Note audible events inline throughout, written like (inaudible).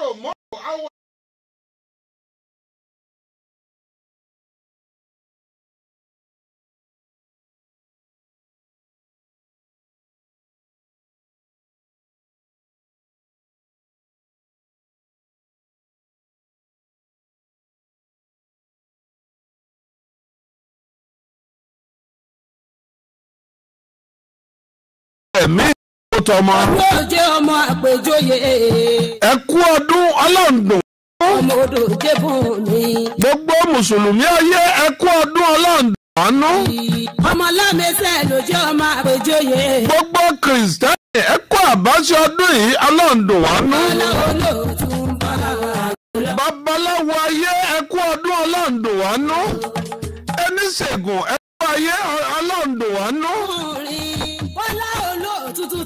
tomorrow, tomorrow I want. Me. tọmọ. ọmọ òjé ọmọ àpèjọyè. ẹ kú ọdún ọlọ́run ọmọ odò jẹ́bùn mi. gbogbo mùsùlùmí ayé ẹ kú ọdún ọlọ́run àánú. ọmọ lámẹsẹ̀ ló jẹ́ ọmọ àpèjọyè. gbogbo kìrìsìtẹ́nì ẹ kú àbáṣe ọdún yìí ọlọ́run àánú. babaláwo ayé ẹ kú ọdún ọlọ́run àánú. ẹni ṣègùn ẹ kú ayé ọlọ́run àánú.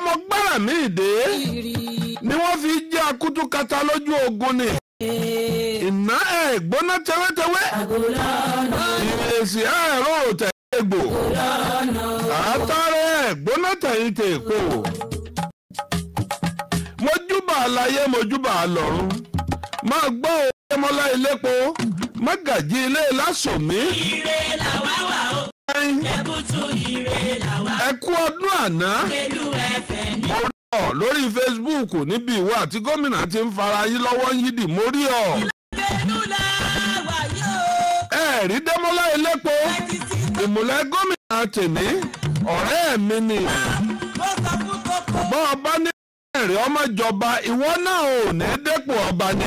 ọmọ gbára mi dé ni wọ́n fi jẹ́ akutu kata lójú ogun ni. iná ẹ̀ gbóná tẹ́wẹ́tẹ́wẹ́ ìrèsì ẹ̀rọ tẹ̀gbò àtàrẹ ẹ̀ gbóná tẹ̀yìn tẹ̀kọ. mojúbà àlàyé mojúbà àlọ́run máa gbọ́ ọmọlá ilé po mágàjì ilé lásòmí. ire làwa wà o. ẹ ọdún àná lórí Facebook níbi ìwọ àti gómìnà ti ń fara yín lọ́wọ́ yídì mo rí ọ. ẹ rí Dẹ́mọ́lá ìmùlẹ̀ gómìnà tèmi ọ̀rẹ́ mi ni bọ́ ọba ní ẹ̀rí ọmọjọba ìwọ náà ò ní ọba ni.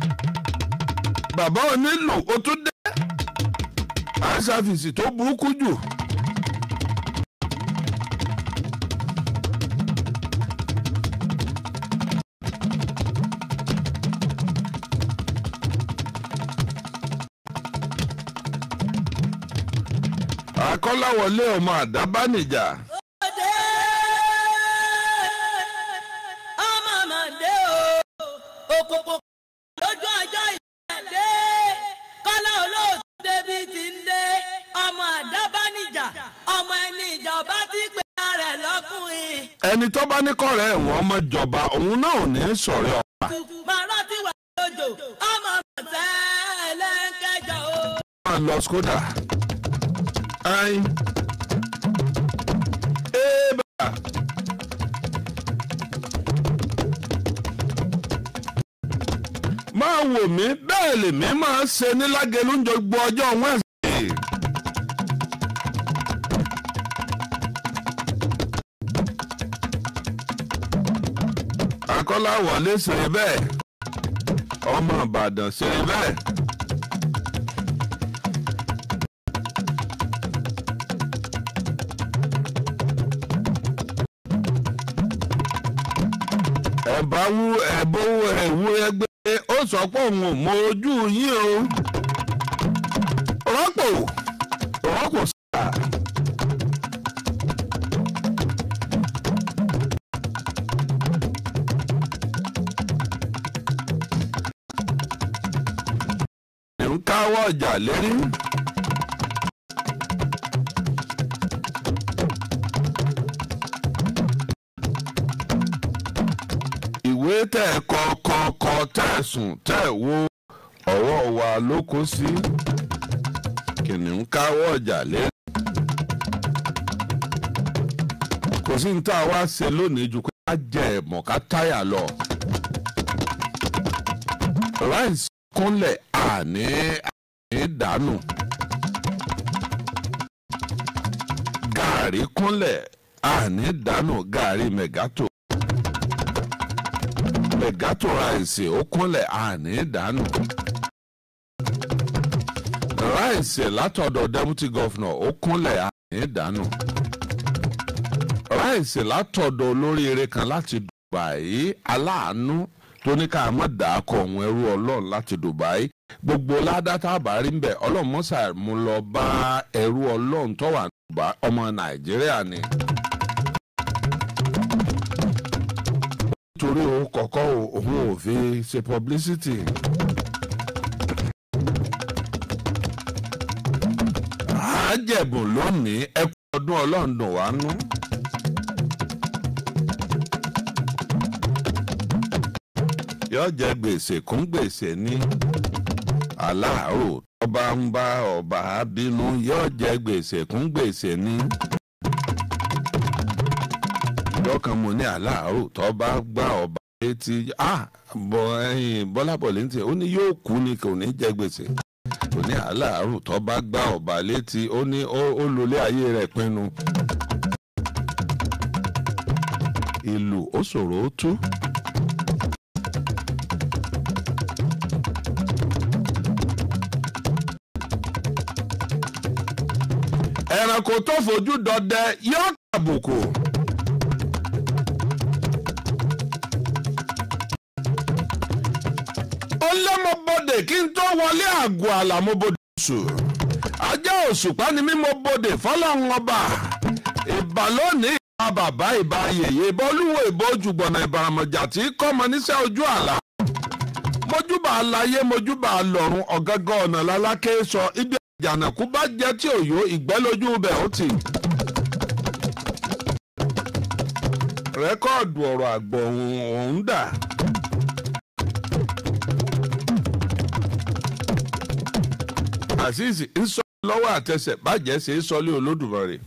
bàbá onílù ó tún dé àṣàfìsì tó burúkú jù. akọ́láwọlé ọmọ àdábánijà. ẹni tó bá ní kọ̀rẹ́ ẹ̀wọ̀n ọmọ ìjọba òun náà ò ní sọ̀rẹ́ ọba. màrá ti wà lójó ọmọ bàtà ẹlẹ́kẹjọ o. máa lọ skoda. ẹyin. ébà. máa wò mí bẹ́ẹ̀ lèmi máa ṣe ní lágẹ̀lú ń jọ gbọ́ ọjọ́ wẹ́ẹ̀sì. Bọ́lá Wọlé ṣe bẹ́ẹ̀ ọmọ Ìbàdàn ṣe bẹ́ẹ̀. ẹ̀bá wú ẹ̀bówó ẹ̀wú ẹgbẹ́ ó sọ pé òun ò mọ ojú yín o rọ́pò rọ́pò sáà. awọ ọjà lérí. ìwé tẹ̀ kọ̀ọ̀kọ̀ọ̀kọ̀ tẹ̀ sùn tẹ̀ wo ọwọ́ wa ló kó sí kìnìún káwọ́ ọjà lérí. kò sí ní tá a wá ṣe lónìí ju pé a jẹ ẹ̀mọ̀ ká táyà lọ. rice kúnlẹ̀ àní ní dànù. kúnlẹ̀ àní dánù gàárì mẹ̀gátò. mẹ̀gátò ráìsì ó kúnlẹ̀ àní dánù ráìsì látọ̀dọ̀ deputy governor ó kúnlẹ̀ àní dànù. ráìsì látọ̀dọ̀ olóríire kan láti Dubai aláàánú tó ní ká má dàá kọ̀ ọ̀hún ẹrú ọlọ́run láti Dubai gbogbo ládàtàbà rí mbẹ ọlọmọsà mo lọ bá ẹrú ọlọrun tó wà nígbà ọmọ Nàìjíríà ni. nítorí òun kọ̀kọ́ òun ò fi ṣe publicity. àjẹ̀bùn lónìí ẹkú ọdún Ọlọ́run dùn wá nú. yóò jẹ gbèsè kún gbèsè ní. aláàárọ̀ ọba ń bá ọba bínú yóò jẹ gbèsè kún gbèsè ní. lọ́kàn mo ní aláàárọ̀ tọ́ba gbá ọba létí bọ́ ẹyin bọ́lá bọ̀ létí ó ní yóò kú ni kò ní jẹ gbèsè kò ní aláàárọ̀ tọ́ba gbá ọba létí ó ní ó lólé ayé rẹ̀ pinnu. ìlú ó ṣòro tú. ẹranko tó fojú dọdẹ yóò kàbùkù. ó lé mo bodè kí n tó wọlé àgọ́ àlà mo bodè oṣù ajá òṣùpá ni mí mo bodè fọlọ́run ọba ìbà lónìí ìbà bàbá ìbà yèyé ìbà olúwo ìbà ojúgbọ̀nà ìbàràmọ̀jà tí kọ́ ọmọ níṣẹ́ ojú àlà mojúbà aláyé mojúbà lọ́run ọ̀gángan ọ̀nà lálákè sọ ibi jàǹdàkú bá jẹ́ tí òyò ìgbẹ́ lójú ibẹ̀ ó ti. rẹ́kọ̀dù ọ̀rọ̀ àgbọ̀ ọ̀hún dà. Azeez ń sọ lọ́wọ́ àtẹsẹ̀ bàjẹ́ ṣe é sọ lé Olódùmarè.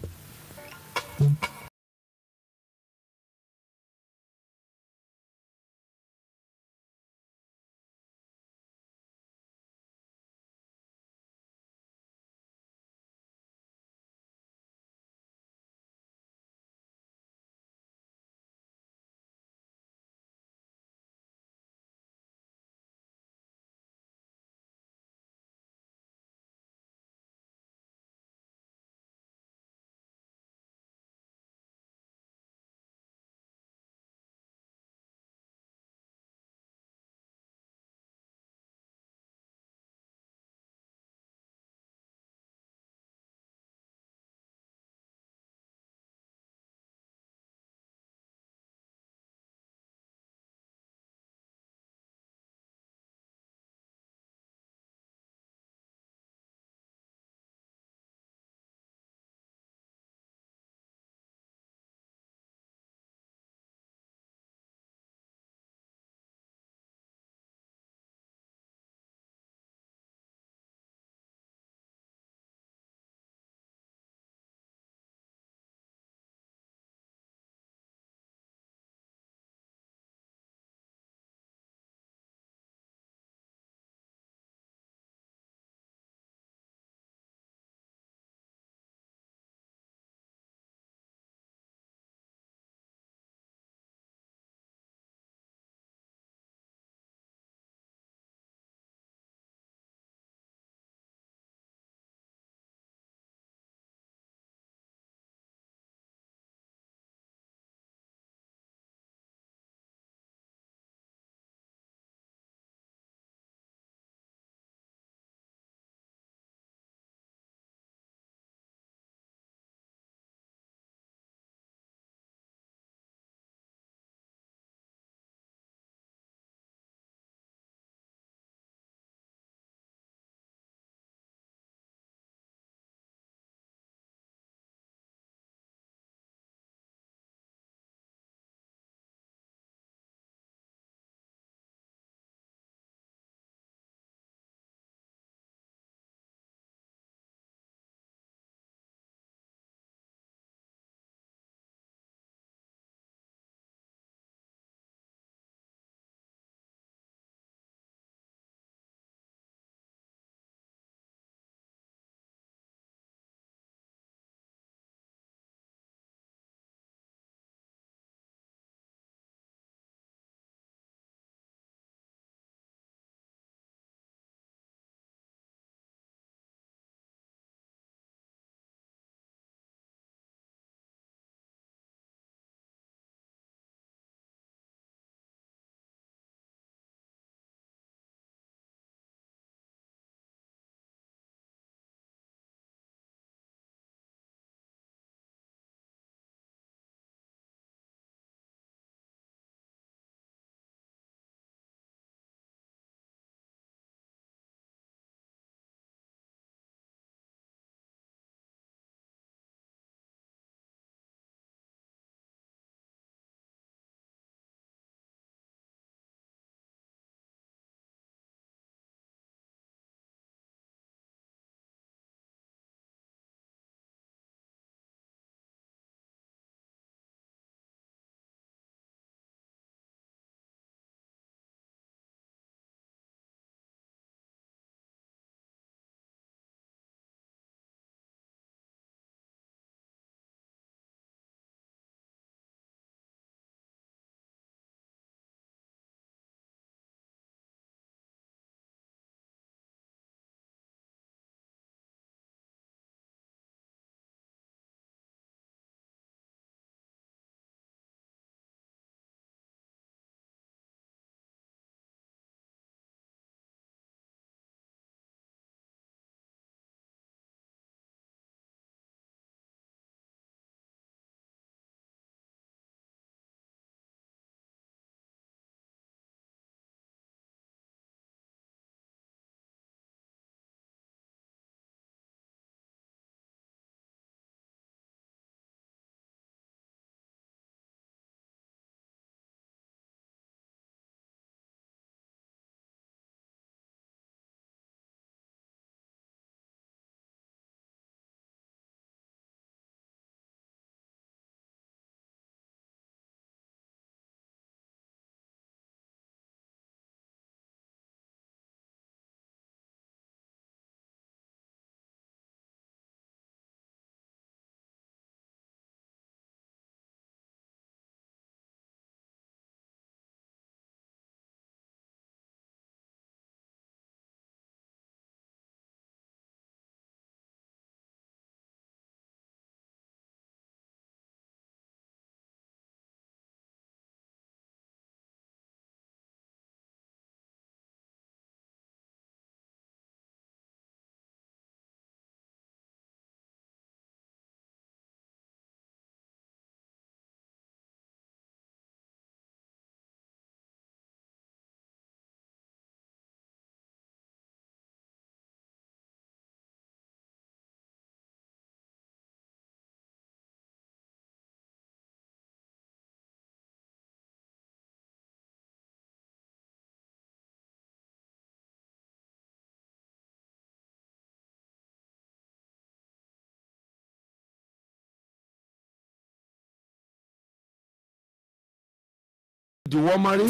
ìdíwọ́ marí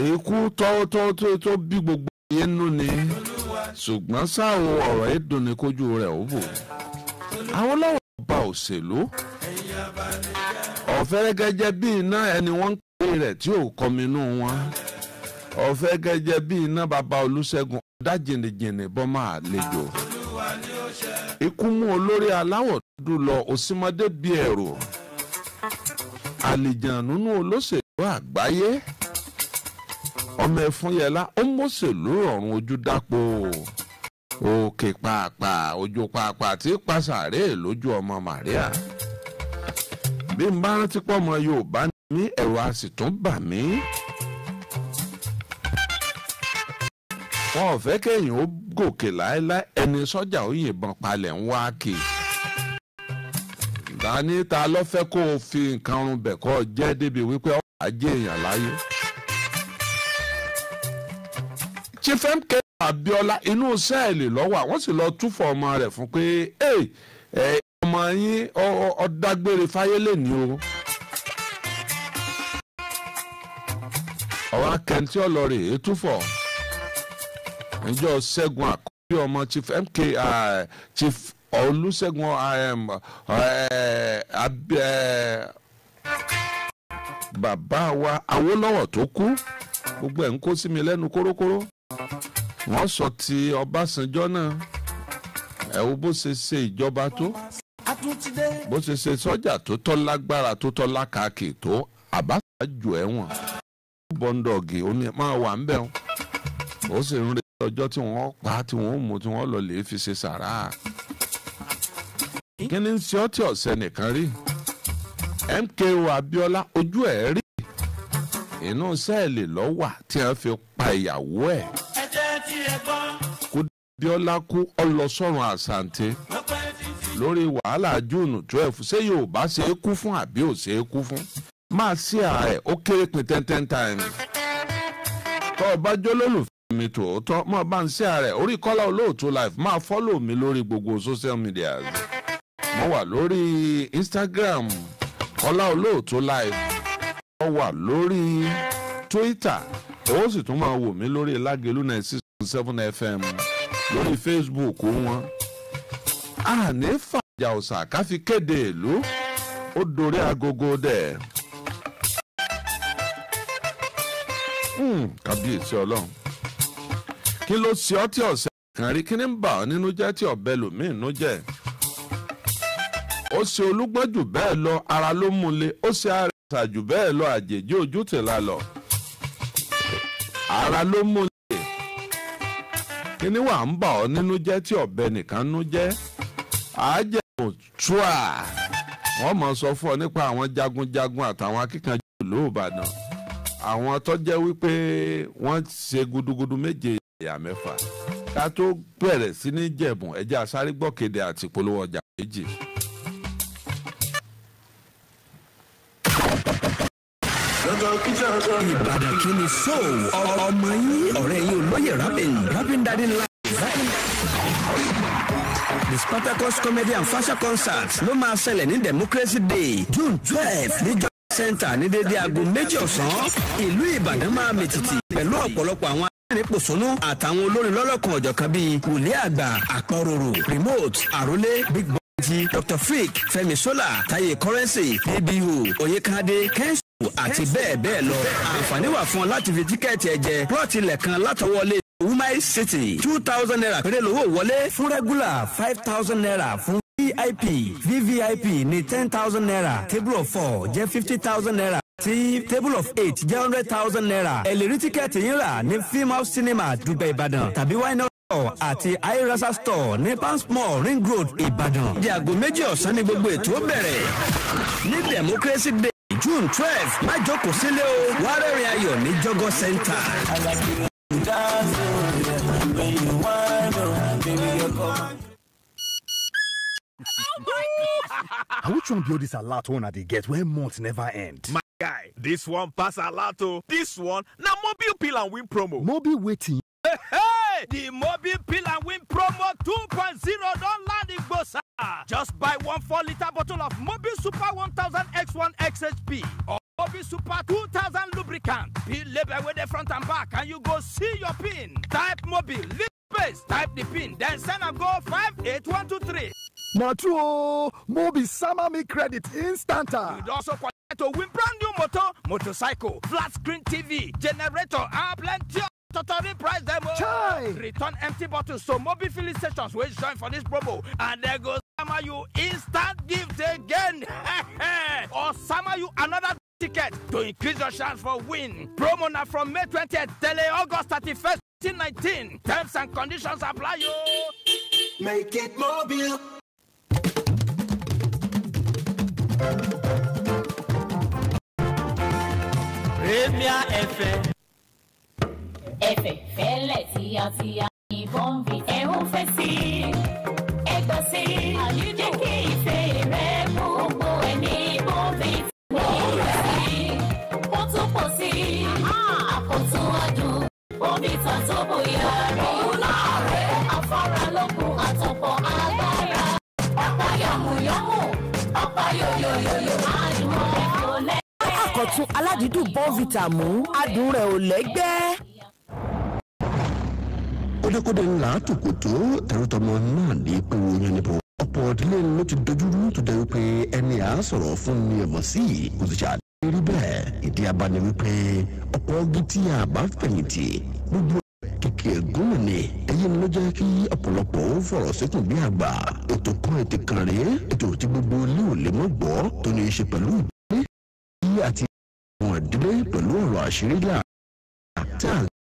èékú tọ́wọ́tọ́wọ́ tó bí gbogbo ìyẹn nù ni ṣùgbọ́n sáwọn ọ̀rọ̀ yìí dùn ní kójú rẹ̀ ó bò àwọn lọ́wọ́ ọba òṣèlú ọ̀fẹ́ gẹ́gẹ́ bí iná ẹni wọ́n ń pè rẹ̀ tí ò kọminú wọn ọ̀fẹ́ gẹ́gẹ́ bí iná bàbá Olúṣẹ́gun ọ̀dá jìnnìjìnnì bọ́ máa lejò ikú mú olórí aláwọ̀ dúdú lọ òsínmọ́dé bíi ẹ̀rù àlìjàn nínú olóṣèlú àgbáyé ọmọ Ẹfúnyẹlá ó mọ̀sẹ̀lú ọ̀run ojú dápò òkè pàápàá ojú pàápàá tí pàṣàrè lójú ọmọ Màríà bí n bá rántí pọ́ ọmọ Yorùbá ní ẹ̀rọ a sì tún bà mí. wọn ò fẹ́ kéèyàn ó gòkè láéláé ẹni sọ́jà ó yìnbọn palẹ̀ ń wá kì í ta ni ta ló fẹ́ kó o fi nǹkan run bẹ̀ kọ́ jẹ́ débi wípé ọ̀rọ̀ ajé èèyàn láyé. Chief MK Abiola inú sẹ́ẹ̀lì lọ́wọ́ àwọn sì lọ túfọ̀ ọmọ rẹ̀ fún pé ọmọ yín ọ̀dàgbére fáyé lè ní o. ọ̀rọ̀ akẹ́ntì ọlọ́rẹ̀ ètúfọ̀ níjọ́ ṣẹ́gun àkọ́bí ọmọ Chief MK ah, Chief olùṣègùn um, uh, uh, bàbá wa awólọ́wọ̀ tó kú gbogbo ẹ̀ ń kó sí mi lẹ́nu kórókóró wọ́n sọ ti ọbásanjọ́ náà ẹ̀ wo bó ṣe ṣe ìjọba tó bó ṣe ṣe sọ́jà tó tọ́ lágbára tó tọ́ lákàkì tó àbáṣà jù ẹ̀wọ̀n bọ́ńdọ̀gì ó máa wà ń bẹ̀ ó sì ń retí ọjọ́ tí wọ́n pa tí wọ́n mú tí wọ́n lọ lè fi ṣe sàrà kíni ṣe ọ́ tí ọ̀sẹ̀ nìkan rí MKO Abiola ojú ẹ̀ rí inú sẹ́ẹ̀lì ló wà tí wọ́n fi pa ìyàwó ẹ̀ kó Abiola kú ọ lọ sọ́run àṣàǹtẹ lórí wàhálà júùnù twelve ṣé Yorùbá ṣe é kú fún àbí ò ṣe é kú fún máa ṣí ààrẹ ó kéré pin ten ten times tó o bá jó lólùfẹ́ mi tòótọ́ mọ́ bá ń ṣí ààrẹ orí kọ́lá olóòtú life máa fọ́lò mi lórí gbogbo social media mo wà lórí Instagram Kọ́lá Olóòtú live mo wà lórí Twitter ó sì tún máa wò mí lórí Lágelú náà six seven FM lórí Facebook wọn àní fàjà ọ̀sà káfi kéde ìlú ó dorí agogo dẹ̀. Hmm, kábíyèsí ọlọ́run kí ló ṣe ọtí ọ̀sẹ̀ kan rí kí ni ń bà ọ́ nínú jẹ́ tí ọ̀bẹ lòmíì nú jẹ́ ó ṣe olúgbọ́n jù bẹ́ẹ̀ lọ ara ló múle ó ṣe àrẹ̀sà jù bẹ́ẹ̀ lọ àjèjì ojú tìlà lọ ara ló múle kíní wà ń bà ọ́ nínú jẹ́ tí ọ̀bẹ nìkan nú jẹ́ àájẹmọ tua wọ́n mọ̀ sọ fún ọ nípa àwọn jagunjagun àtàwọn akíkanjú ìlú Ìbàdàn àwọn tó jẹ́ wípé wọ́n ṣe gudugudu méje ìyá mẹ́fà ká tó bẹ̀rẹ̀ sí ní jẹ̀bùn ẹ̀jẹ̀ àsárígbọ̀kéde àti ìpolówó ọjà méjì. ìbàdàn kí ni so ọmọ yín ọ̀rẹ́ yín olóyè rabin rabin dadi live the spartacus comedy and fashion concert ló máa ṣẹlẹ̀ ní democracy day june twelve níjọ́ center ní dédé aago méjì ọ̀sán ìlú ìbàdàn máa mìtìtì pẹ̀lú ọ̀pọ̀lọpọ̀ àwọn nípòsónú àtàwọn olórin lọ́lọ́kan ọ̀jọ̀kan bíi wòlíì àgbà àpọ̀rọ̀rọ̀ remote àrólé big boy dr freak femi sola taye currency abo oyekade kẹ́ńsì àti bẹ́ẹ̀ bẹ́ẹ̀ lọ àǹfààní wà fún ọ láti fi tíkẹ́ẹ̀tì ẹ̀jẹ̀ plọ́ọ̀tì ilẹ̀ kan látọwọ́lé wumai city two thousand naira péré lówó wọlé fún regular five thousand naira fún vip vvip ní ten thousand naira table of four jẹ́ fifty thousand naira tí table of eight jẹ́ hundred thousand naira ẹ̀lẹ́rìí tíkẹ́ẹ̀tì yín rà ní film house cinema dùgbẹ̀ ìbàdàn tàbí wine store àti ayerasa store ní palms mall ring road ìbàdàn. di aago méjì ọ̀sán ni gbogbo ètò bẹ̀rẹ̀ ní democracy day june twelve má jókòó sílé o wá rẹ́rìn ayọ̀ ní jọ́gọ́ center. I (laughs) which one be all this alert one at the get where months never end? My guy, this one pass alert o. This one now. mobile pill and win promo. Mobile waiting. Hey, hey! The mobile pill and win promo 2.0 Don't land in Igbosa. (laughs) Just buy one 4 liter bottle of Mobil Super 1000 X1 XHP or Mobil Super 2000 lubricant. Peel label with the front and back and you go see your pin. Type Mobil, leave space, type the pin, then send and go 58123. Na true o, Mobi Summer me credit instant. You'd also qualify to win brand new motor, motorcycle, flat screen TV, generator, and plenty Totally price them Chai. Return empty bottles so mobile filling stations will join for this promo and there goes Sama you instant gift again (laughs) or Sama you another ticket to increase your chance for win. Promo now from May 20th till August 31st 2019. Terms and conditions apply you. Make it mobile. Premier FM. ẹ̀fẹ̀ fẹ́lẹ̀ tíyatíya ìbọn fi ẹ̀ ń fẹ́ sí i ẹ gbọ́ sí i àyíjẹ kí ìfẹ́ rẹ gbogbo ẹ̀ ní ìbọn fi ti ń fẹ́ sí i ó tún pọ̀ sí i àkótún ọdún omi tán tó bóyá rí náà rẹ̀ afárá lókun àtọ̀pọ̀ agbára ọ̀pá yọ̀mùyọ̀mù ọ̀pá yòyòyòyò àdùn rẹ̀ kò lẹ́gbẹ́. akọ̀tún aládìídùn bọ́ọ̀vìtà mú adùn rẹ̀ ò lẹ́gbẹ́ kódékódé ńlá tòkòtò ẹrú tọmọ náà ní pé wọn yan níbo ọ̀pọ̀ ìdílé ló ti dojúrú tó dẹ́ wípé ẹni à ń sọ̀rọ̀ fún ni ẹ̀mọ́ sí kò sì ṣàdé rí bẹ́ẹ̀ ìdí abáni wípé ọ̀pọ̀ ọgí tí a bá fẹ̀yìntì gbogbo kìkì ẹ̀gúnmù ni èyí ló jẹ́ kí ọ̀pọ̀lọpọ̀ ó fọ̀rọ̀ sékùn bí àgbà ètò kan ètò kan rèé ètò tí gbogbo ilé ò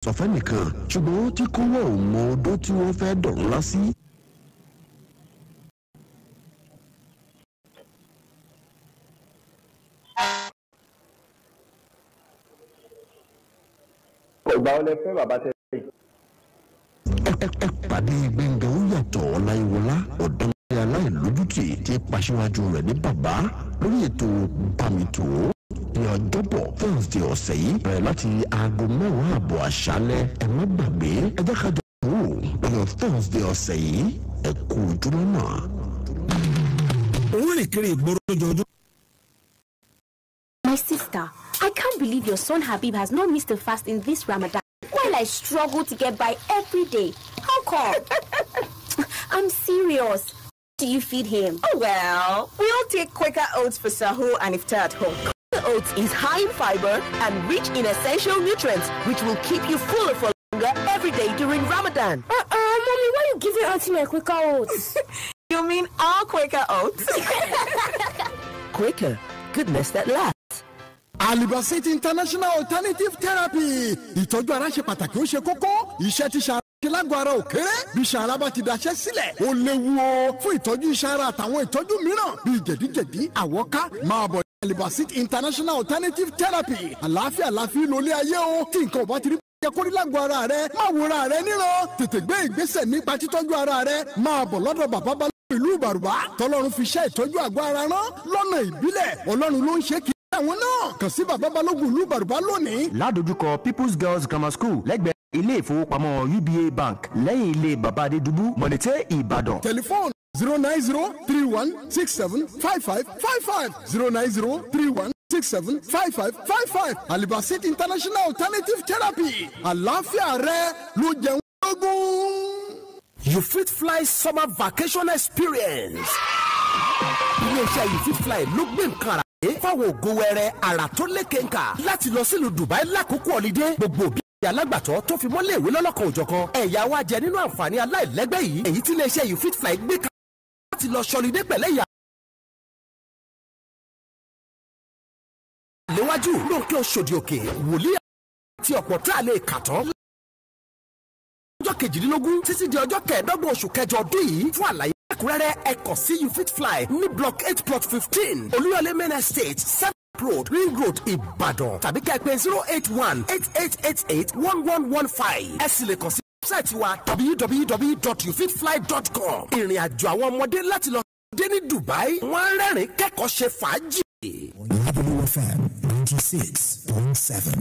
sọfẹ́ nìkan ṣùgbọ́n ó ti kówó òun mọ odó tí wọ́n fẹ́ dọ̀rùn lá sí. ìgbà wọlé fẹ́ bàbá tẹ pàdé gbẹ̀ngà ó yàtọ̀ ọláyíwọlá ọ̀dọ́mọdé aláìlójútì tí pàṣẹwájú rẹ̀ ní bàbá lórí ètò bámi ní ọjọ́bọ̀ ọ̀sẹ̀ yìí bẹ̀rẹ̀ láti aago mẹ́wàá àbọ̀ àṣálẹ́ ẹ má gbàgbé ẹ jẹ́ ká jọ wò ó ọ̀sẹ̀ yìí ẹ kú ojúmọ́ rìn kiri ìgboro my sister i can't believe your son habib has not missed a fast in this ramadan while i struggle to get by every day how come (laughs) i'm serious do you feed him. oh well we'll take quaker oats for sahur and iftar at home oats is high in fiber and rich in essential nutrients, which will keep you fuller for longer every day during Ramadan. Uh-uh, Mommy, why you giving Auntie my Quaker oats? (laughs) you mean all Quaker oats? (laughs) Quaker. goodness that lasts. Alibasate International Alternative Therapy. Ìtọ́jú ara ṣe pàtàkì ó ṣe kókó. Iṣẹ́ ti ṣe ṣe lágọ̀ọ́ ara ò kéré bí iṣan ara bá ti daṣẹ́ sílẹ̀ ó léwu o fún ìtọ́jú iṣan ara àtàwọn isan ba mìíràn bíi jẹ̀díjẹ̀dí àwọ̀ká máa bọ̀ Alibasit International Alternative Therapy àlàáfíà láfi lólé ayé o tí nǹkan ò bá ti rí yẹ kó nílàgbọ́ ara rẹ máa wòra rẹ níran tètè gbé ìgbésẹ̀ nípa títọ́jú ara rẹ máa bọ̀ lọ́dọ̀ bàbá balẹ̀ ìlú bàrùbá tọlọ́run fi ṣe ìtọ́jú àgọ́ ara rán lọ́nà ìbílẹ̀ ọlọ́run ló ń ṣe kí àwọn náà kàn sí bàbá balógun ìlú bàrùbá lónìí. ládojúkọ people's girls grammar school lẹ́gbẹ̀ẹ́ ilé ìfowópamọ́ uba bank lẹ́yìn ilé bàbá dubu. mọ̀lẹ́tẹ̀ ìbàdàn. tẹlifóònù zero nine zero three one six seven five five five five zero nine zero three one six seven five five five five alibasit international alternative therapy àlàáfíà rẹ ló jẹun lógún. you fit fly summer vacation experience. iléeṣẹ́ you fit fly ló gbé nǹkan rà dé fáwọn ògo wẹrẹ àrà tó lékè ńkà láti lọ sílùú Dubai lákòókò ọ̀lídé gbogbo òbí ìyá alágbàtọ́ tó fi mọ́lé ìwé lọ́lọ́kan òjọ̀kan ẹ̀yà wa jẹ nínú àǹfààní aláìlẹ́gbẹ́ yìí èyí tí iléeṣẹ́ you fit fly gbé kalẹ̀ láti lọ sọlidé pẹ̀lẹ́ ìyá. léwájú lóòkè oṣòdì òkè wòlíì àti ọ̀pọ̀ tá a lè kà tán. ọjọ́ kejìdínlógún títí di ọjọ́ kẹẹ̀ẹ́dọ́gbọ̀n oṣù kẹjọ ọdún yìí fún àlàyé ẹ̀kúnrẹ́rẹ́ ẹ kàn sí you fit fly ní block eight plot fifteen olúyọlé main estate seven road ring road ìbàdàn tàbí kẹ́ẹ̀pẹ́ zero eight one eight eight eight eight one one one five ẹ sì lè kàn sí wẹ́bsáìtì wa www.youfitfly.com ìrìn àjò àwọn ọmọdé láti lọ dé ní Dubai wọ́n rẹ́rìn kẹ́kọ̀ọ́ ṣe fàájì. FM ninety six point seven.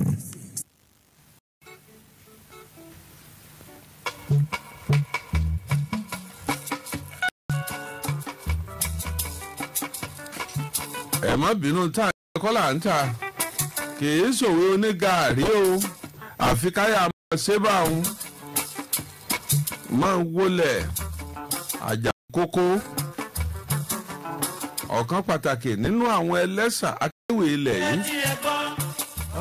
ẹ má bínú tá a kọ́ là ń ta kì í ṣòwe onígàárí o àfi káyà máa ṣe bá máa ń wólẹ̀ àjàkókó ọ̀kan pàtàkì nínú àwọn ẹlẹ́sà akéwì ilẹ̀ yìí.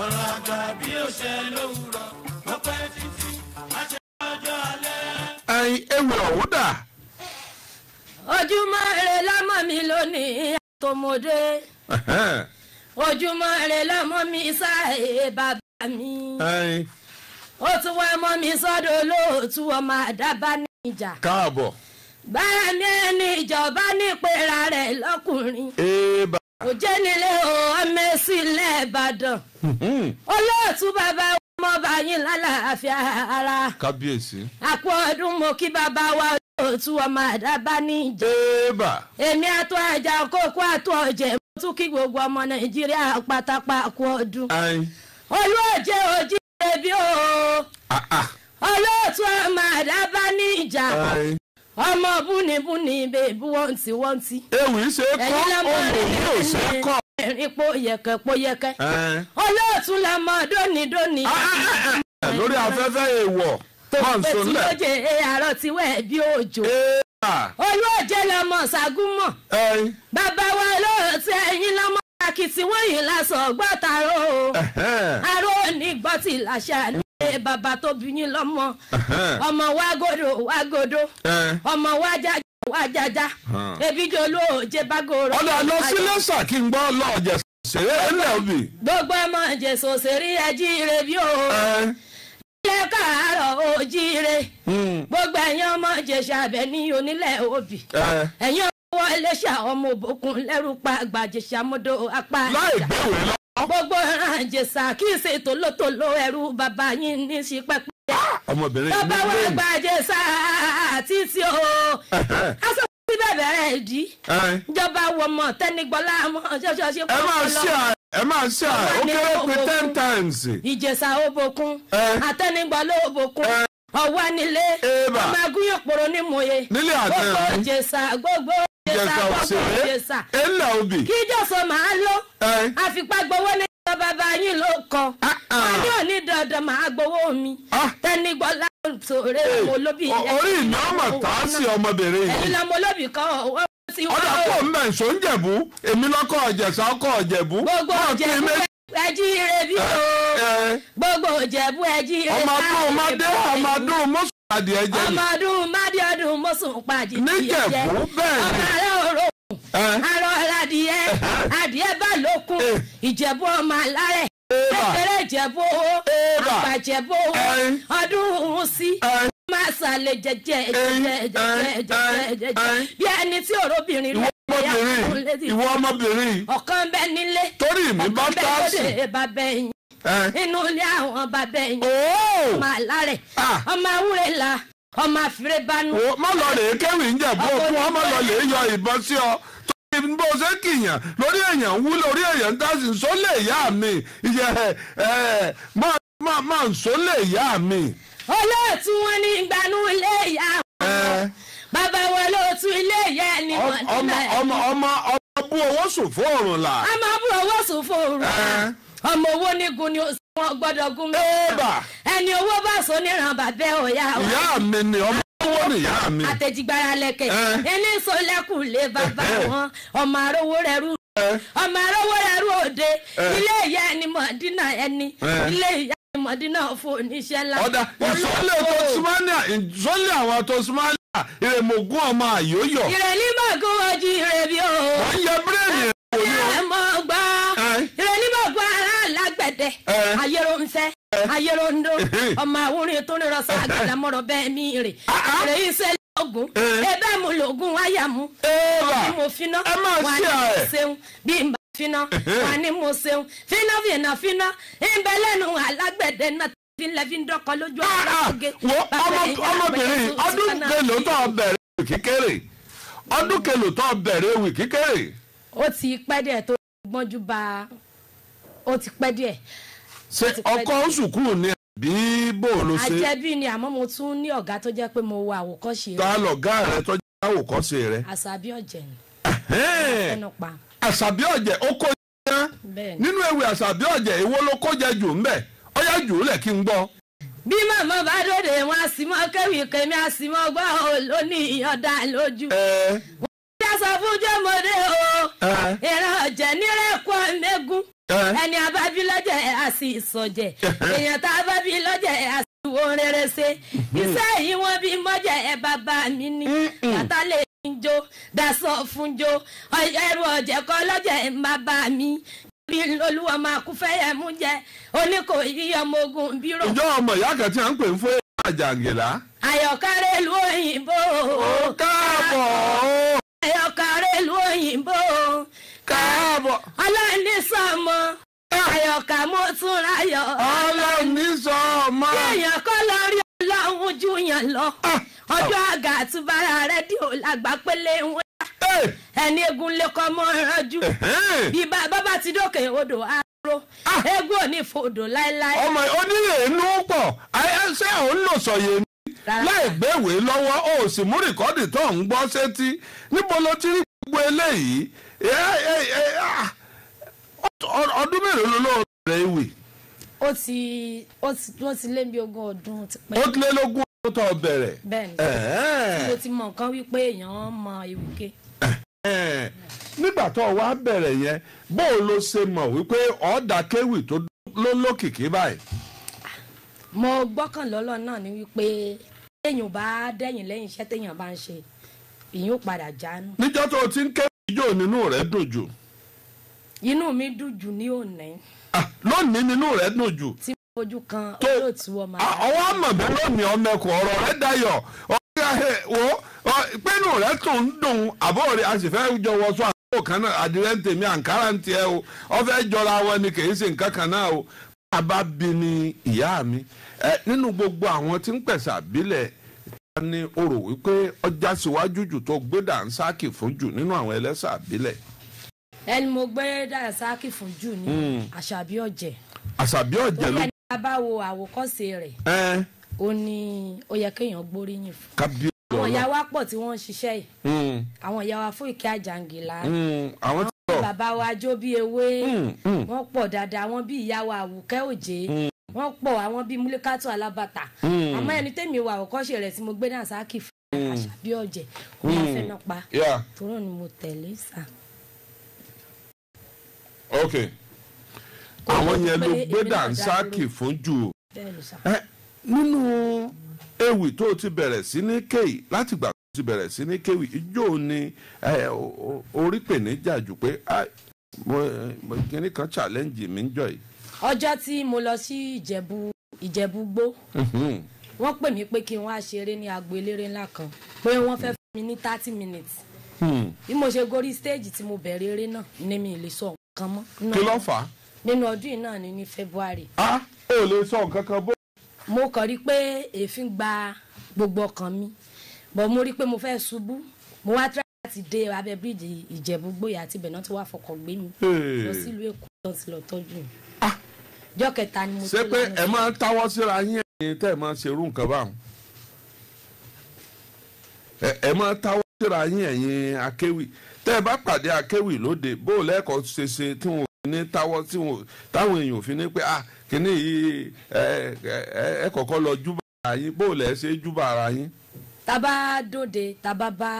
ọ̀rọ̀ àgbà bí ó ṣe lówùrọ̀ títí àṣẹ ọjọ́ alẹ́. mi lónìí àtọmọdé rẹ mi sáà bàbá mi. Otu wọ ọmọ mi sọ́dọ̀ olóòtú ọmọ àdábá níjà. káàbọ̀. gbára mi ẹni ìjọba nípera rẹ̀ lọ́kùnrin. èèbà. kò jẹ́ nílé o ọmọ èsì ilẹ̀ hmm. ọmọ ara. kábíyèsí. àpò ọdún wa otu ọmọ àdábá níjà. èèbà. èmi àtọ àjà kókó gbogbo ọmọ ebi o olóòtú ọmọ àdábá ní ìjà ọmọ búnibúni bèbú wọ́ntí wọ́ntí. ewì ṣe kọ́ òmò yóò ṣe kọ́. ẹ̀rín po yẹ̀kẹ́ po yẹ̀kẹ́ olóòtú lọmọ dóni dóni. Ah, ah, ah, lórí afẹ́fẹ́ èèwọ̀ kọ́ńsó lẹ̀. tòkòtò tí ó jẹ àárọ̀ tí wẹ́ẹ̀ bí òjò olóòjẹ lọmọ ṣàgúmọ̀ bàbá wa olóòtú ẹ̀yìn lọmọ àkìtì wọ́n yìí lásán o aró ní gbọ́tì làṣà ní bàbá tó bí yín ọmọ wa gòdò wa gòdò ọmọ wa jájá wa jájá ebi jọ ló jẹ bágòrò. ọ̀dà lọ sílẹ̀ sàkí ń gbọ́ òbí. gbogbo ọmọ jẹ̀sọ̀ ẹjí bí o ilẹ̀ hmm. gbogbo ọmọ jẹ̀ṣà abẹ ní onílẹ̀ òbí wọ iléṣà ọmọ òbókun lẹ́rù pa apá ìjà gbogbo kì í ṣe ẹrú bàbá yín ní pẹ́pẹ́. ọmọbìnrin yìí ló títí o (laughs) bẹ̀rẹ̀ rẹ̀ dí ìjọba tẹnigbọ́lá ṣe ẹ máa ṣe à ó kéré pé ten times. òbòkun àtẹnigbọ́lá ọwọ́ nílé ọmọ gbogbo ìjẹ̀ṣà gbogbo. jẹsà òṣèré ẹnlá obì. kí jọ̀sọ̀ máa lọ àfipá gbowó ní ìjọba bàbá yín ló kọ wọn ah, ah. yóò ní dandan máa gbowó mi ah. tẹni gbọ́lá sòrè ọmọ olóbì yẹn. orí iná mà tá a sí ọmọbìnrin yìí. ẹ̀yin lọmọ olóbì kan ọwọ́ sí wọn. ọ̀dà pọ̀ mbẹ̀ ṣó ń jẹ̀bú èmi lọ́kọ̀ ọ̀jẹ̀sà ọkọ̀ ọ̀jẹ̀bú. gbogbo ọ̀jẹ̀bú ẹjí ire bí o eh, eh. gbogbo ọ̀jẹ̀bú ẹjí adìẹ jẹ mi. ọmọdún mádìọdún mọ́sùn pàjì ní ìyẹn jẹ ọmọ rẹ òrò arọ adìẹ adìẹ bá lókun ìjẹ̀bú ọmọ alárẹ̀ kékeré ìjẹ̀bú àgbàjẹ̀bú ọdún sí máa sàlẹ̀ jẹjẹ jẹjẹ jẹjẹ jẹjẹ bí ẹni tí òróbìnrin rẹ ìwọ ọmọbìnrin ọkàn bẹ nílé torí mi bá tààsì ọkàn bẹ lóde bàbá ẹyin. inú ilé àwọn bàbá ẹ̀yìn oh! ọmọ àlárẹ̀ ah! ọmọ àwúrẹ́ la ọmọ àfẹ́rẹ́bánu. Oh, má lọ rèé kéwì ń jẹ̀bú òkú lọ rèé yọ ìbọn sí ọ bó ṣe kìyàn lórí èèyàn wú lórí èèyàn dásì sólè ìyá mi ìyẹ ẹ máa máa ń sólè ìyá mi. olóòtú wọn ní gbanú ilé ìyá wọn bàbá wọn olóòtú ilé ìyá ẹni wọn nílẹ̀. ọmọ ọmọ ọmọ bú owó sùn fún òrùn ọmọ bú owó sùn ọmọ owó nígun ni wọn gbọdọ gún mi. ẹni owó bá sọ níran bàbá ọ̀yá wa. ìyá mi ni ọmọ owó ni ìyá mi. àtẹ̀jìgbára lẹ̀kẹ̀ ẹni sọ lẹ́kùn lé bàbá wọn ọmọ àrówó rẹ̀ rú ọmọ àrówó rẹ̀ rú òde ilé ìyá ẹni mọ̀dínà ẹni ilé ìyá ẹni mọ̀dínà fún oníṣẹ́ ńlá. ọ̀dà ìsọ́lẹ̀ tosmania ìsọ́lẹ̀ àwọn tosmania ìrèmọ̀gún ọmọ àyóyọ̀. ìrèlímọ̀gún ojú ìrèbí o. wọ́n yẹ bírèmì ayéró ń fẹ́ ayéró ń dó ọmọ àwòrán tó ń rọ sọ àgàdà mọ́rọ̀ bẹ́ẹ̀ mi rè ah, ah. rè iṣẹ́ lóògùn eh. ẹbẹ́ mu lóògùn wáyà mu ọ̀bí eh, mo finá wà ní mo ṣeun bí n bá finá eh. wà ní mo ṣeun finá finá finá ìbẹ́lẹ́nu alágbẹ̀dẹ náà fi ń lẹ́ fi ń dọ́kọ lójú ah, ara oge. wo ọmọbìnrin ọdún kelo tó bẹ̀rẹ̀ ewì kíkéré ọdún kelo tó bẹ̀rẹ̀ ewì kíkéré. ó ti pẹ́ díẹ̀ tó gbọ́njú ba ó ti pẹ́ díẹ̀ se ọkọ sùkúù ni àbí bò ló ṣe. ni àmọ́ mo tún ní ọ̀gá tó jẹ́ pé mo wo àwòkọ́ṣe rẹ̀. ta lọ̀gá rẹ tó jẹ́ àwòkọ́ṣe rẹ̀. àṣàbí ọ̀jẹ̀ ni. àṣàbí ọ̀jẹ̀ ó kó jẹ́ nínú ewì àṣàbí ọ̀jẹ̀ èwo ló kó jẹ jù ńbẹ̀ ọ̀yá jù ú lẹ̀ kí n gbọ́ bí màmá bá dòde wọn a sì mọ kéwì kèmí a sì gbọ́ ọ lónìí ọ̀dà lójú. ẹni abábí lọ́jọ́ ẹ̀ á sì sọ̀jẹ̀ (laughs) èèyàn tá a bá bí lọ́jọ́ ẹ̀ á wo rere ṣe hmm. iṣẹ́ yìí wọ́n mi ni hmm. bàtà lè jó dasọ fún jó ẹrù ọ̀jẹ̀ kọ́ mi bí olúwa máa kú mú jẹ oníkò ogun bírò. ìjọ ọmọ ìyá à ń pè fún òyìnbó. ó káàbọ̀. ìlú òyìnbó. káàbọ̀. ọlọ́run ní sọ ọmọ tún ráyọ̀. ọlọ́run kéèyàn kọ́ lọ rí ọlọ́run jù yàn lọ. Ah. ọjọ́ àgà àtúbára rédíò làgbà pélé ń eh. ẹni egun lẹkọ mọ ìrànjú. bí bàbá bá ti dókè odò á dúró ah. egun ò ní fòdò láéláé. ọmọ onílé inú pọ̀ ṣé òun lò sọ̀yẹ̀ ni láì lọ́wọ́ o sì tó ń gbọ́ sétí níbo ló ti rí gbogbo eléyìí Ah! ọdún mélòó ló lọ́wọ́ rẹ̀ ewì. ó ti ó ti lé bí ogún ọdún ti pẹ́. ó ti lé lógún ọdún tó bẹ̀rẹ̀. bẹ́ẹ̀ni tí mo ti mọ nǹkan wípé èèyàn mọ ewì ké. nígbà tó o wá bẹ̀rẹ̀ yẹn bó o ló ṣe mọ̀ wípé ọ̀ọ́dà kéwì tó ló lókìkí báyìí. mo gbọ́kàn lọ́lọ́ náà ni wípé téèyàn bá dẹ̀yìn lẹ́yìn iṣẹ́ téèyàn bá ń ṣe èèyàn ó padà jánu. níjọ́ tó o ti ń ké yóò nínú rẹ̀ dùn jù. inú mi dùn jù ní òní. Ah, lónìí nínú rẹ̀ dùn jù. tí mo fojú kan olóòtú ọmọ ah, rẹ. ọwọ́ àmọ̀bí lónìí ọmọ ẹ̀kọ́ ọ̀rọ̀ rẹ̀ dayọ̀ ọ̀rẹ́ eh, eh, tún ń dùn àbọ̀ a sì fẹ́ jọ wọ́sọ àbúrò kan náà àdìrẹ́ ń tèmi àǹkárá ń tiẹ̀ o ọ̀fẹ́ jọra wọn ni kì í ṣe nǹkan kan náà o. bàbá bi ni ìyá mi nínú gbogbo àwọn tí ń pẹ̀sà bílẹ̀ ni o rò wípé ọjà síwájú jù tó gbé dànsákì fún jù nínú àwọn ẹlẹ́sà àbílẹ̀. ẹni mo gbé dànsákì fún jù ní hmm. àṣàbí ọ̀jẹ̀. àṣàbí ọ̀jẹ̀ ló. ó yẹ ní abáwo àwòkọ́ṣe rẹ̀. ó ní ó yẹ kéèyàn gbóríyìn fún. kábí àwọn ìyá wa pọ̀ tí wọ́n ń ṣiṣẹ́ yìí hmm. àwọn ìyá wa fún ìkẹ́ àjàngìlá hmm, àwọn bàbá wa jó bí ewé wọ́n pọ̀ dáadáa wọ́n bí ìyá wa àwùkẹ́ òjé wọ́n pọ̀ àwọn bíi múlẹ́kátó alabata. Hmm. àmọ́ ẹni tẹ́mi wà ọ̀kọ́ṣe rẹ̀ tí mo gbé náà sáà kì í fún hmm. àṣà bí ọ̀jẹ̀ kó má hmm. fẹ́ náà pa tóró ni mo tẹ̀lé sà. ok àwọn yẹn ló gbé dànsáàkì fún jù o nínú ewì tó o ti bẹ̀rẹ̀ sí ní kéyì láti gbà tó o ti bẹ̀rẹ̀ sí ní kéwì ijó ni orí pè ní jàjù pé kíní kan challenge mi ń jọ yìí ọjọ́ tí mo lọ sí ìjẹ̀bú ìjẹ̀bú gbó mhm. wọ́n pè mí pé kí n wá ṣeré ní agbo eléré ńlá kan pé wọ́n fẹ́ fún mi ní thirty minutes hmm. bí mo ṣe gorí stage tí mo bẹ̀rẹ̀ eré náà ní mi lè sọ nǹkan mọ́. kí ló fà á. nínú ọdún yìí náà ni ní February. a ò lè sọ nǹkan kan bó. mo kàn rí pé èéfín gba gbogbo ọkàn mi bọ̀ mo rí pé mo fẹ́ ṣubú mo wá tíra láti dé abẹ́ bíríìjì ìjẹ̀bú gbòyà àti ibẹ̀ náà ti fọkàn gbé mi lọ sílùú Èkó tó ti lọ tọ́jú mi. ah jọ́ kẹta ni mo ti lọ. ṣé pé ẹ máa ń táwọ́ síra yín ẹ̀yin tẹ́ ẹ máa ń ṣerú nǹkan báwọn ẹ máa ń táwọ́ síra yín ẹ̀yin akéwì tẹ́ ẹ bá pàdé akéwì lóde bó o lẹ́kọ̀ọ́ ṣe ṣe tí wọn fi ní táwọ́ tí wọn táwọn èèyàn fi ní pé ah kìíní yìí ẹ ẹ ẹ kọ̀ọ̀kan lọ júbà ara yín bó o lẹ́ ṣe júbà ara yín. tábà dòde tábà bá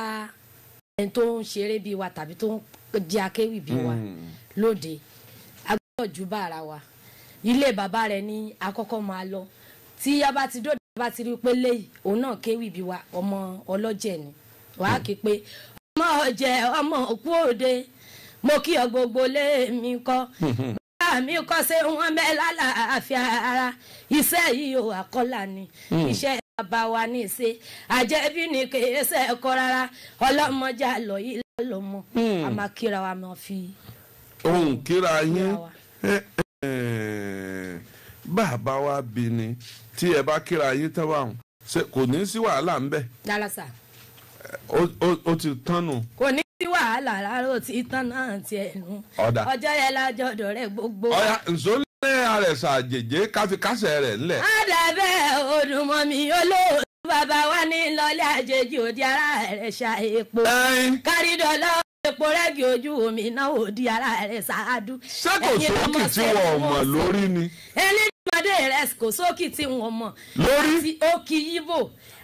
ẹni tó ń ṣeré bíi wa tàbí tó ń di akéwì bíi wa hmm. lóde agbọ́dọ̀ júbà ara wa ilé bàbá rẹ̀ ni àkọ́kọ́ máa lọ tí a bá ti dóde bá ti rí pé léyìí òun náà kéwì bí wa ọmọ ọlọ́jẹ̀ ni wàá kí pé ọmọ ọ̀jẹ̀ ọmọ òkú òde mo kí ọ gbogbo lé mi kọ́ (laughs) mi kọ́ ṣe wọ́n bẹ́ lálàáfíà ara iṣẹ́ yìí ò àkọ́là ni hmm. iṣẹ́ bàbá wa ní ṣe àjẹbí ni kì í rárá ọlọ́mọjà lọ yìí lọ́mọ hmm. a wa máa fi. ohun kíra yín bàbá wa bì tí ẹ bá kíra yín tẹ́wọ́ kò ní sí wàhálà ń bẹ̀. ti tán nù. kò ní sí wàhálà rárá ti tán náà tiẹ̀ nù. ọ̀dà ọjọ́ yẹn lájọ́ ọ̀dọ̀ gbogbo. ọ̀ya nzọ́lẹ̀ rẹ̀ ṣàjèjé káfi kásẹ̀ rẹ̀ ńlẹ̀. á dà odùmọ̀mí olóòtú bàbá wa ní lọ́lẹ́ àjèjì òdi ara rẹ̀ ṣa epo. kárí epo rẹ́gì ojú omi náà òdi ara rẹ̀ ṣáádú. ṣé kò sókè tí mọ̀ lórí ọmọdé rẹ kò sókì tí wọn mọ lórí òkì yíbò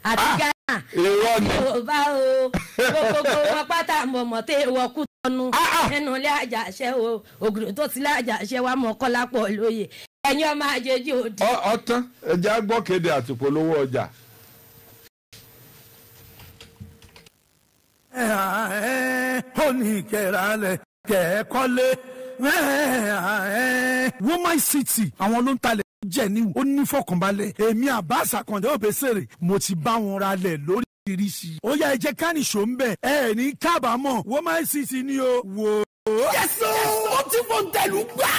àti ah, ghana yorùbá o gbogbo wọn pátá mọ̀mọ́ tẹ́ ẹ wọ́kú tọ́nu ah, ah. ẹnu ilé àjàṣe o ògùdó tó ti lé àjàṣe wa mọ̀ kọ́lá pọ̀ lóye ọmọ àjèjì òdì. ọtán ẹja ọjà. ẹ woman city àwọn ló ń talẹ̀ jẹ́ níwò ó ní fọkànbalẹ̀ èmi àbáṣà kàndé òbẹ́sẹ̀rẹ̀ mo ti bá wọn ralẹ̀ lórí oríṣiríṣi ó yá ẹ jẹ́ kánìṣó ń bẹ̀ ẹ ní kábàámọ̀ woman city ni o wò ó. yẹsọ o ti fọ ntẹlu gbà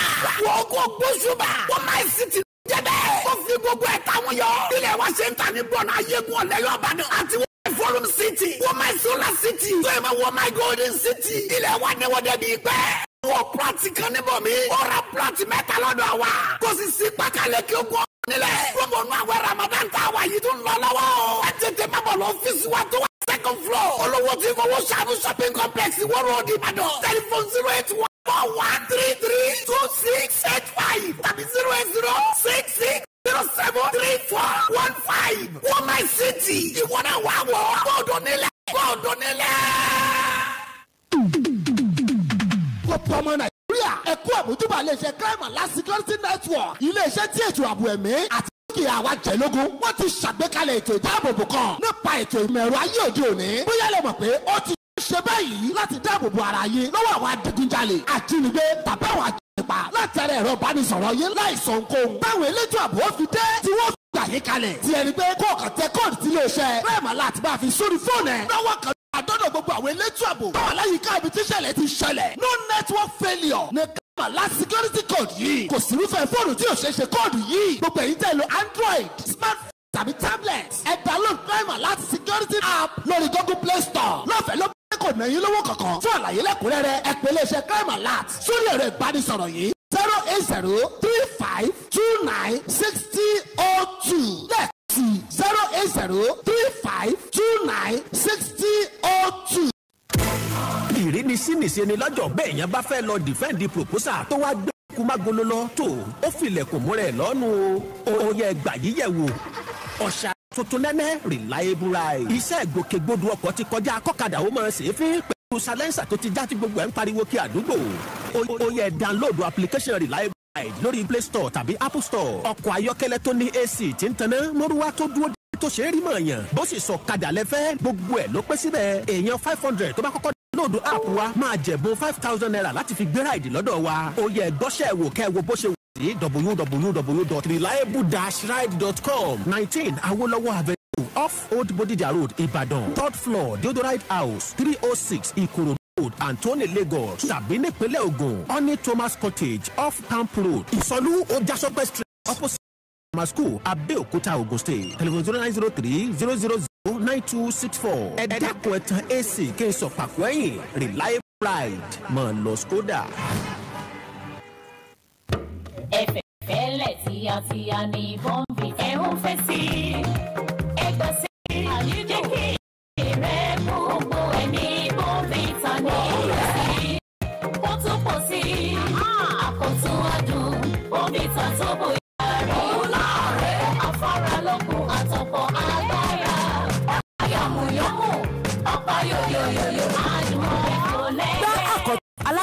wọ́n kò gbósùbà woman city jẹ́bẹ̀. ó fi gbogbo ẹ̀ táwọn yọ. ilé wa ṣe ń ta ní bọ́ọ̀nù ayégun ọ̀lẹ́yọ̀ àbádàn àti wọ́n forum city woman solar city tó yẹ ma wọ́n my golden city ilé wa ní wọ́n dẹ̀ bí pẹ́ wọ́n pàtì kan níbọ̀ mi. ó ra pàtì mẹ́ta lọ́dọ̀ àwa. kò sì sí pàkàlẹ̀ kí o gbọ́ nílẹ̀. gbogbo nù àwọn ramadan tá a wà yìí tó ń lọ lọ́wọ́. ẹ tètè má bọ̀ lọ ọ́fíìsì wa tó wà second floor. olówó tí fowó ṣàánú shopping complex wọ́rọ̀ ọ̀dì ìbàdàn. telephone zero eight one four one three three two six eight five tàbí zero eight zero six six zero seven three four one five. wọ́n máa ṣe tì. ìwọ náà wà wọ̀. bọ́ọ̀dọ̀ nílẹ̀. bọ́ọ̀dọ̀ nílẹ̀ ọ̀pọ̀ ọmọ nàìjíríà ẹ̀kú àmójúbà iléeṣẹ́ crime and law security network iléeṣẹ́ tí ètò ààbò ẹ̀mí àti dúkìá àwa jẹ̀lógún wọ́n ti ṣàgbékalẹ̀ ètò ìdáàbòbò kan nípa ètò ìmọ̀ ayé òde òní bóyá lè mọ̀ pé ó ti ṣe báyìí láti dáàbòbò ara yín lọ́wọ́ àwọn adigunjalè àjínigbé tàbí àwọn àjẹpà látara ẹ̀rọ ìbánisọ̀rọ̀ yín láìsọ ohunkóhun báwọn elétò ààbò fi dé tí wọ́n fi gbà kalẹ̀ tí ẹni pé kóòkàn tẹ kóòdù tí iléeṣẹ́ rẹ́ẹ̀mà láti bá fi sórí fóònù ẹ̀ lọ́wọ́ kan àdọ́dọ̀ gbogbo àwọn elétò ààbò tó wà láyìíká ibi tí ìṣẹ̀lẹ̀ ti ṣẹlẹ̀ no network failure ní kábà lá security code yìí kò sí irúfẹ́ fóònù tí ò ṣeé ṣe kóòdù yìí gbogbo èyí tẹ̀ lo android smartphone tàbí tablet ẹ download primer láti security app lórí google play store lọ́fẹ̀ẹ́ ló bá kò nẹ̀yìn lówó kankan fún àlàyé lẹ́kùnrẹ́rẹ́ ẹ pè iléeṣẹ́ crime alert sórí ẹ̀rọ ìbánisọ̀rọ̀ yìí zero eight zero three five two nine sixty oh two sí zero eight zero three five two nine sixty oh two. ni lọ́jọ́ bẹ́ẹ̀ yẹn bá fẹ́ lọ dìfẹ́ǹdì proposal tó wá gbé kumagolo lọ tó ó filẹ̀kùn múrẹ̀ lọ́nu o ó yẹ gbà yíyẹ̀ wò ọ̀sà tuntun nẹ́nẹ́ reliable ride. iṣẹ́ ìgbòkègbodò ọkọ̀ ti kọjá akọ́kadà ó máa ṣe é fín pẹ̀lú salensa tó ti já tí gbogbo ẹ̀ ń pariwo kí àdúgbò. ó yẹ download application reliable lórí play store tàbí apple store ọkọ̀ ayọ́kẹ́lẹ́ tó ní ac tí ń taná mọ́rúwá tó dúró tó ṣe é rí mọ̀ yàn bó sì sọ kadà lẹ́fẹ́ gbogbo ẹ̀ ló pẹ́ síbẹ̀ èèyàn five hundred tó bá kọ́kọ́ lóòdù app wa máa jẹ̀bùn five thousand naira láti fi gbéra ìdì lọ́dọ̀ wa ó yẹ gbọ́sẹ̀ wò kẹ́ wo bó ṣe wò sí www.reliable-ride.com nineteen Awolowo avenue off Old Bodija road Ibadan third floor deodoride house three oh six Ikorodu road Anthony Lagos tàbí nípínlẹ̀ Ògùn honey Thomas cottage off camp road ìsọlú ojàsọpẹ́ street opposite grammar school Abẹ́òkúta Ògùn state telephone zero nine zero three zero zero zero nine two six four ẹ̀ẹ́dẹ́kun ẹ̀tàn ac kí n sọ pàkó ẹ̀yìn reliable ride mọ̀ lọ skoda. ẹ̀fẹ̀ fẹ́lẹ̀ tíyatíya ni bọ́m̀bì ẹ̀ ń fẹ́ sí i.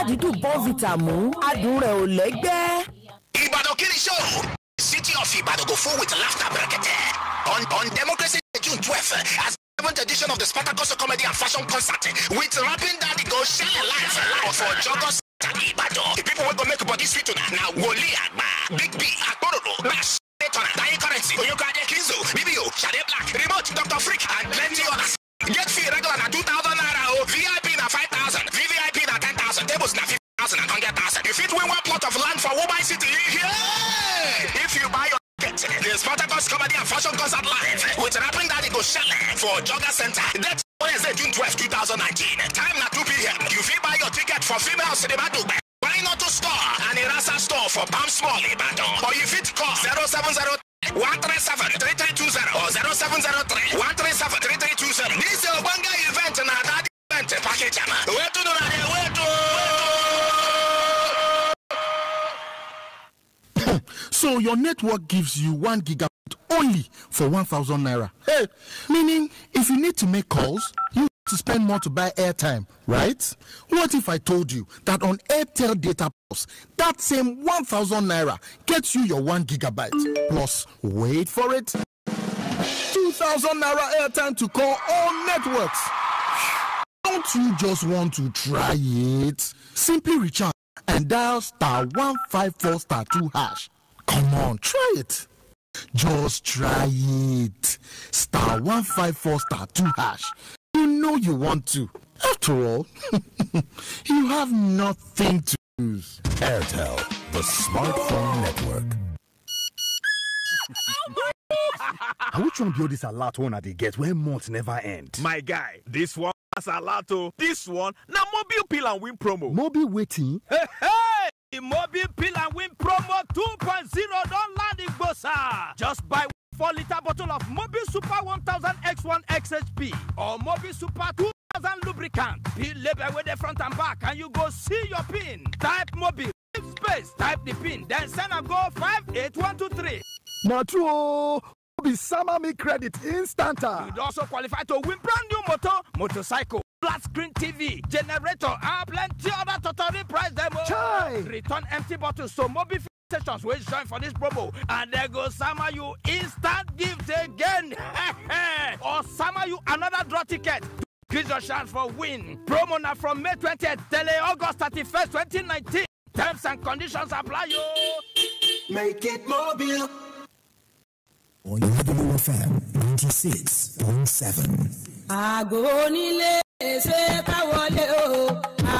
aládùúdù bọ́ǹvìtà mú adùn rẹ̀ ò lẹ́gbẹ́. ìbàdàn kiri show city of ibadan go full with laughter brekete on on democracy day june twelve as the seventh edition of the spartacus comedy and fashion concert with rapping daddy go shine live live for jogos tàbí ìbàdàn the people wey go make body sweet una na wòlíì àgbà big b àgbòròdò mash daytona daye currency oyinka ade kinzo bbo sade black remote dr freak and plenty others Get fee regular na two thousand naira oh, vip na five tables na 50,000 and 100,000. You fit win one plot of land for Wobai City here. Hey! If you buy your ticket, the Spartacus Comedy and Fashion Concert Live with Rapping Daddy Go Shelley for Jogger Center. That's Wednesday, June 12, 2019. Time now 2 p.m. You fit buy your ticket for female cinema Dubai. Why not to store and Erasa store for Palm Small Ibadan? Or you fit call 0703 137 3320 or 0703 137 3320. This is a Obanga event and na that event package. Wait to know that. Wait to So your network gives you one gigabyte only for 1,000 naira. Hey, meaning if you need to make calls, you to spend more to buy airtime, right? What if I told you that on Airtel Data Plus, that same 1000 naira gets you your 1 gigabyte plus, wait for it, 2000 naira airtime to call all networks. Don't you just want to try it? Simply recharge and dial star 154 star 2 hash Come on, try it. Just try it. Star 154 star 2 hash. You know you want to. After all, (laughs) you have nothing to lose. Airtel, the smartphone network. Oh (laughs) I wish try this a lot one they get where months never end. My guy, this one has a lot. Oh. This one, now mobile pill and win promo. Mobile waiting. Immobile Peel and Win Promo 2.0 don't land in Bosa. Just buy 4 liter bottle of Mobile Super 1000 X1 XHP or Mobile Super 2000 lubricant. Peel label with the front and back and you go see your pin. Type Mobile, space, type the pin, then send a go 58123. Now true be Summer Me Credit Instanta. You'd also qualify to win brand new motor, motorcycle, flat screen TV, generator, and plenty other totally price demo. Chai! Return empty bottles so mobile stations will join for this promo and they go summer you instant gift again (laughs) or summer you another draw ticket Give your chance for win. Promo now from May 20th till August 31st, 2019. Terms and conditions apply. Yo. Make it mobile. on Yorùbá FM ninety six point seven. àgò onílé ṣe ká wọlé o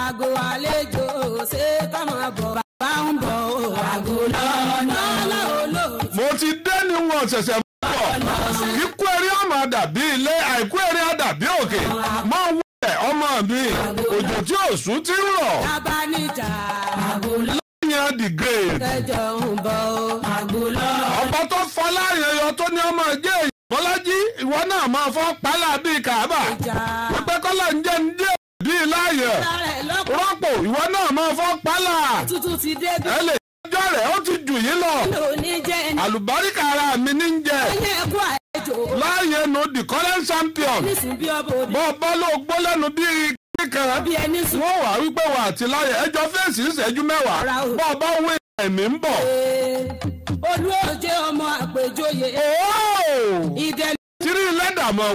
àgò àlejò ṣe ká máa bọ̀ bàbá ń bọ̀ o àgò lọ́nà olóòtú. mo ti dé ni wọn ṣẹ̀ṣẹ̀ mú bọ̀ kíkú eré ọmọ àdàbí ilé àìkú eré àdàbí òkè máa wọ ọmọ mi òjò tí ò sùn ti ń rọ̀. tábánìjà àgò lọ́nà near the grave. kẹjọ ń bọ o àgùlọ. ọba tó fọlá ìyẹyọ tó ní ọmọ ẹgbẹ́ èyí. bọ́lájí ìwọ náà máa fọ́ pálá bíi kàábà. pípẹ́ kọ́lá ń jẹ́ ń jẹ́ bíi láàyè. rọ́pò ìwọ náà máa fọ́ pálá. tuntun ti dé bí. ẹ lè ọjọ́ rẹ̀ ó ti jù yín lọ. àlùbáríkà ara mi ní ń jẹ. láàyè nu the current champion. bọ́ bọ́ ló gbó lẹ́nu bíi. wọ́n wà wípé wà àti láyé ẹjọ́ fèsì ìṣẹ́jú mẹ́wàá bọ́ ọba wé ẹ̀mí ń bọ̀. olú òjé ọmọ àpèjọyè. ìdẹ́nu. tírí lẹ́dà máa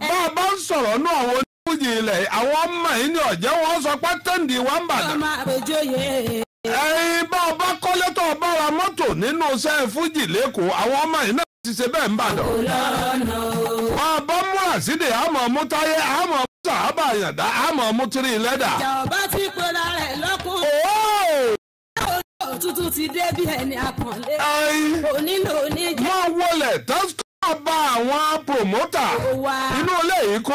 bá a bá ń sọ̀rọ̀ náà ní oníkùjì ilẹ̀ àwọn ọmọ yìí ni wọn sọ pé tẹ́ǹdì wà ń ọmọ àpèjọyè. ẹyin bá kọ́lé tó ra mọ́tò nínú iṣẹ́ lẹ́kọ̀ọ́ àwọn ọmọ yìí náà ti ṣe o. ọba mú àsídè àmọ̀ mú àmọ̀ mú sàábà àmọ̀ mú lẹ́dà. ìjọba ti pera òtútù ti dé bí ẹni àpọ̀nlé. onílò oníjẹ. wọ́n wọlé tẹ́sítọ́ bá promota. inú ilé yìí kó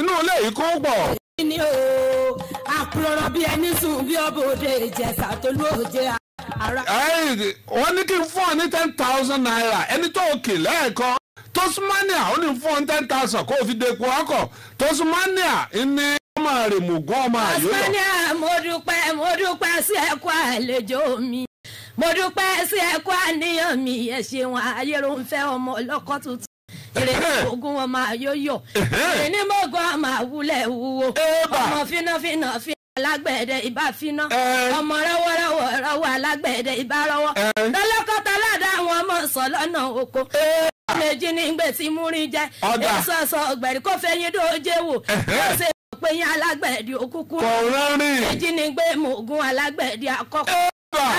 inú ilé yìí kó pọ̀. èyí ni o àpòrọ̀ bí ẹni sùn bí ọbọdé ìjẹsà tó ara. wọ́n ní kí n fún ọ ní ten thousand naira ẹni tó kì tosmania ó ní fún ten thousand kó o fi depo ọkọ̀ tosmania ní ọmọ rẹ̀ mògùn ọmọ àyọ̀yọ̀. tosmania mo dúpẹ́ mo dúpẹ́ sí ẹ̀kọ́ àlejò mi mo dúpẹ́ sí ẹ̀kọ́ àníyàn mi ẹ̀ ṣeun ayérúnfẹ́ ọmọ ọlọ́kọ́ tuntun ìrètí ogun ọmọ àyọ̀yọ̀ ìrìn ní mọ̀gàn ọmọ àwùlẹ̀ wúwo ọmọ fínáfíná fi alágbẹ̀dẹ ìbá finá ọmọ rọwọrọwọ rọwọ alágbẹ̀dẹ ìbá rọwọ lọlọkọta ládàá àwọn ọmọ sọ lọ́nà oko méjì nígbà tí múrin jẹ èso ọsọ ọgbẹrì kó fẹyìn dóje wò yóò ṣe pé yín alágbẹ̀dì òkúkú méjì nígbà mògùn alágbẹ̀dì àkọ́kọ́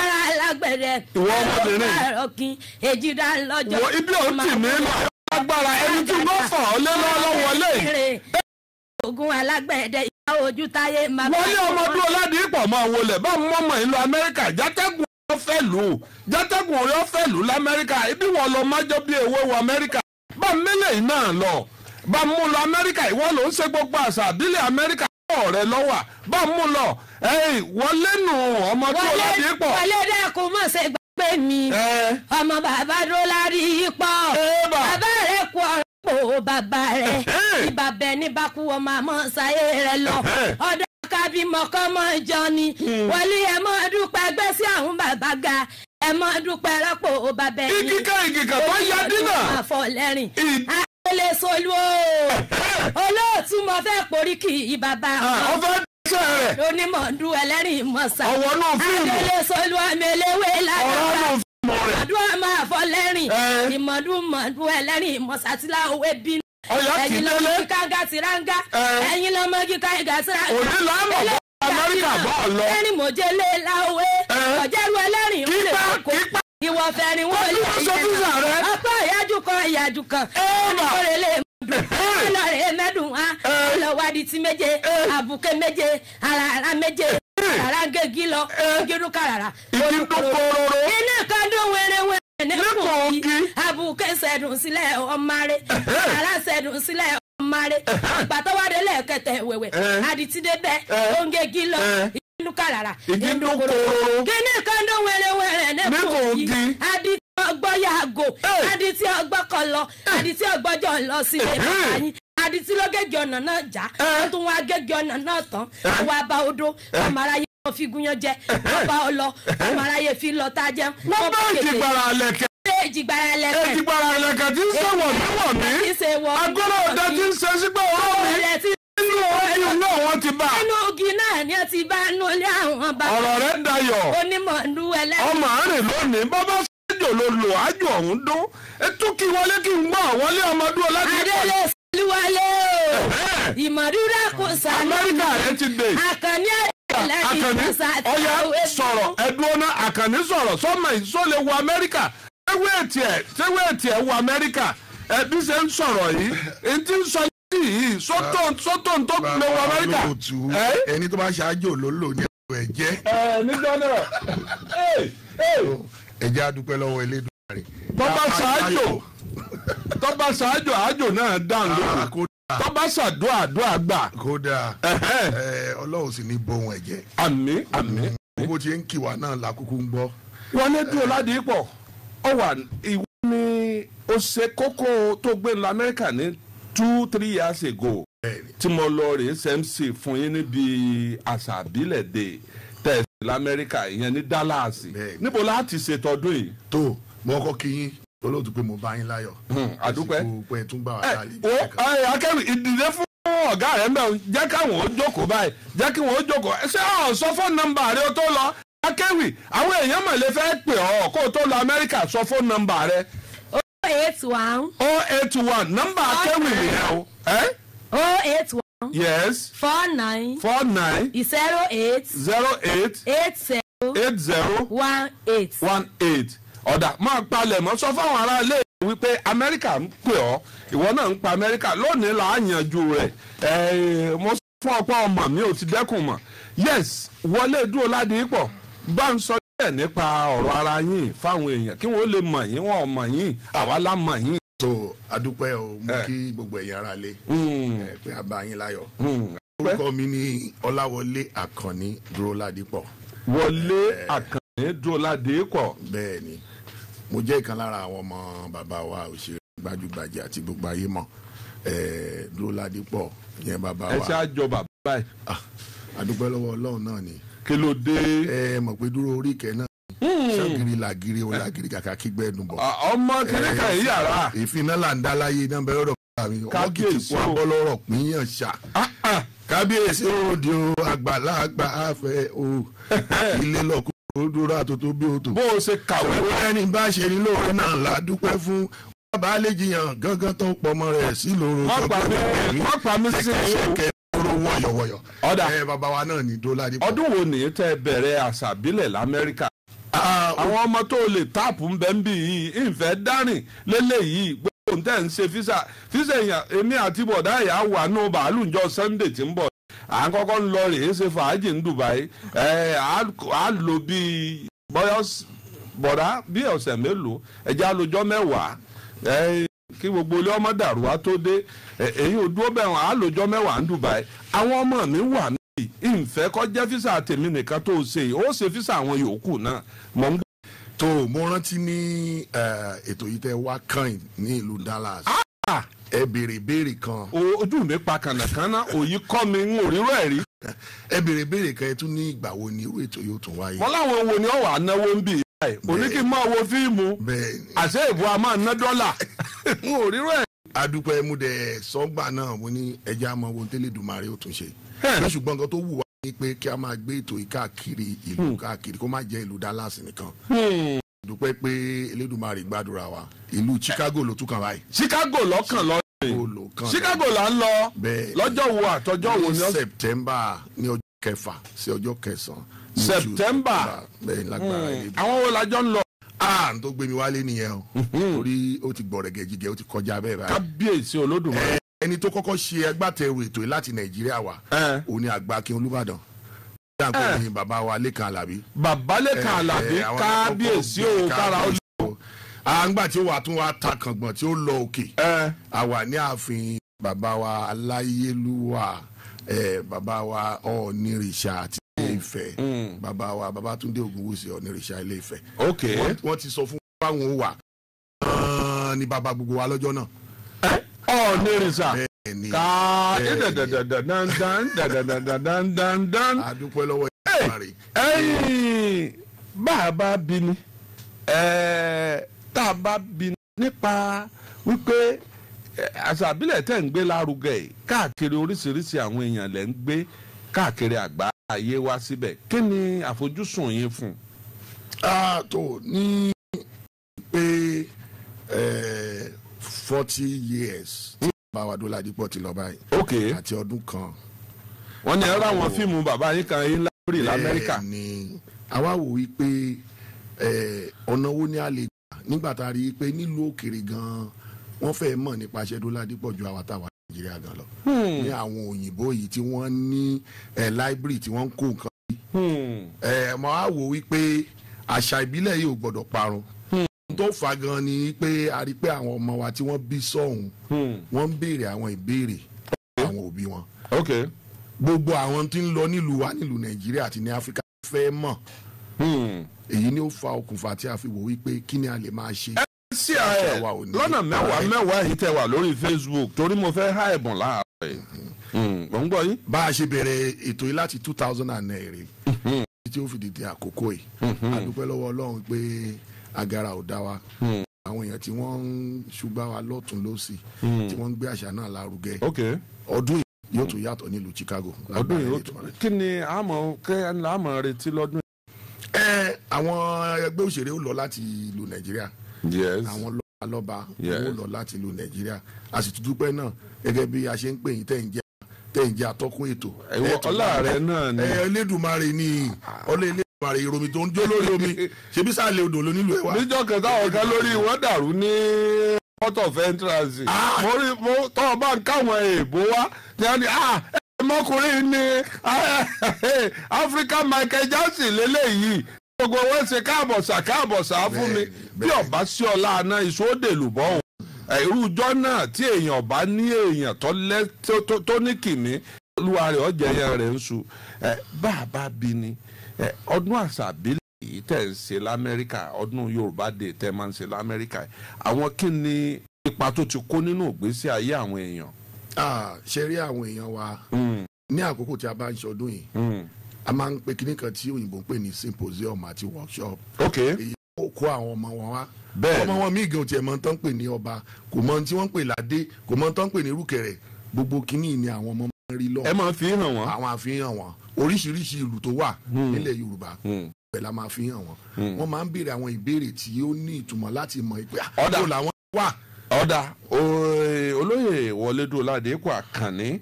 ara alágbẹ̀dẹ̀ ìwọ ọmọbìnrin àròkìn èjìdá lọ́jọ́ ibi ò tì mí lágbára ẹni tí mo fọ ọlẹ lọwọlé. ogun alágbẹ̀dẹ̀ ìyá ojú táyé máa. wọlé ọmọdún ọládìí pọ̀ mọ́ wọlé bá mọ́mọ́ ìlú amẹ́ríkà játẹ́gùn ó fẹ́ lù ú jẹ́tẹ́gùn orí fẹ́ lù ú lamẹ́ríkà ibi wọn lọ májọ́ bí ewé wọ amẹ́ríkà bá mílẹ̀ yìí náà lọ bá mú lọ amẹ́ríkà ìwọ ló ń ṣe gbogbo àṣà àbílẹ̀ amẹ́ríkà ọ̀rẹ́ lọ́wà bá mú lọ wọlé nù ọmọ tó láti pọ̀. wọlé dẹ́kun mọ̀ ṣe gbàgbé mi ọmọ bàbá dólárì pọ̀ bàbá rẹ̀ kú ọ̀rọ̀ bàbá rẹ̀ ìbàbẹ̀ ní bá ọmọ àmọ́ ṣayé rẹ̀ lọ ọ̀dọ́ kábímọ kọ́mọ jọ ni hmm. wọlé ẹ̀ mọ dúpẹ́ gbé sí àwọn bàbá ga ẹ mọ dúpẹ́ rọ́pò bàbá ẹni. ìkíkà ìkíkà tó yá dínà. àfọlẹ́rìn. àpèlè solú o. olóòtú mo fẹ́ porí kì í bàbá. Ah, ọfẹ́ dẹ́sẹ̀ rẹ̀. ẹlẹ́rìn mọ̀sá. ọ̀wọ́ solú àmì eléwé àdúrà máa fọ lẹ́rìn. ìmọ̀dúnmọ̀dún ẹlẹ́rìn mọ̀sátìlá òwe bínú. ọ̀yọ́ ti kíkà ń ga tìranga. ẹ̀yin lọ́mọ kíkà ń ga tìranga. òní lọ́mọ̀ amẹ́ríkà bọ́ọ̀ lọ. ẹni mo jẹ lé láwé ọ̀jẹ̀rú ẹlẹ́rìn ń lè kókó ìwọ fẹ́ ni wọ́n lè yẹ ọ̀pá ìyájú kan ìyájú kan ẹni kò lè lè dùn ọlọ́rẹ̀ mẹ́dùn wa ọlọ́wádìí ti méje àbùkẹ́ méje àràrà méje àràrà gègé lọ gírun kàràrà olùkòrò iná kan dún wẹ́rẹ́wẹ́ ní kò kí àbùkẹ́ sẹ̀dùn ọmọ rẹ̀ àràrà sẹ̀dùn sílẹ̀ mare eh, eh. bàtọ́ wà délẹ̀ kẹtẹ wẹ̀wẹ̀ àdìtí débẹ̀ oúnjẹ lọ inú kàlàrà inú kòrò kíní kan dún nẹ́kọ̀ọ́ yìí àdìtí ọgbọ́ yàgò eh. àdìtí ọgbọ́ kọ àdìtí ọgbọ́jọ lọ sílé bàbá àdìtí ló ọ̀nà náà já ó tún wá ọ̀nà náà tán àwọn abá odó ọmọ aráyé fi gúnyán jẹ wọn bá ọ lọ ọmọ aráyé fi lọ tá a jẹun. wọn bá ìdìgbàrà lẹkẹ. Ejigbara ẹlẹ́kẹ̀. èjìgbára ẹlẹ́kẹ̀ tí ń ṣèwọ̀ níwọ̀ mí. agbọ́dọ̀ ọ̀dà tí ń ṣe sígbà ọ̀rọ̀ mi. inú ojú inú àwọn ti bá. inú ogi náà ni ó ti bá inú ilé àwọn bá. ọ̀rọ̀ rẹ̀ dayọ̀. onímọ̀ lu ẹlẹ́kẹ̀. ọmọ àárín lónìí bábá sẹ́jọ ló lò ájò ọ̀hún dún. ètò kí wọlé kí n gbọ́ wọlé ọmọdún ọlájú. adélé sẹ́lúwalé o. ìmọ̀rúra kò sá. amẹ́ríkà rẹ̀ ti dé. àkànní àkànní ọyà sọ̀rọ̀ ẹ̀dùn ọ̀nà àkànní sọ̀rọ̀ sọ́mọ̀ ìsọ̀lẹ̀ wọ amẹ́ríkà wéètì ẹ ṣé wéètì ẹ wọ amẹ́ríkà ẹbí ṣe ń sọ̀rọ̀ yìí ètí ń sọ yìí sọ́tò sọ́tò tó gbé wọ amẹ́ríkà. ẹni tó bá ṣáájú olólo ní ẹ̀rọ ẹ̀ jẹ́. ẹ nígbà náà ẹ jẹ́ àdúpẹ́ lọ́wọ́ Elédùmarè. tó bá ṣáájú tó bá ṣáájú àájò náà dáhùn lóko ah, tó bá ṣàdúrà àdúrà gbà. kódà ọlọ́run sì ní bohun ẹ̀jẹ̀. àmín àmín. bó ti ń kí wa náà làkúkú ń gbọ́. wọlé dúró ládìí pọ̀ ọ wà ìwọ ni ó ṣe kókó tó gbé lọ Amẹ́ríkà ní two three years ago tí mo lọ rè SMC fún yín níbi àṣà àbílẹ̀ dé tẹ̀sí lamẹ́ríkà ìyẹn ní Dallas níbo láti ṣètọ́dún yìí. tó mo kọ́ kí yín olóòtú pé mo bá yín láyọ̀. àdúpẹ́ hmm, àsìkò pé ẹ akẹ́rù ìdílé fún ọ̀gá rẹ̀ ń bẹ̀ jẹ́ káwọn ó jókòó báyìí jẹ́ kí wọ́n ó jókòó ṣé ọ̀ sọ fóònù nọ́mbà rẹ̀ tó lọ akéwì àwọn èèyàn mọ̀ lè fẹ́ pè ọ́ kó o tó lọ amẹ́ríkà sọ fóònù nọ́mbà rẹ. o oh eight one. o oh eight one nọ́mbà akéwì nìyẹn o. o oh eight one. yes. four nine. four nine. zero eight. zero eight. eight zero. eight zero. one eight. one eight. ọ̀dà máa palẹ̀ mọ́ sọ fáwọn ará ilé wípé amẹ́ríkà ń pè ọ́ ìwọ náà ń pa amẹ́ríkà lónìí là á yanjú rẹ̀ mo sọ fún ọ̀pọ̀ ọmọ mi ò ti dẹ́kun mọ̀ yes wọlé dúró ládìí pọ̀ bá ń sọ díẹ̀ nípa ọ̀rọ̀ ara yín fáwọn èèyàn kí wọ́n lè mọ̀ yín wọ́n mọ̀ yín àwa la mọ̀ yín. so adúpẹ́ o mú eh. kí gbogbo ẹ̀yin ará lé hmm. eh, pé a bá yín láyọ̀ hmm. orúkọ mi ni Ọláwọlé Àkànní Dúróládépọ̀. Wọlé eh. Àkànní Dúróládépọ̀. bẹ́ẹ̀ni mo jẹ́ ìkan lára àwọn ọmọ bàbá wa òṣèré gbajúgbajà àti gbogbo ayé mọ̀ Dúróládépọ̀ yẹn bàbá wa. ẹ ṣáájọ bàbá báyìí. àdúpẹ́ ah, lọ́wọ́ Ọlọ́run náà ni kí ló dé. ẹ mọ̀ pé dúró orí ìkẹ́ náà sọ́gìrì hmm. làgìrì o làgìrì kàkà kígbẹ́ ẹnu bọ̀. Ah, ọmọ kìnìkan yìí yàrá. ìfinna là ń dá láyé iná bẹ́ẹ̀ rọ̀ kọ́ra mi. kábíyèsí o ọmọ kìtìkú abọ́lọ́rọ̀ pínyàn ṣá. Ah, ah. kábíyèsí o di o àgbàlagbà àfẹ o (laughs) ilé lọkọ òdúrà àtòtò bí o tò. bó o ṣe kàwé. o ẹni bá ṣe ní lóore náà la dúpẹ́ fún bàbá àlejò yàn gángan tó pọ̀ mọ́ rẹ̀ sí lóru. mọ́pàá mi sí i. kóró wọ̀yọ̀ wọ̀yọ̀ ẹ bàbá náà ní dọ́là nípa. ọdún wo ni eh, tẹ bẹ̀rẹ̀ àṣà lamẹ́ríkà. Ah, àwọn ọmọ tó lè táàpù ń bẹ ń bì yìí ìfẹ́ dárìn lélẹ́yìí gbogbo ń tẹ̀ ń ṣe físà físà èmi àti bọ̀dá ìyá wà nù bàálù njọ Sunday tí ń bọ̀ à ń kọ́kọ́ ń lọ rèé ṣe fàájì ń Dubai ẹ̀ lò bíi bọ́yọ́ bíi ọ̀sẹ̀ mélòó ẹ̀jẹ̀ mẹ́wàá kí gbogbo ilé ọmọ dàrú wa tó dé èyí ò dúró bẹ́ẹ̀ wọn àlòjọ́ mẹ́wàá ń Dubai àwọn ọmọ mi wà níbi ìfẹ́ kọjá físà tèmi nìkan tó ṣe ó ṣe físà àwọn yòókù náà mọ̀ ń gbọ́. tó mo rántí ní ètò yìí tẹ wá kàn ní ìlú Dallas ah! ẹ béèrè béèrè kan. ojú mi pa kànàkànà òyì kọ́ mi ń òríró ẹ̀rí. ẹ béèrè béèrè kan ẹ tún ní ìgbà wo ni irú ètò yóò tún wáyé. wọn láwọn wo ni ọwọ anáwó ń bì ẹ̀ oníkì máa wo fíìmù àṣẹ ìbò a máa ná dọ́là (laughs) n ò rírọ̀ ẹ̀. adúpẹ́ múdẹ sọ́gbà náà mo ní ẹja máa wo tẹ́lẹ̀ dùmarè ó tún ṣe ṣùgbọ́n nǹkan tó wù wá ni pé kí a máa gbé ètò yìí káàkiri ìlú hmm. káàkiri kó má jẹ́ ìlú Dallas nìkan hmm. dúpẹ́ pé Elédùmarè gbàdúrà wa ìlú Chicago ló tún kàn báyìí. Chicago lọ́kàn lọ Chicago là ń lọ lọ́jọ́ wo àtọjọ́ wo ni. September ní ọjọ́ kẹfà sí ọjọ́ kẹsàn-án september hmm. àwọn wo la jọ ń lọ. a ah, n tó gbé mi wálé nìyẹn o hmm. torí ó ti gbọ̀rẹ̀gẹ̀ jíjẹ ó ti kọjá bẹ́ẹ̀ báyìí. kábíyèsí olódùmarè. Eh, ẹni tó kọ́kọ́ ṣe ẹgbàtẹrù ètò yìí láti nàìjíríà wa eh. òun ni àgbà kí olúbàdàn dáńkọ́ eh. ni bàbá wa lẹ́kàn alábí. bàbá lẹ́kàn alábí kábíyèsí o kára ó lọ. àǹgbà tí ó wà tún wá ta kàngbọ̀n tí ó lọ òkè. a wà ní ààfin bàbá wa aláyélúwà bàbá wa ọ̀ọ́nìrìṣà àti Ifẹ̀ mm. bàbá wa Babátúndé Ògúnwùsì ọ̀nìrìṣà ilé Ifẹ̀ wọ́n ti sọ fún báwọn wà ni bàbá gbogbo wa lọ́jọ́ náà. Eh? ọ̀nìrìṣà ká dandandandandandandandandandan. àdúpẹ́ lọ́wọ́ ìjọba ẹ̀yìn bá a bá bí ni tá a bá bí ni nípa wípé àṣà àbílẹ̀ tẹ̀ ń gbé lárugẹ káàkiri oríṣiríṣi àwọn èèyàn lẹ̀ ń gbé káàkiri àgbá ààyè wa síbẹ̀ kí ni àfojúsùn yín fún. a tó ní pé forty years tí bàbá Adéládìpọ̀ ti lọ báyìí. ok àti ọdún kan. wọ́n ní ẹ̀rọ àwọn fíìmù bàbá yín kan yín lórí lamẹ́ríkà. bẹ́ẹ̀ ni àwa wò wí ọ̀nà wo ni a lè gbà nígbà tá a rí i pé nílùú òkèèrè gan-an wọ́n fẹ́ mọ̀ nípa Adéládìpọ̀ ju àwa nàìjíríà gan lọ hmm. ní àwọn òyìnbó yìí tí wọ́n ní eh, library tí wọ́n ń kó nǹkan yìí ẹ̀ mọ́ á wò wípé àṣà ìbílẹ̀ yìí ò gbọ́dọ̀ parun hmm. tó fà gan ni pé a rí pé àwọn ọmọ wa tí wọ́n bí sọ̀hún hmm. wọ́n ń béèrè àwọn ìbéèrè àwọn òbí wọn. gbogbo àwọn tí ń lọ nílùú wa nílùú nàìjíríà àti ní áfíríkà fẹ́ mọ̀ èyí ni ó fa okùnfà tí a fi wò wípé kí ni a lè máa ṣe sí ààrẹ lọ́nà mẹ́wàá mẹ́wàá yìí tẹ̀ wà lórí Facebook torí mo fẹ́ há ẹ̀bùn láàárọ̀ yìí mò hmm, ń gbọ́ yín. bá a ṣe bẹ̀rẹ̀ ètò yìí láti two thousand and nine hmm. tí ó fi dìde àkókò yìí hmm. a dúpẹ́ lọ́wọ́ Ọlọ́run pé agara ò dá wa àwọn èèyàn tí wọ́n ń ṣùgbọ́n wa lọ́tún lọ́sì tí wọ́n ń gbé àṣà náà lárugẹ ọdún yìí yóò tún yàtọ̀ nílùú Chicago. ọdún yìí kí ni àmọ́ kí ni àmọ́ retí lọ́dún yìí. ẹ àwọn ẹgbẹ́ òṣèré ó lọ láti ìlú Nàìjíríà àwọn lọ́ba lọ́ba owó lọ láti ìlú nàìjíríà a sì náà gẹ́gẹ́ bí a ṣe ń pè yín tẹ̀ ń jẹ́ tẹ̀ ń jẹ́ atọ́kùn ètò. ẹ̀wọ̀ ọlá rẹ̀ náà ni. ẹlẹ́dùnmarè ni ọlọ́ ẹlẹ́dùnmarè ìròmì tó ń jó lórí omi (laughs) ṣebí sáàlẹ̀ odò ló nílò ẹ̀ wá. níjọ́ kẹta ọ̀gá lórí wọn dàrú ní port of entrance. Ah! mo rí mo tọ́ ọ bá ń káwọn èèbó wá ni a ní ah, ẹ mọkùnrin ni ah, (laughs) African Michael Jackson lélẹ́yìí gbogbo wọn ṣe káàbọ̀ sà káàbọ̀ sà fún mi bí ọba sí ọlá àná ìṣòdèlùbọ̀ o irújọ́ náà tí èèyàn ọba ní èèyàn tó ní kìnní olúwa rẹ̀ ọ̀jẹ̀ yẹn rẹ̀ ń su bá a bá bí ni ọdún àṣà àbílẹ̀ yìí tẹ̀ ń ṣe lamẹ́ríkà ọdún yorùbá dé tẹ̀ máa ń ṣe lamẹ́ríkà àwọn kí ni ipa tó ti kó nínú ìgbésí ayé àwọn èèyàn. ṣe rí àwọn èèyàn wa hmm. ní àkókò tí a bá ń ṣọdún yìí hmm a máa ń pe kíní kan tí òyìnbó ń pè ní symposium àti workshop. ok èyí ó kó àwọn ọmọ wọn wá. bẹ́ẹ̀ ọmọ wọn míì gan tiẹ̀ mọ̀ tán pè ní ọba kò mọ̀ tí wọ́n ń pè ládé kò mọ̀ tán pè ní rúkẹ̀rẹ̀ gbogbo kíní ni àwọn ọmọ máa ń rí lọ. ẹ máa fi hàn wọn. àwọn àfihàn wọn oríṣiríṣi ìlú tó wà hmm. nílẹ̀ yorùbá hmm. bẹ́ẹ̀ la máa fi hàn wọn. Hmm. wọ́n máa ń béèrè àwọn ìbéèrè tí ó ní ìtumọ̀ láti mọ̀ pé ah, àkókò làwọn wà ọ̀dà olóyè Wọlé Dúróládé Àkànní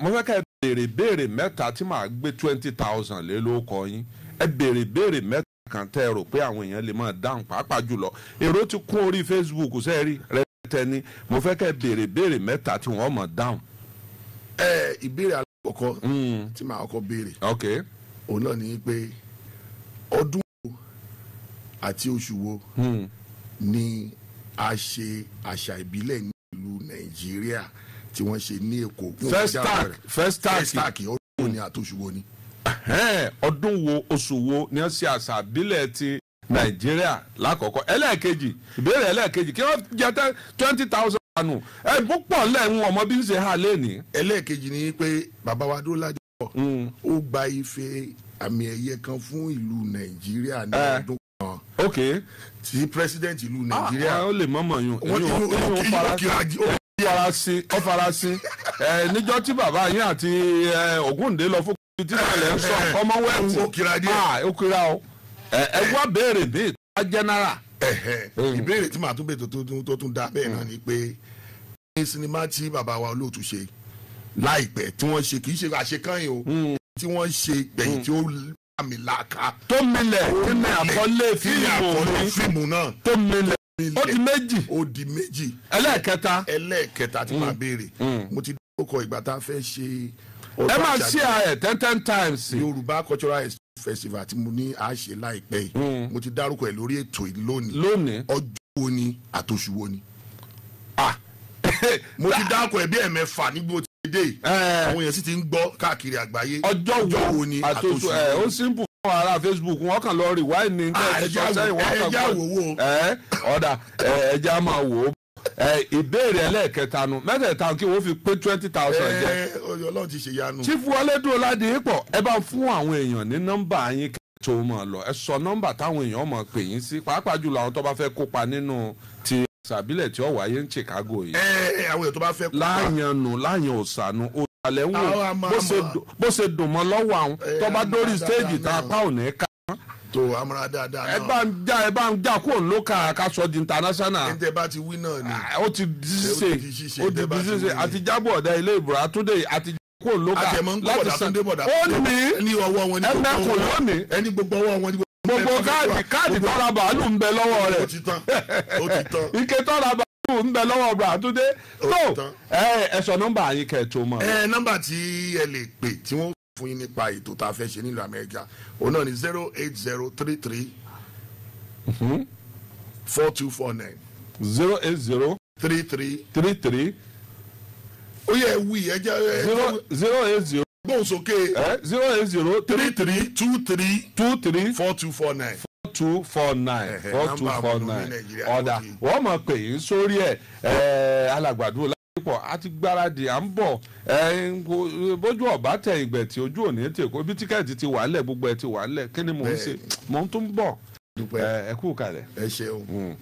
mo fẹ́ ká ẹ béèrè béèrè mẹ́ta tí màá gbé twenty thousand lé lóko yín ẹ béèrè béèrè mẹ́ta kan tẹ́ ẹ rò pé àwọn èèyàn lè máa dáhùn pàápàá jùlọ èrò ti kún orí Facebook sẹ́ẹ̀rí rẹpẹtẹ ni mo fẹ́ kẹ́ béèrè béèrè mẹ́ta tí wọ́n máa dáhùn. ẹ ìbéèrè alákọ̀ọ́kọ́ mm. tí màá kọ́ béèrè òun náà ni pé ọdún wo àti oṣù wo mm. ni a ṣe àṣà ìbílẹ̀ ní ìlú Nàìjíríà tí wọ́n ṣe ní èkó. first tack first tack first tack ọdún wo ni àtòṣùwò ni. ọdún wo oṣù wo ni wọ́n ṣe àṣà àbílẹ̀ ti nàìjíríà lákọ̀ọ́kọ́ ẹlẹ́ẹ̀kejì ìbéèrè ẹlẹ́ẹ̀kejì kí wọ́n jẹ twenty thousand nù ẹ bó pọ̀ lẹ́hìn ọmọ bí ń ṣe hà lẹ́ni. ẹlẹ́ẹ̀kejì ni pé bàbá wa dúró lájọ pọ̀ hmm. ó gba ife àmì ẹ̀yẹ kan fún ìlú nàìjíríà ní eh. ọdún kan ti president ìlú ah, nàìjíríà ah, ó lè mọ́mọ́ yun ẹ̀yìn ó fara bí ara sí ọ fara sí ẹ níjọ́ tí bàbá yín àti Ògúndé lọ fún kí títẹlẹ ń sọ ọmọ wẹẹtì ó kira ah, o ẹ wá béèrè bí ìtura jẹnara. Hmm. ìbéèrè tí màá tún bèèrè tó tún dá bẹ́ẹ̀ náà ni pé ní sinimá tí bàbá wa olóòtú ṣe láìpẹ́ tí wọ́n ṣe kì í ṣe àṣekányìn o hmm. tí wọ́n ṣe gbẹ̀yìn tí ó àmì hmm. làkà. tó milẹ̀ nínú àkọlé fíìmù náà tó milẹ̀. O di méjì ó di méjì ẹlẹ́ẹ̀kẹta ẹlẹ́ẹ̀kẹta tí màá mm. béèrè mm. mo ti dókọ̀ ìgbà tá a fẹ́ ṣe ọdún àṣà ẹ máa ṣe ẹ ten ten times Yorùbá cultural festival tí mo ní a ṣe láìpẹ́ yìí mm. mo ti dárúkọ ẹ lórí ètò yìí lónìí lónìí ọjọ́ wo ni àtòṣù wo ni ah. (laughs) mo ti dárúkọ ẹ bí ẹ̀mẹ́fà níbi mo ti dé eh. àwọn yẹn sì ti ń gbọ́ káàkiri àgbáyé ọjọ́ wo ni àtòṣù wo ni. Eh, àwọn ará facebook wọn kàn lọ rewind ní tẹ́ẹ̀tì sọ́sẹ́ ìwọ́n kan gbọ́ ẹ ọ̀dà ẹja máa wò ó ìbéèrè ẹlẹ́ẹ̀kẹta nu mẹ́tẹ̀ẹ̀ta kí wọ́n fi pé twenty thousand jẹ́ ọlọ́run ti ṣe yanu. chief wọlédùn ọládìyípọ̀ ẹ bá fún àwọn èèyàn ní nọ́mbà yín tó mọ̀ lọ ẹ sọ nọ́mbà táwọn èèyàn mọ̀ pè yín sí pàápàá jùlọ àwọn tó bá fẹ́ kópa nínú ti sàbílẹ̀ tí ó wáyé ní Chicago yìí. ẹ ẹ àwọn èèyàn tó bá fẹ́ kópa. láàyàn nù láàyàn òsànù ìsàlẹ̀ ń wò bó ṣe dùn mọ́ lọ́wọ́ àwọn tó bá dórí stéèjì tá a pa ò ní ká. tó amúra dáadáa náà ẹ bá ń já ẹ bá ń já kúrò lókà kásọ di international. ẹ̀ńtẹ̀ bá ti wí náà ni. Ah, ó ti di ó ti di àti jábọ̀ ọ̀dà ilé ìbúra àtúndé àti kúrò lókà láti san ó ní ẹ̀mẹ́kùn lónìí. ẹni gbogbo ọwọ́ wọn ni gbogbo káàdì káàdì tọ́ra bàálù ń bẹ lọ́wọ́ rẹ̀ (laughs) ike tọ́ra bàálù two ń bẹ lọ́wọ́ Bàtúndé tó ẹ̀sọ́ nọ́mbà yín kẹ́ ẹ̀ tó mọ̀. ẹ nọ́mbà tí ẹ lè pè tí wọ́n fún yín nípa ètò tá a fẹ́ ṣe nílùú Amẹ́ríkà òun náà ni zero eight zero three three mhm. four two four nine. zero eight zero. three three. three three. ó yẹ wí ẹ jẹ. zero zero eight zero. gbóhùn sókè. Eh, zero eight zero. three three two three. two three. four two four nine. two four nine four two four nine ọ̀dà wọ́n mọ̀ pé sórí ẹ̀ alàgbàdo pọ̀ àti gbáradì à ń bọ̀ bójú ọ̀bá tẹ ìgbẹ̀ tí ojú òní tè kó bí tíkẹ́ẹ̀tì ti wà lẹ̀ gbogbo ẹ̀ ti wà lẹ̀ kí ni mò ń ṣe mò ń tún bọ̀ ẹ kú kalẹ̀. ẹ ṣeun. Hmm.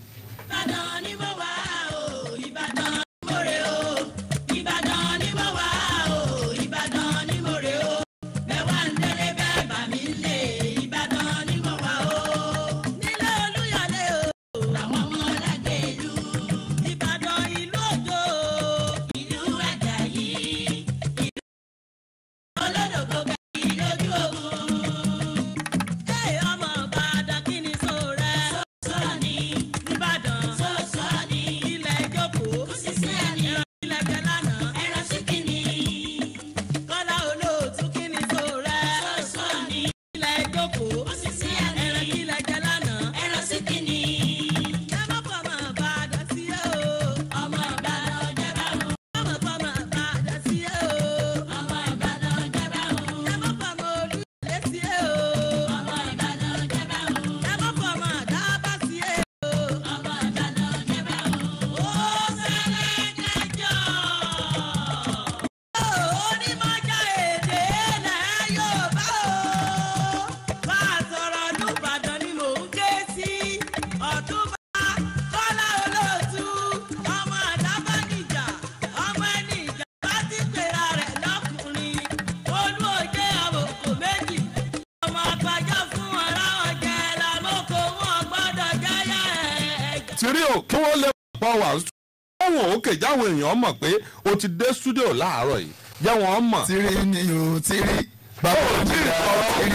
ti dé studio láàárọ̀ yìí jẹ́ wọ́n mọ̀. tiri ni o tiri bàbá òjìrì tiri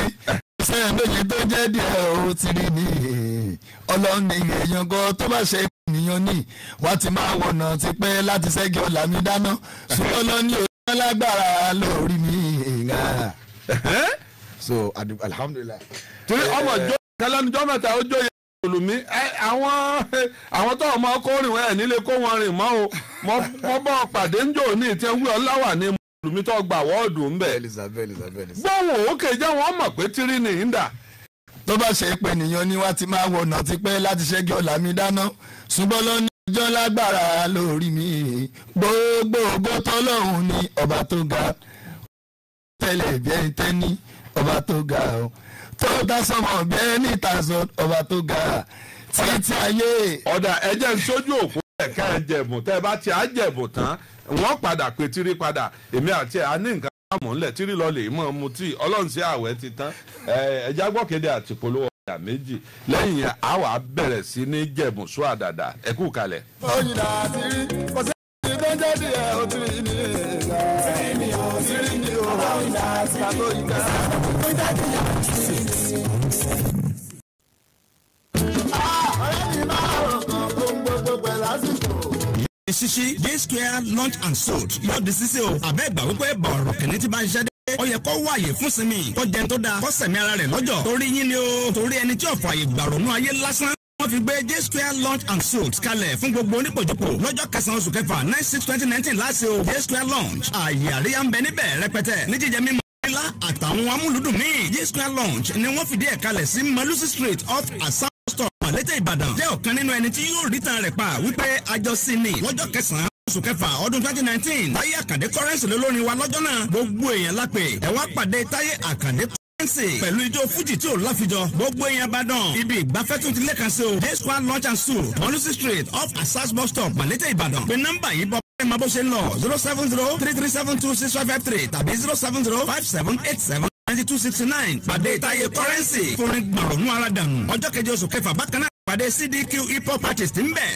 sẹ́yìn méjì tó jẹ́ díẹ̀ o tiri ni ọlọ́ni èèyàn gan tó bá ṣe ènìyàn ní wọ́n ti máa wọ̀nà tipẹ́ láti ṣẹ́gi ọ̀la mi dáná ṣùgbọ́n ọlọ́ni òjìrì lágbára lórí mi so alhamdulilayi. torí eh, eh. ọmọ jọ kálánijọ́ mẹ́ta ó jọ yẹ. olùmí àwọn àwọn tó ọmọ kórìn wọn ẹ nílé kó wọn rìn mọ o mọ bọ pàdé ńjọ ní ìtẹ wí ọláwà ní olùmí tó gba wọ́ọ̀dù ńbẹ. gbọ́wọ́ òkè jẹ́ wọ́n pé tírí ni ń dà. tó bá ṣe pé ènìyàn ni ti máa wọ̀nà ti pẹ́ láti ṣẹ́gi ọ̀la mi dáná ṣùgbọ́n ọjọ́ lágbára lórí mi gbogbo tó dá sọmọ bẹ́ẹ̀ ní ìtàsọ ọba tó ga títí ayé. ọ̀dà ẹ̀jẹ̀ ń sójú òkú ẹ̀ka ẹ̀jẹ̀bùn tẹ́ ẹ bá ti àjẹ̀bùn tán wọ́n padà pé tírí padà èmi àti ẹ̀ á ní nǹkan àmọ́ ńlẹ̀ tírí lọ́ọ̀lẹ̀ mọ́ mu tí ọlọ́run sí àwẹ̀ ti tán ẹ̀já gbọ́kẹ́dẹ́ àti polówó ọ̀dà méjì lẹ́yìn á wàá bẹ̀rẹ̀ sí ní jẹ̀bùn sún àdàdà ẹ̀kú kalẹ̀. ó yìí dà sí kò sí ìdánjẹ́ díẹ̀ ó ti rí ni ṣíṣí jsquare launch and sold lọ́ọ̀dì ṣíṣe o àbẹ́gbà wípé bọ̀rọ̀ kìnìún ti bá ń ṣẹ́ dé ó yẹ kó wáyè fún sinmi kó jẹun tó dáa kó sẹ̀mí ara rẹ̀ lọ́jọ́ torí yín ni o torí ẹni tí ọ̀fọ̀ àyè gbàrònú ayé lásán wọ́n fi gbé j square launch and sold kalẹ̀ fún gbogbo onípòjúpò lọ́jọ́ kẹsàn-án oṣù kẹfà nine six twenty nineteen láti o j square launch ààyè àríyá ń bẹ níbẹ̀ rẹpẹtẹ ní jíjẹ mímu pílà àtàwọn amúlùdùn míì yé square lounge ni wọ́n fìdí ẹ̀ kalẹ̀ sí malusi street off asa store malete Ìbàdàn jẹ́ ọ̀kan nínú ẹni tí yóò rí tan rẹ̀ pa wípé àjọsí ni lọ́jọ́ kẹsàn-án oṣù kẹfà ọdún twenty nineteen táyé àkàndé kọ́rẹ́ǹsì lólórin wa lọ́jọ́ náà gbogbo èèyàn lápè ẹ̀ wá pàdé táyé àkàndé kọ́rẹ́ǹsì pẹ̀lú ijó fújì tí ò láfijọ́ gbogbo èèyàn bá dàn ibi ìgbafẹ́ tún ti lẹ́ka sí o day square lunch and soup molusi street off asas bus stop malete Ìbàdàn pé nọ́mbà yìí bọ́ ma bó ṣe ń lọ zero seven zero three three seven two six five five three tàbí zero seven zero five seven eight seven ninety two sixty nine pàdé ìtayé kọ́rẹ́nsì forin gbàrọ̀nù aládàánu ọjọ́ keje oṣù kẹfà bákan náà pàdé CDQ hip hop artist ń bẹ̀.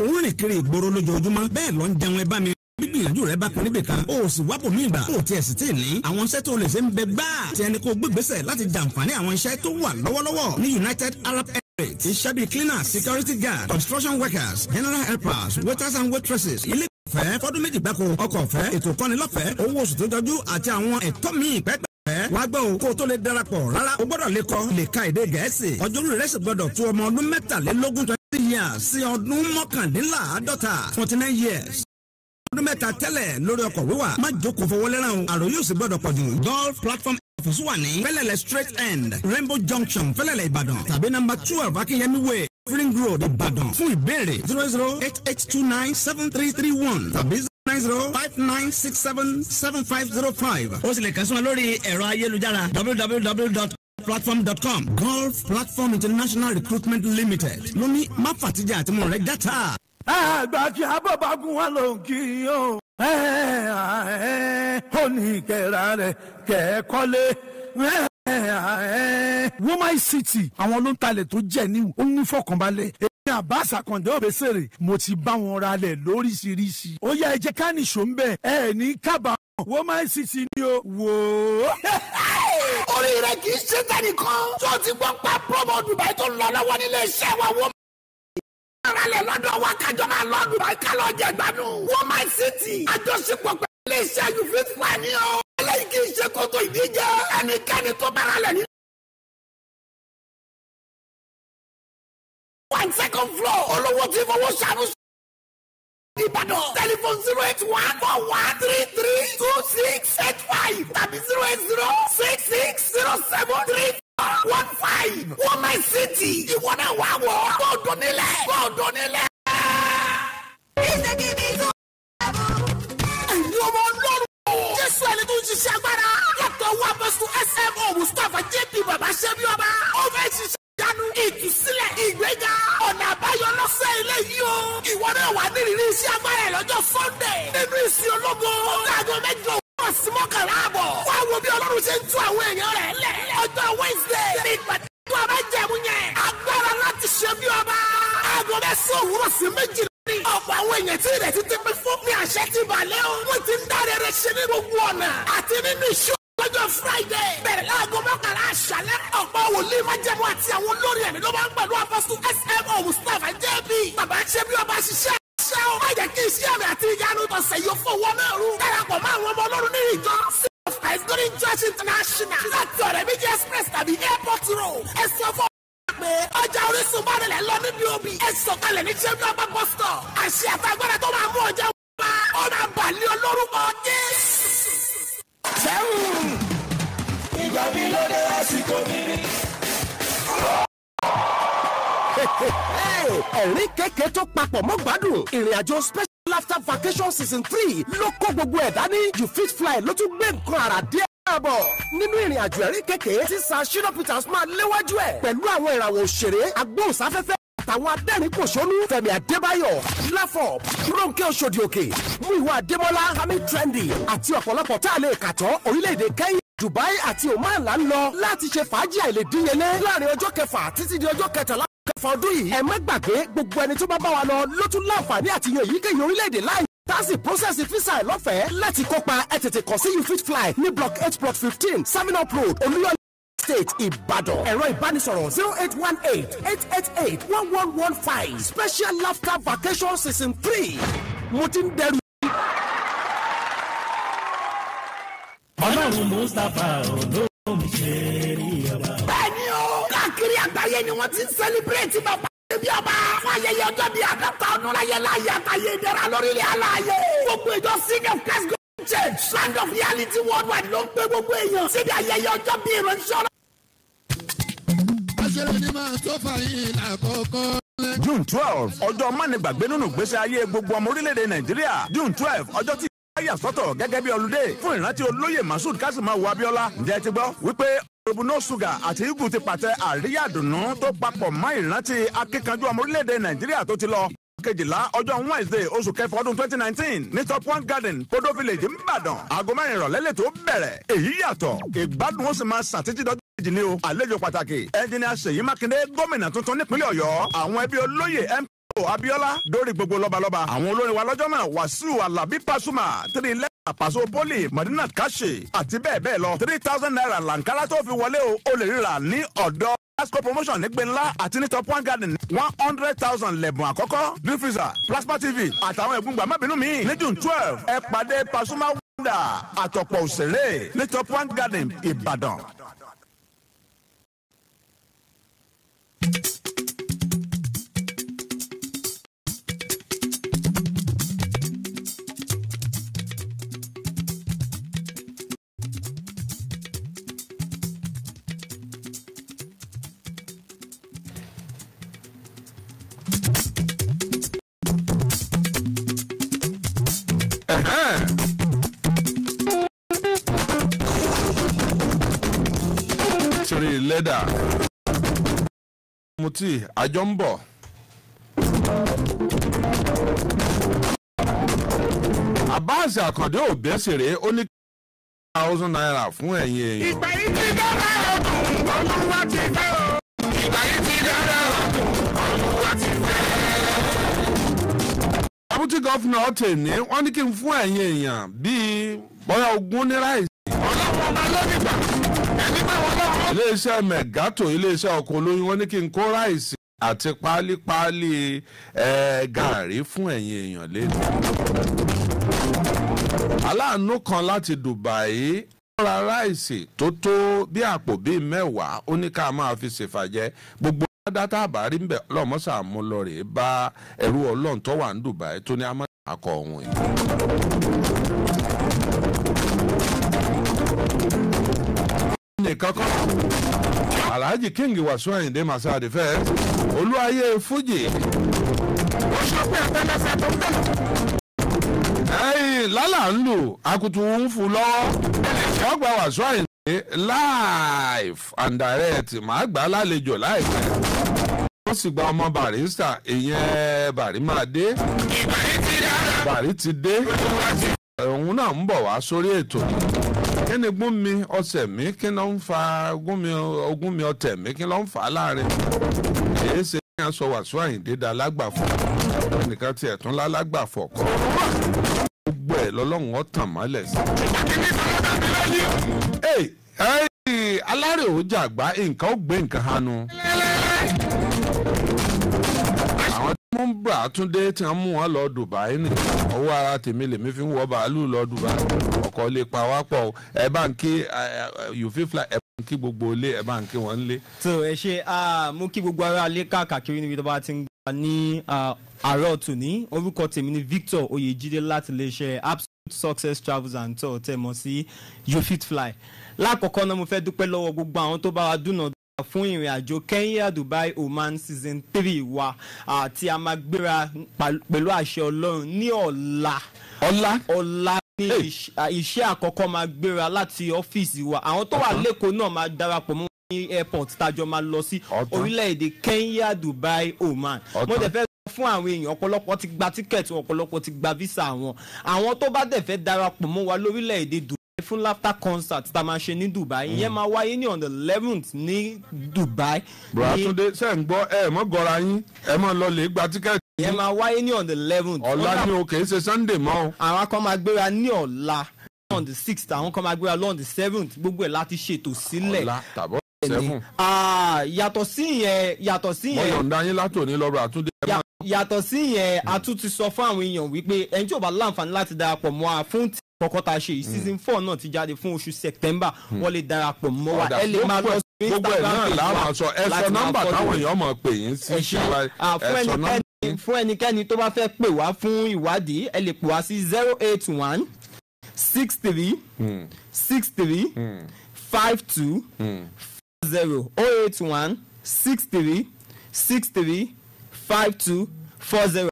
òun rìn kiri ìgboro lójoojúmọ́ bẹ́ẹ̀ ló ń jẹun ẹ bá mi gbìyànjú rẹ bá kun kan o sì wápò mí gbà o tiẹ̀ sì tì ní. àwọn iṣẹ́ tó lè ṣe ń bẹ gbáà tí ẹni kó gbégbèsè láti jàǹfààní àwọn iṣẹ́ tó wà lọ́wọ́lọ́wọ́ ní United Arab iṣẹ́ bíi cleaners, security guard construction workers general helpers waiters and waitresses ilé ìfẹ́ fọ́dún méjì gbáko ọkọ̀ ọ̀fẹ́ ètò ìkọ́nilọ́fẹ̀ẹ́ owó oṣù tó jọjú àti àwọn ẹ̀tọ́ míì pẹ́pẹ́ fẹ́. wá gbọ́ o kó o tó lè darapọ̀ rárá o gbọ́dọ̀ lè kọ́ lè ka èdè gẹ̀ẹ́sì. ọjọ́rú rẹ̀ sì gbọ́dọ̀ tó ọmọ ọdún mẹ́tàlélógún twenty years sí ọdún mọ́kàndínláàádọ́ta forty nine years ọdún mẹ́ta tẹ́lẹ̀ lórí ọkọ̀ wíwà má jókòó fọwọ́lẹ́ràn o àròyé ò sì gbọ́dọ̀ pọ̀jù golf platform ọ̀fíìsì wà ní fẹ́lẹ̀lẹ̀ straight end rainbow junction fẹ́lẹ̀lẹ̀ ìbàdàn tàbí nọ́mbà twelve akínyẹmí way ring road ìbàdàn fún ìbéèrè zero zero eight eight two nine seven three three one tàbí nine zero five nine six seven seven five zero five. ó sì lè kàn sí wọn lórí ẹ̀rọ ayélujára www platform.com golf platform international recruitment limited lóní má fàtijọ́ àti mọ̀rẹ́ dátà àgbà kí abọ́bagun wà ló ń kí o. ó ní ìkẹrà rẹ̀ kẹ́ẹ̀kọ́lé. woman city àwọn ló ń talẹ̀ tó jẹ́ níwò ó ń fọkànbalẹ̀ ní Abbas Akande Obesere mo ti bá wọn ralẹ̀ lóríṣiríṣi ó yá ẹ jẹ́ ká nìṣó ń bẹ̀ ẹ ní kábàámọ̀ woman city ni o wò ó orí rẹ kì í ṣe tẹnìkan tó ti gbọ́ pa promo Dubai tó lọ nílé iṣẹ́ wa wọ́n ara lẹ̀ lọ́dọ̀ wa kájọ máa lọ́dún. báńkà lọ jẹ gbanú. wọ́n máa ṣe tì. àjọṣepọ̀ pẹ̀lú iléeṣẹ́ yòófin fún wa oh. ní ọ. ẹlẹ́yìí kì í ṣe kótó ìdíje. ẹnikẹ́ni tó bára lẹ̀ ní. one second floor. olówó tí fowó ṣàánú Ìbàdàn tẹlifon zero eight one four one three three two six eight five tàbí zero eight zero six six zero seven three one five woman city ìwọ náà wà wọ bọ́ọ̀dù nílẹ̀ bọ́ọ̀dù nílẹ̀. ìṣègì mi tún bá bọ̀. ẹ̀yin ọmọ ọlọ́run. jésù ẹni tó ń ṣiṣẹ́ agbára. dr wabesu smo mustapha jp baba ṣẹ́bi ọba. ó fẹ́ ṣiṣẹ́ ìyanu ìtúsílẹ̀ ìgbéga ọ̀nà àbáyọ lọ́sẹ̀ ilé yìí o. ìwọ náà wà nírìírí iṣẹ́ agbára ẹ̀ lọ́jọ́ sunday nínú ìsìn ológo. ó dàgbọ́ mẹ́jọ ọ̀sìmọ́ kàrá àbọ̀. wá wo bí ọlọ́run ṣe ń tú àwọn èèyàn rẹ̀ lẹ̀. ọjọ́ wednesday ní ìpàtẹ́kù ọba jẹ̀mú yẹn. agbára láti ṣe bí ọba. aago mẹ́sàn-án òwúrọ̀ sí méjì lórí. ọ̀pọ̀ àwọn èèyàn tí ìrètí ti pín fún. ní àṣẹ ti bàlẹ́ o. wọ́n ti ń dáre rẹ̀ ṣe ní gbogbo ọ̀nà. àti nínú ìṣó lọ́jọ́ friday. bẹ̀rẹ̀ láago mọ́kànlá àṣálẹ́. ọ̀pọ̀ wòlíì máa jẹ́mu àti àwọn olórí ẹ̀mí ló máa ń pẹ̀lú ṣe o. má jẹ́ kí iṣẹ́ rẹ̀ àti ìyanu tọ̀sẹ̀ yóò fowó náà rú. darapọ̀ mọ́ àwọn ọmọ ọlọ́run ní ìjọ sí of Christ Church International láti ọ̀rẹ́ méjì express tàbí airport road. ẹ sọ fún pé ọjà orísun bá rẹ̀ lọ níbi òbí. ẹ sọ̀kalẹ̀ ní champion bank bus stop. àṣẹ àtàgbára tó máa mú ọjà wá. ó máa bàlẹ́ olórúkọ Jésù. (laughs) ẹ̀rín kékeré tó papọ̀ mọ́ gbádùn ìrìn special after vacation season three ló kó gbogbo ẹ̀ dání you fit fly ló tún gbé nǹkan àrà díẹ̀ ààbọ̀ nínú ìrìn àjò ẹ̀rí kékeré tí Sir Shina Peters máa léwájú ẹ̀ pẹ̀lú àwọn ìràwọ̀ òṣèré agbóhùnsáfẹ́fẹ́ àtàwọn adẹ́rìn pòṣónú Fẹ́mi Adébáyọ̀ láfọ̀ Rónkẹ́ Oṣòdì Òkè Múyìwá Adémọ́lá hami trendy àti ọ̀pọ̀lọpọ̀ tá a lè kàtọ́ orílẹ̀-èdè Kẹ́nyà Dubai àti Oman là ń lọ láti ṣe fàájì àìlèdínyẹlé láàrin ọjọ́ kẹfà títí di ọjọ́ kẹtàlá fọdún yìí ẹ má gbàgbé gbogbo ẹni tó bá bá wa lọ ló tún láǹfààní àti yan èyíkéyìí orílẹ̀-èdè láì tasi process visa lọ́fẹ̀ẹ́ láti kópa ẹ tètè kàn sí you fit fly ní block eight block fifteen seminole road olúyọ̀lẹ̀ state ìbàdàn ẹ̀rọ ìbánisọ̀rọ̀ zero eight one eight eight eight eight one one one five special laughter vacation season three mo ti ń dẹrù. ọlọ́run mustapha olómi ṣe rí ọba káàkiri àgbáyé ni wọ́n ti ń sẹ́líbírẹ́tì bàbá bí ọba. fún ayẹyẹ ọjọ́ bíi àdọ́ta ọdún láyé láyé àtàyè ìdẹ́ra lórílẹ̀ aláyé. gbogbo ìjọ senior class go church land of reality worldwide ló ń pè gbogbo èèyàn. síbi ayẹyẹ ọjọ́ bíi ìránṣẹ́ ọlọ́. ni máa tó fàyín àkọ́kọ́. June twelve ọjọ́ mánigbàgbé nínú ìgbésí ayé gbogbo ọmọ orílẹ̀-èdè Nàìjíríà June twelve ọjọ́ tí yà sọ́tọ̀ gẹ́gẹ́ bí ọlùdé fún ìrántí olóyè masud kásìmáwo abíọ́lá ǹjẹ́ ti gbọ́ wípé Òròbù no sugar àti igun ti pàtẹ àríyá dùnú tó papọ̀ mọ́ ìrántí akíkanjú ọmọ orílẹ̀-èdè Nàìjíríà tó ti lọ kejìlá ọjọ́ wednesday oṣù kẹfà ọdún twenty nineteen ní top one garden kodo village nìbàdàn aago mẹ́rin ìrọ̀lẹ́ lè tó bẹ̀rẹ̀ èyí yàtọ̀ ìgbádùn ó sì máa ṣàtìtì dọ́jú kejì ni o àlejò pàtàkì ẹnjìnìà Ṣèyí Mákindé gómìnà tuntun nípínlẹ̀ Ọ̀yọ́ àwọn ẹbí olóyè mp Abiola dórí gbogbo lọ́balọ́ba àwọn olórin wa lọ́jọ́ náà Wàsíù Alábí Pasuma three eleven àpàso poli Madina Kashe àti bẹ́ẹ̀ bẹ́ẹ̀ lọ three thousand naira làǹkárá tó fi wọlé o ó lè ríra ní ọ̀dọ́ Asco promotion ní Gbẹ̀nlá àti ní Top One Garden one hundred thousand lẹ́bùn àkọ́kọ́ Dream Plasma TV àtàwọn ẹ̀gbùngbà mẹ́bìnú mi ní June twelve ẹ pàdé Pasuma Wonder àtọ̀pọ̀ òṣèré ní Top One Garden Ìbàdàn. together. Muti, àjọ ń akande Abbas Àkàndé Òbẹ́sẹ̀rẹ́ ó ní thousand naira fún ẹ̀yin èèyàn. Ìgbà yìí ti dára ọdún olúwa ti fẹ́ o. Ìgbà yìí ti dára ọdún olúwa ti fẹ́. Deputy Governor Ọ̀tẹ̀ní wọ́n ní kí n fún ẹ̀yin èèyàn bíi ogún ní Ọlọ́run ọba iléeṣẹ́ mẹ̀gátò iléeṣẹ́ ọkọ̀ olóyún wọn ní kí n kó ráìsì àti páálí-páálí gàárì fún ẹ̀yin èèyàn lẹ́nu. aláàánú kan láti Dubai ra ráìsì tó tó bí àpò bíi mẹ́wàá ó ní ká máa fi ṣèfàjẹ́ gbogbo dátà àbárí ń bẹ̀ lọ́mọ́sà mú lọ rèé bá ẹrú ọlọ́run wà ní Dubai tó ní amáyà akọ òun yìí. nìkan kọ́ alhaji king wàsíù àyìndé masa the first olúwayé fújì ó sọ pé àtẹnẹsẹ tó ń bẹ̀. ẹyìn lálà ń lù akutu ń fu lọ́wọ́ wọ́n gba wàsíù àyìndé live and direct màá gbà á lálejò láìpẹ́ wọ́n sì gba ọmọ barista ìyẹn bàrí máa dé bàrí ti dé òun náà ń bọ̀ wá sórí ètò yìí. kí ni gúnmi mi kí ló ń fa gúnmi mi ọ̀tẹ̀ mi kí ló ń fa láàrin èyí ṣe ní aṣọ wàṣọ àyíndé da lágbàfọ̀ nìkan tiẹ̀ tún gbogbo sí. jàgbá nǹkan ó gbé nǹkan hanu wọ́n ń tí wọ́n mú wọn lọ Dubai ní ọwọ́ ara tèmi lèmi fi ń wọ bàálù lọ Dubai. ọkọ̀ lè pa wá pọ̀ ẹ bá ń kí you fit fly ẹ bá ń kí gbogbo ilé ẹ bá ń kí wọ́n lé. so ẹ ṣe mú kí gbogbo ará ilé káàkiri níbi tó bá ti ń gbà ní àárọ̀ tòní orúkọ tèmi ni Victor Oyèjídé láti iléeṣẹ́ absolute success travels and tour tẹ̀ mọ́ sí you fit fly. lákọ̀ọ́kọ́ náà mo fẹ́ dúpẹ́ lọ́wọ́ gbogbo àwọn tó bá wa dúnà fún ìrìn àjò Kenya Dubai Oman season three wa àti a máa gbéra pẹ̀lú àṣẹ Ọlọ́run ní ọ̀la ọ̀la ní iṣẹ́ àkọ́kọ́ máa gbéra láti ọ́fíìsì wa àwọn tó wà lẹ́kọ̀ọ́ náà máa darapọ̀ mọ́ ní airport tájọ máa lọ sí orílẹ̀-èdè Kenya Dubai Oman mo dẹ̀ fẹ́ fún àwọn èèyàn ọ̀pọ̀lọpọ̀ ti gba tíkẹ́ẹ̀tì ọ̀pọ̀lọpọ̀ ti gba visa wọn àwọn tó bá dẹ̀ fẹ́ darapọ̀ mọ́ wa lórílẹ̀-èdè Dubai fún laughter concert tá a máa ṣe ní Dubai mm. ìyẹn máa wáyé ní on the eleventh ní Dubai. bùrọ̀ àtúndé ṣe ń gbọ́ ẹ̀ mọ́ gọ́ra yín ẹ̀ mọ́ lọ lè gba tíkẹ́ẹ̀tì yẹn máa wáyé ní on the eleventh. ọ̀la ni o kì í ṣe sunday mọ́. àwọn kan máa gbéra ní ọ̀la on the sixth àwọn kan máa gbéra lọ on the seventh gbogbo ẹ̀ láti ṣètò sílẹ̀. ọ̀la tàbọ̀ seven. Ah, yàtọ̀ sí yẹn yàtọ̀ sí yẹn. mọ̀yọ̀ ń dá yín látòní lọ́rọ̀ àtúndé. yàtọ̀ sí yẹn a tún ti sọ fún àwọn èèyàn wípé ẹni tí ò bá láǹfààní láti darapọ̀ mọ́ a fún ti kọ́kọ́ ta ṣe yìí season mm. four náà ti jáde fún oṣù september mm. wọ́n lè darapọ̀ mọ́ wa ẹ lè máa lọ sí instagram page wa láti máa kọ́ ọ́ ah, ẹ sọ nọ́mbà táwọn èèyàn mọ̀ pé yín sí ṣe wa ẹ sọ nọ́mbà fún ẹnikẹ́ni tó bá fẹ́ pè wá fún ìwádìí ẹ lè pè wá sí zero eight one six three hmm. six three hmm. five two hmm. zero oh eight one six three six three five two four zero.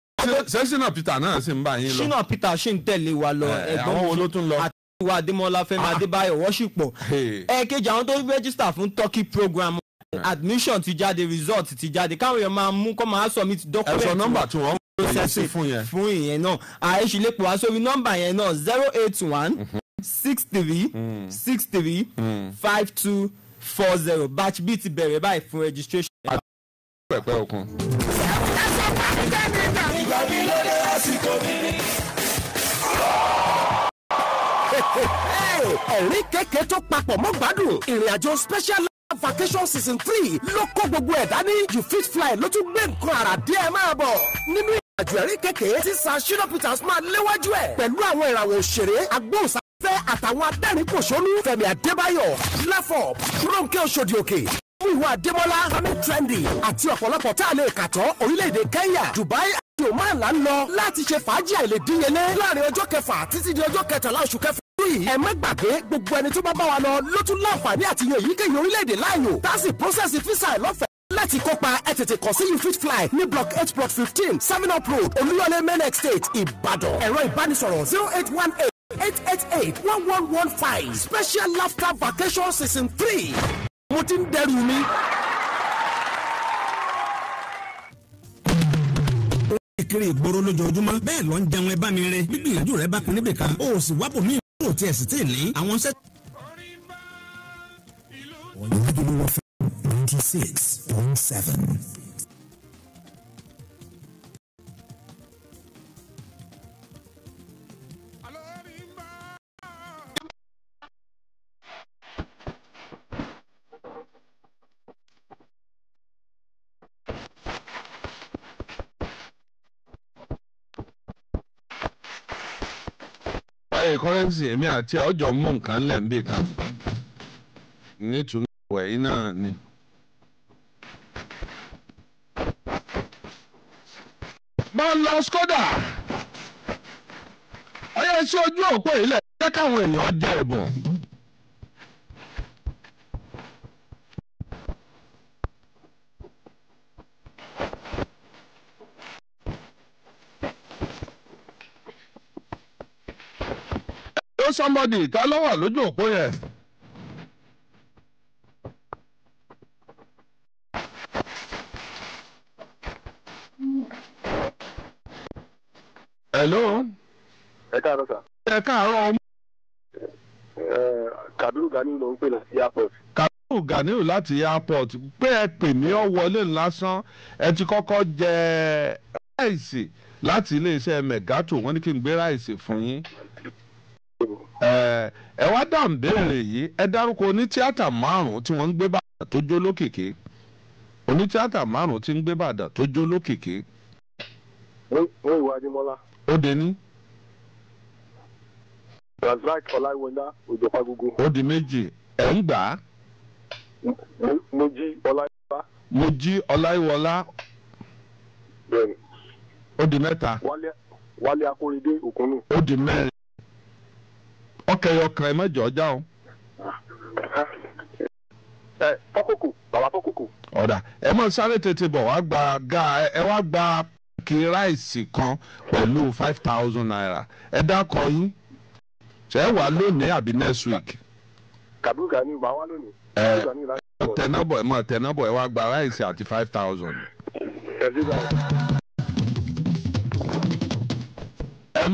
ṣé ṣínà peter náà ṣì ń bá yín lọ. ṣínà peter ṣì ń tẹ̀lé wa lọ eh, ẹ̀gbọ́n mi àti ìwà adémọlá fẹ́mi ah. adébáyọ̀ wọ́ṣípọ̀ ẹ̀ẹ̀kejì àwọn tó rẹ́jísítà fún turkey program admission ti jáde result ti jáde káwọn èèyàn máa mú kó máa submit document. ẹ̀sọ́ nọ́mbà tí wọ́n processing fún yẹn. fún ìyẹn náà àìsí lè pè wá sórí nọ́mbà yẹn náà zero eight one mm-hmm. six three mm. six three mm. five two four zero batch b ti bẹ̀rẹ̀ báyìí fún registration. àti pẹpẹ okun. ẹ̀sọ́ kẹ̀kẹ́ tó papọ̀ mọ́ gbádùn ìrìn special vacation season three ló kó gbogbo ẹ̀ dání you fit fly ló tún gbé nǹkan àrà díẹ̀ máa bọ̀ nínú ìrìnàjò ẹ̀rí kékeré tí sir shina peters máa léwájú ẹ̀ pẹ̀lú àwọn ìràwọ̀ òṣèré agbóhùnsáfẹ́ àtàwọn adẹ́rìn-pòṣónú fẹ́mi adébáyọ̀ láfọ̀ ronke oṣòdì òkè ìwà àdèmọ́lá sami trendy àti ọ̀pọ̀lọpọ̀ tá a lè kàtọ́ orílẹ̀-èdè kenya dubai àti oman là ń lọ láti ṣe fàájì àìlèdínyẹlé láàrin ọjọ́ kẹfà títí di ọjọ́ kẹtàlá oṣù kẹfà yìí ẹ má gbàgbé gbogbo ẹni tó bá bá wa lọ ló tún láǹfààní àti yan èyíkéyìí orílẹ̀-èdè láàyò tásì prọ́sẹ̀sì físà lọ́fẹ̀ẹ́ láti kópa ẹ tètè kàn sí you fit fly ní block eight block fifteen seven up road olúyọlé main estate ìbàdàn ẹ̀rọ ìbánisọ̀rọ̀ zero eight one eight eight eight eight one one one five special laughter vacation season three mo ti ń dẹrù mi. kiri ìgboro lójoojúmọ́ bẹ́ẹ̀ lọ ń jẹun ẹ bá mi rẹ gbígbìyànjú rẹ bá kun níbì kan o sì wábò ní ìlú tí ẹ̀ sì tì ní àwọn sẹ́t. one ninety six point seven. kọ́rẹ́nsì èmi àti ọjọ́ mú nǹkan lẹ̀ ń bì kan nítorí ìwẹ̀ yìí ni. máa ń lọ skoda sí ojú òpó ilẹ̀ jẹ́ káwọn èèyàn jẹ ẹ̀bùn. somebody ta ló wà lójú òpó yẹn. hello. ẹ káàárọ̀ sà. ẹ káàárọ̀ ọmọ. Kabiru Ganiu ló ń pè láti airport. Kabiru Ganiu láti airport pé ẹ pè mí ọ wọlé lásán ẹ ti kọ́kọ́ jẹ ráìsì láti iléeṣẹ́ mẹ̀gátò wọ́n ní kí n gbé ráìsì fún yín. ẹ wá dáhùn béèrè yìí ẹ dárúkọ onítíátà márùn tí wọ́n ń gbé bàdà tó jó lókìkí onítíátà márùn tí ń gbé bàdà tó jó lókìkí. ó ìwà ó ní. razak ọláwọlá ó di méjì ẹ̀ ń gbà á. Mo ó di wálé akóredé òkúnnù. ó di ọkẹ yọ kan ẹ mẹjọ ọjà o. ẹ fọkùkù bàbá fọkùkù. ọ̀dà ẹ mọ̀ sáré tètè bọ̀ wá gba ga ẹ wá gba kí ráìsì kan pẹ̀lú five thousand naira ẹ dákọ̀ yín ṣe wà lónìí àbí next week. Kabiru Gani wà wá lónìí. ẹ ẹ ẹ mọ ẹ wá gba ráìsì àti five thousand. ẹ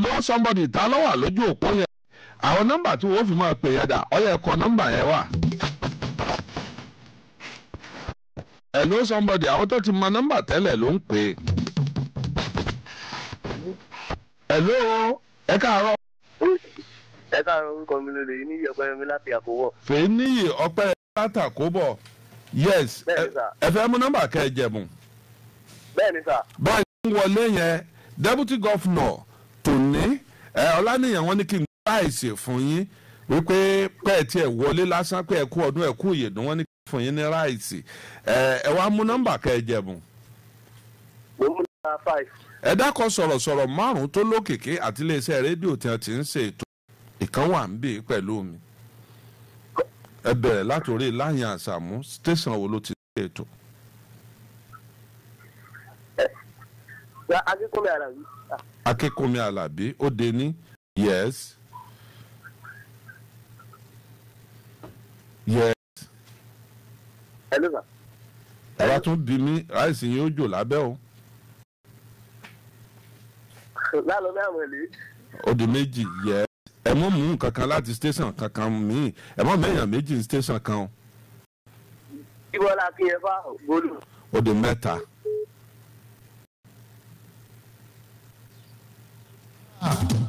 lọ somebody ta ló wà lójú òpó yẹn. àwọn nọmba tí wọ́n fi máa pè yẹn dà ọ yẹ kọ nọ́mbà yẹn wà. hello somebody àwọn tó ti mọ nọ́mbà tẹ́lẹ̀ ló ń pè é. hello ẹ káàárọ̀. ẹ káàárọ̀ orúkọ mi ló lè ní iyì ọpẹ́ mi láti àkóbọ̀. fèníyì ọpẹ́ láti àkóbọ̀ yes ẹ fẹ́ mú nọ́mbà kẹjẹ̀mú. bẹ́ẹ̀ni sà. báyìí ń wọlé yẹn deputy governor tòní ọ̀lànìyàn ní kí n. àìsè fún yín wípé pẹ́ẹ́ tí ẹ̀ wọlé lásán pé ẹ̀ kú ọdún ẹ̀ kú ìyèdùn wọn ní fún yín ní ráìsì ẹ wá mú nọ́mbà kẹ́ ẹ jẹ̀bùn. mo ẹ dákọ̀ sọ̀rọ̀sọ̀rọ̀ márùn-ún tó lókìkí àti iléeṣẹ́ rédíò tí wọ́n ti ń ṣe ètò ìkan wà ń bè pẹ̀lú mi. ẹ bẹ̀rẹ̀ látòrí láyìn àṣàmú tẹ̀sán wo ló ti ṣe ètò. akínkúnmi alábí. akínkúnmi alábí ó de ní yes. yes. hello sir. àwa tún di mí ráìsì yín ó jò lábẹ́ o. lálọ́ mẹ́rin lè. ó di méjì yes. ẹ mọ́ mú nǹkan kan láti station kankan míì ẹ mọ́ mẹ́yàn méjì station kan o. ìbọ̀lá kí ẹ bá gbólù. ó di mẹ́ta. Ah.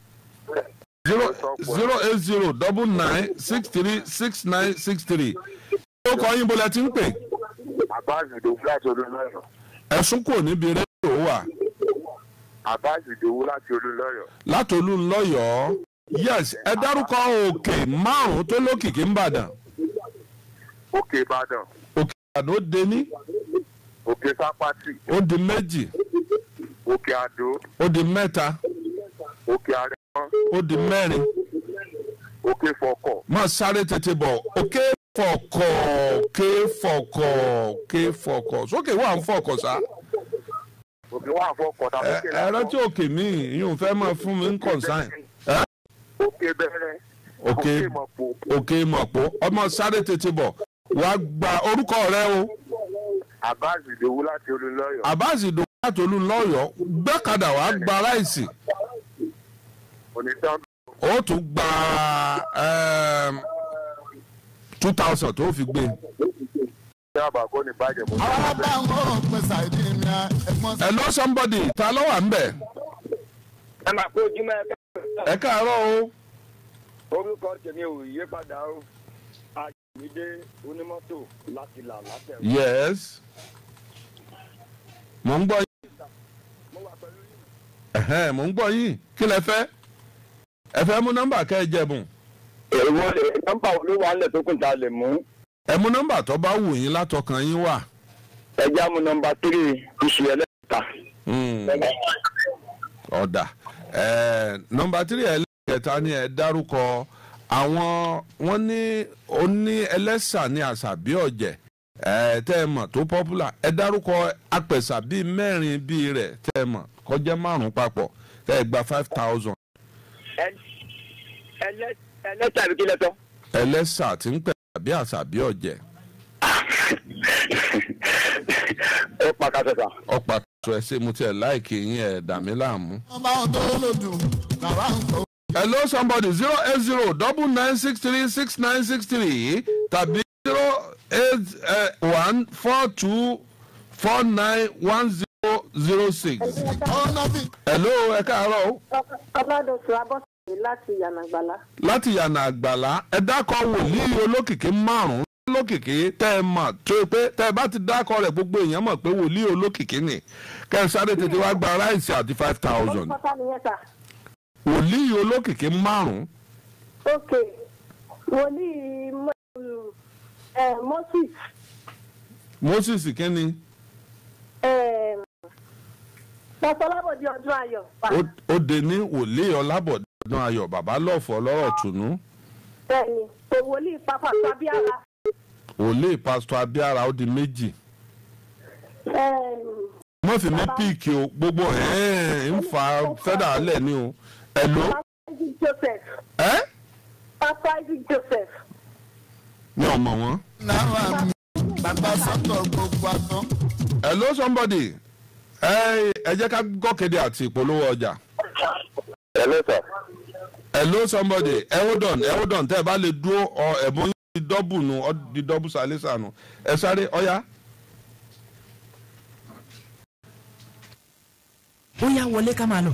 zero zero zero double nine six three six nine six three. ó kọ yín bọ́lá tí ń pè. àbáàzì ìdòwú láti olólọ́yọ̀. ẹ̀sùn kò níbi rédíò wà. àbáàzì ìdòwú láti olólọ́yọ̀. láti olólọ́yọ̀ yes ẹ dárúkọ òkè márùn-ún tó lókìkí ńbàdàn. òkè ìbàdàn. òkè ìbàdàn ó de ní. òkè sápátì. ó di méjì. òkè àdó. ó di mẹ́ta. òkè àrẹ. ó di mẹ́rin. òkè fọkọ. sáré tètè bọ̀ òkè fọkọ òkè fọkọ òkè fọkọ sókè wà ń fọkọ sá. òkè wà ń fọkọ dà òkè náà. ẹ̀rọ tí òkè mi yóò fẹ́ máa fún mi ń òkè ọmọ sáré tètè bọ̀ wàá gba orúkọ rẹ o. àbáàzì ìdòwú láti olú lọ́yọ̀ọ́. àbáàzì ní dáńdó. ó tún gba ehm, two thousand tó fi gbé. hello somebody ta ló wà ń bẹ̀. ẹ káàárọ̀. o. orúkọ tèmi ò yé padà o àjùmídé onímọ́tò láti là látẹ̀. yes mo ń gbọ́ yín. mo ń gbọ́ yín kí lẹ fẹ́. ẹ fẹ́ mú nọ́mbà kẹ́ ẹ jẹ́ bùn. èwo lè nọ́mbà a lè mú. ẹ mú nọ́mbà yín wa? ẹ já mú nọ́mbà tírì oṣù ẹlẹ́ta. Hmm. ọ̀dà tiri ni àwọn wọn ní ẹlẹ́sà ní tẹ́ ẹ mọ̀ tó popular ẹ dárúkọ apẹ̀sà bíi mẹ́rin bíi rẹ̀ tẹ́ ẹ mọ̀ kọjá márùn-ún papọ̀ tẹ́ ẹlẹ́sà àbí kí lẹ sọ. ẹlẹ́sà tí ń pẹ̀ àbí àṣà àbí ọ̀jẹ̀. ó pa kásẹ̀ sá. ó pa kásẹ̀ ṣé mo tiẹ̀ láìkì yín ẹ̀ dà mí láàmú. ọba ọ̀tọ̀ ló dùn bàbá ń kọ́. hello somebody zero eight zero double nine six three six nine six three tàbí zero eight one four two four nine one zero zero six. hello ẹ káàárọ̀ o. ọba dòtò abọ́ pè láti yànà àgbàlá. láti yànà àgbàlá ẹ dákọ wòlíì olókìkí márùn olókìkí tẹ ẹ mọ̀ tó pé tẹ ẹ bá ti dákọ rẹ gbogbo èèyàn mọ̀ pé wòlíì olókìkí ni kẹ ẹ sáré tètè wá gba ráìsì àti five thousand. wòlíì olókìkí márùn. ok wòlíì moses. moses kínni. Dr. Ọlábọ̀dé ọdún ayọ̀. Ó de ní wòlíì Ọlábọ̀dé ẹ̀gbọ́n ayọ̀ bàbá lọ́fọ̀ lọ́rọ̀ tùnú. bẹ́ẹ̀ni pásítọ̀ abíára. ó di méjì. wọ́n fi mí píìkì o gbogbo ń fa fẹ́dà alẹ̀ ni o ẹ̀ ló. joseph. ní ọmọ wọn. bàbá sọ́tọ̀ somebody ẹ jẹ́ ká gọ́kẹ́dẹ́ àti ìpolówó hello sir. hello somebody ẹ hold on ẹ hold on tẹ́ ẹ bá lè dúró ọ ẹ̀bùn yín di dọ́bù nu ọ di dọ́bù sàlẹ́sà nu ẹ sáré ọ̀yá. ó yá wọlé ká máa lọ.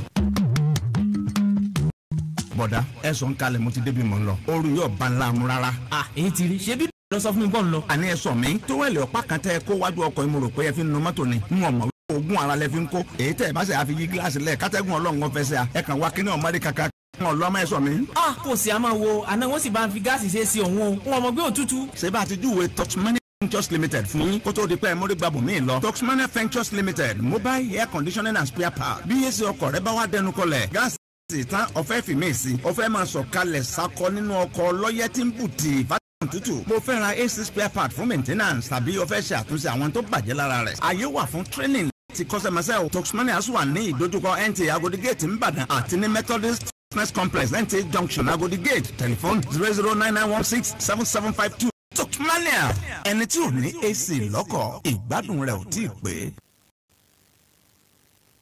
bọ̀dá ẹ sọ ń kalẹ̀ mo ti débi mọ̀ ń lọ oorun yóò bá ń láàmú rárá. à èyí ti rí ṣebí lọ sọ fún mi bọ́ ń lọ. àní ẹ sọ mi tówẹ́lì ọ̀pá kan tẹ́ kó wájú ọkọ̀ ìmúrò ẹ fi nu mọ́tò ni n ò mọ̀ oògùn ara lẹ fi ń kó èyí tẹ̀ bá ṣe àfi yí gíláàsì lẹ̀ kátẹ́gùn ọlọ́run kan fẹsẹ̀ ẹ kàn wá kíní ọ̀mọ́dé kàkà wọn lọ ọmọ ẹ sọ mi. a kò sí àmọ́ wo àná wọn sì bá ń fi gáàsì ṣe é sí òun o wọn ọmọ gbé òtútù. ṣé ti júwe Toxmania Ventures Limited fún yín kó tó di pé mórí gbàbọ̀ míì lọ. Toxmania Ventures Limited mobile air conditioning and spare part bí yéé ṣe ọkọ̀ rẹ bá wá dẹnu kọlẹ̀ gáàsì sì tán ọ̀fẹ́ fìmí sí ọ̀fẹ́ máa sọ̀kalẹ̀ sakọ nínú ọkọ̀ ọlọ́yẹ tí ń bùtì tutu mo fẹ́ ra AC spare part fún maintenance tàbí o fẹ́ ṣe àtúnṣe àwọn tó bàjẹ́ lára rẹ̀ àyè wà fún training ti kọ́sẹ́mẹsẹ́ toxmania sì wà ní ìdójúkọ nt agodi gate nìbàdàn àti ní methodist fitness complex nt junction agodi gate telephone zero zero nine nine one six seven seven five two toxmania ẹni tí ò ní ac lọ́kọ̀ ìgbádùn rẹ̀ ò tí ì pé.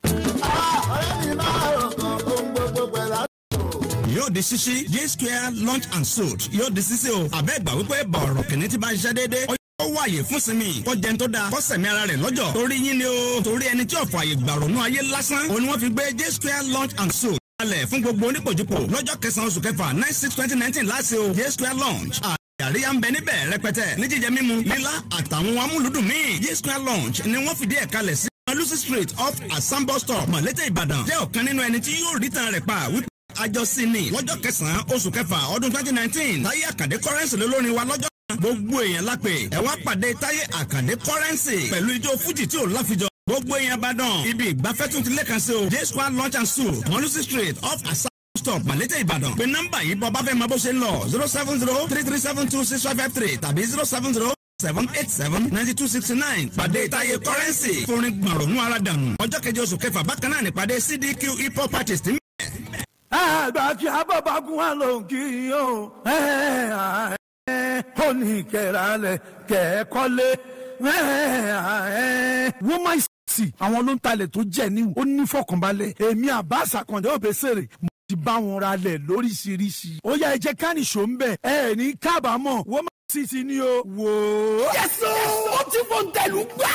ọ̀rẹ́ mi máa rò yóò di ṣíṣí j square launch and sold yóò di sisi. o àbẹ́ ìgbà wípé bọ̀rọ̀ kìnìún ti bá ń ṣiṣẹ́ déédéé ó wáyé fún sinmi kọjẹ tó da kọsẹ̀mí ara rẹ̀ lọ́jọ́ torí yín ni o torí ẹni tí ọ̀fọ̀ àyè gbàrònú ayé lásán òun ni wọ́n fi gbé j square lunch and soul alẹ̀ fún gbogbo onípòjúpò lọ́jọ́ kẹsàn-án oṣù kẹfà nine six twenty nineteen láti o j square lunch àríyá ń bẹ níbẹ̀ rẹpẹtẹ ní jíjẹ mímu lílá àtàwọn amúlùdùn míì j square lunch ni wọ́n fìdí ẹ̀ kalẹ̀ sí lucy street off asambo store mọ̀lẹ́tẹ̀ ìbàdàn jẹ́ ọ̀kan nínú ẹni tí yóò rí tan rẹ̀ pa wípé àjọsìn ni lọ́jọ́ kẹsàn-án oṣù kẹfà ọdún twenty nineteen táyé àkàdé kọ́rẹ́ǹsì lólórin wa lọ́jọ́ gbogbo èèyàn lápè ẹ wá pàdé táyé àkàndé kọ́rẹ́ǹsì pẹ̀lú ijó fújì tí ò láfijọ́ gbogbo èèyàn bá dàn ibi ìgbafẹ́ tún ti lẹ́ka sí o j square lunch and soup molusi street off asa stop malete ìbàdàn pé nọ́mbà yìí bọ́ bá fẹ́ mọ bó ṣe ń lọ zero seven zero three three seven two six five five three tàbí zero seven zero seven eight seven ninety two sixty nine pàdé táyé kọ́rẹ́ǹsì forin gbọ̀nrọ̀nù ara dànù ọjọ́ keje oṣù kẹfà bákan náà nípàdé cdq hip hop artist ń àgbà oníkẹ̀rálẹ̀ kẹ̀ẹ́kọ́lé woman city àwọn ló ń talẹ̀ tó jẹ́ níwò ó ní fọkànbalẹ̀ èmi àbá àṣàkàndé òbẹ̀ sèrè mo ti bá wọn ralẹ̀ lóríṣiríṣi ó yá ẹ jẹ́ káníṣó ń bẹ̀ ẹ ní kábàámọ̀ woman city ni o wò ó. yẹsọ ó ti fò ń tẹlu gbà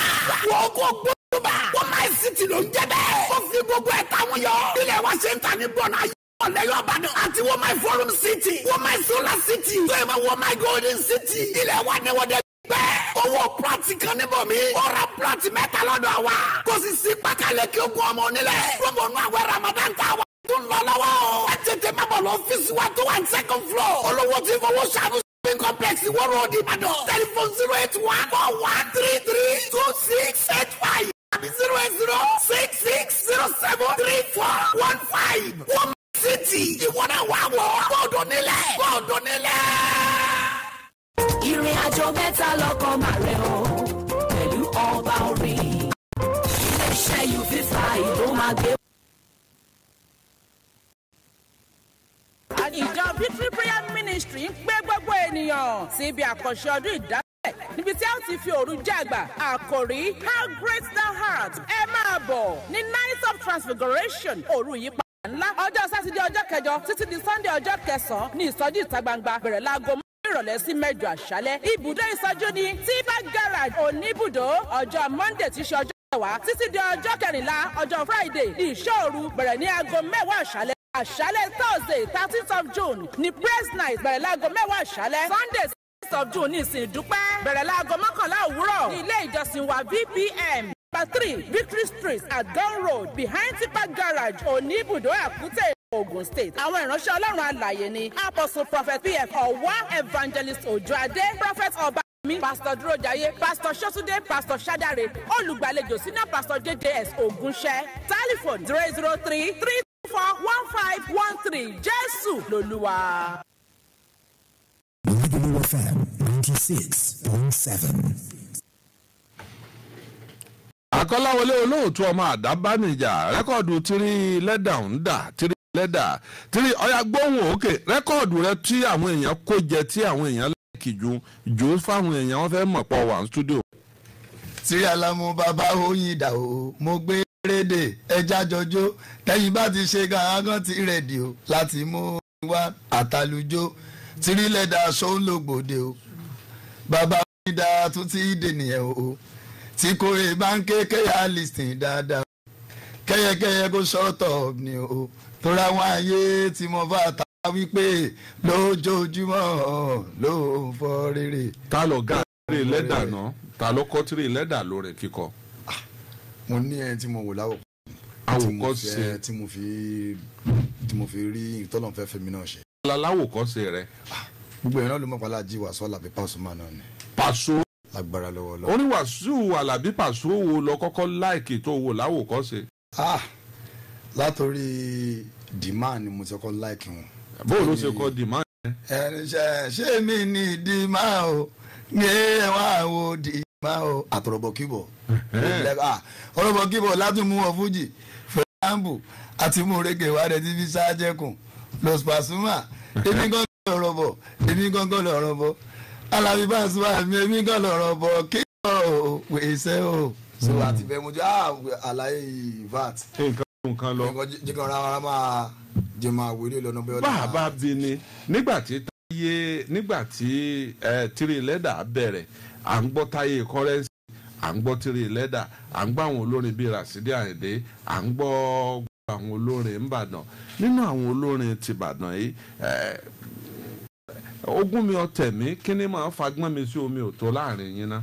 wọ́n kò gbọ́dọ̀ bá woman city ló ń jẹ́ bẹ́ẹ̀. ó fi gbogbo ẹ̀ táwọn yọ. ilé wa ṣe ń ta ní bọ́nà ọ̀lẹ́yọ̀ àbádọ́ àti wọ́n my forum city wọ́n my solar city tó ẹ̀ mọ̀ wọ́n my golden city ilẹ̀ wa ni wọ́n dẹ̀ bẹ́ẹ̀ owó plati kan níbọ̀ mi ọ̀rọ̀ plati mẹ́ta lọ́dọ̀ wa kò sì sí pàkàlẹ̀ kí o gun ọmọ onílẹ̀ fúnbọ̀ nù àwọn ramadan tá a wà tó ń lọ lọ́wọ́ ẹ tètè má bọ̀ lọ ọ́fíìsì wa tó wà ní second floor olówó tí fowó ṣàánú shopping complex ìwọ́rọ̀ òde ìbàdàn telephone zero eight one four one three three two six eight five àbí zero eight zero six six zero seven three four one five títì ìwọ náà wà wọ bọ́ọ̀dù nílẹ̀ bọ́ọ̀dù nílẹ̀. ìrìn àjò mẹ́ta lọ́kọ̀ màrẹ̀ o pẹ̀lú ọba orin iléeṣẹ́ yìí fífa ìlú máa gbé. ìjọ victory prayer ministry ń gbé gbogbo ènìyàn síbi àkànṣe ọdún ìdá níbi tí a ti fi òru jàgbà àkòrí how great thou art ẹ máa bọ̀ ní night of transfiguration òru yìí ńlá ọjọ́ sátidé ọjọ́ kẹjọ títí di sunday ọjọ́ kẹsàn-án ní ìsọjí ìta gbangba bẹ̀rẹ̀ láago ìrọ̀lẹ́ sí mẹ́jọ àṣálẹ́ ibùdó ìsọjí ni tíba garage oníbùdó ọjọ́ monday tí ṣe ọjọ́ kẹwàá títí di ọjọ́ kẹrìnlá ọjọ́ friday ìṣòru bẹ̀rẹ̀ ní aago mẹ́wàá àṣálẹ́ àṣálẹ́ thursday thirteenth of june ní praise night bẹ̀rẹ̀ láago mẹ́wàá àṣálẹ́ sunday sixth of june ní ìsìn ìdúpẹ́ bẹ̀rẹ̀ láago mọ́kànlá òwúrọ̀ ní ilé ìjọsìn wa vpm Number three, Victory Street at Gun Road behind Tipa Garage, Oníbùdó Akute, Ogun State. Àwọn ìránṣẹ́ Ọlọ́run alàyè ni Apostle Prophet P.F. Ọ̀wá Evangelist Òjòadé Prophet Ọba mi Pastor Dúrójayé Pastor Ṣọ́túndé Pastor Ṣádàrè olùgbàlejò Senior Pastor JJS Ògúnṣẹ́ telephone zero zero three three two four one five one three Jésù lolúwa. Olúdúlówó fẹ́ ninety six point seven akọ́láwọlé olóòtú ọmọ àdábánijà rẹ́kọ̀dù tírí lẹ́dà ń dà tírí lẹ́dà tírí ọ̀yà gbóhùn òkè rẹ́kọ̀dù rẹ tí àwọn èèyàn kó jẹ tí àwọn èèyàn lẹ́ẹ̀kì ju jù fáwọn èèyàn wọn fẹ́ mọ̀ pọ̀ wà ní stúdíò. tírí alamu bàbá oyin ìdà o mo gbé rédè ẹja jọjọ tẹyin bá ti ṣe gàngán ti rẹdì o láti mú wá àtàlùjọ tírí lẹ́dà aṣọ ń o bàbá oyin ìdà tún ti dènìyàn o tí kò rí báńkì kẹ́yà listing dáadáa kẹ́yẹkẹ́yẹ kó sọ́tọ̀ ni o tó wọn ayé tí mo bá ta wípé lójoojúmọ́ ló ń fọ́ rere. ta ló ga tírì lẹ́dà náà ta ló kọ́ tírì lẹ́dà lórí kíkọ. Ah, mo ní ẹni tí mo wò láwòkọ́ àwòkọ́ṣe tí mo fi tí mo fi rí ìtọ́lọ̀ fẹ́mi náà ṣe. aláwòkọ́ṣe rẹ. Ah, gbogbo ìran ló mọ̀ pàlà jí wàásù ọ̀làbí pàṣọ máa náà ni. pàṣọ lágbára lọ́wọ́ lọ. orin wàsíù alábí pàṣẹ wo lọ kọ́kọ́ láìkì tó wò láwòkọ́ṣe. ah látòrí demand ni mo ti kọ́ láìkì wọn. bó ló ṣe kọ́ demand. ṣe mi ni demand o ní ẹwà wo demand o àtọ̀rọ̀bọ̀ kíbọ̀ ah, ọ̀rọ̀bọ̀ kíbọ̀ látùmú wọn fújì fẹ́ràǹbù àti múrege wàdẹ̀ tí fi ṣáájẹ́kùn lọ́sùpàṣùmà (laughs) èmi gángan lọ́rọ̀ bọ̀ èmi gángan lọ́rọ̀ bọ̀ alábí bá sùn wá mi èmi gan lọ̀rọ̀ bọ̀ kí ọ̀rọ̀ pèsè o. so àti bẹ́ẹ̀ mo jẹ́ àlàyé vat. nǹkan lọ jẹ́ kí ọ̀rọ̀ ara máa jẹ́ máa wọlé lọ́nà bẹ́ẹ̀ ọ̀dọ́. bàbá bi ni nígbà tí táyé nígbà tí tírì lẹ́dà bẹ̀rẹ̀ à ń gbọ́ táyé kọ́rẹ́nsì à ń gbọ́ tírì lẹ́dà à ń gbọ́ àwọn olórin bíi Rasidi Àyìndé à ń gbọ́ àwọn olórin ńbàdàn nínú àwọn olórin tìbàdàn yìí Ogun mi ọ̀tẹ̀ mi kí ni màá fagbọ́n mi sí omi ò tó láàrin yín ná.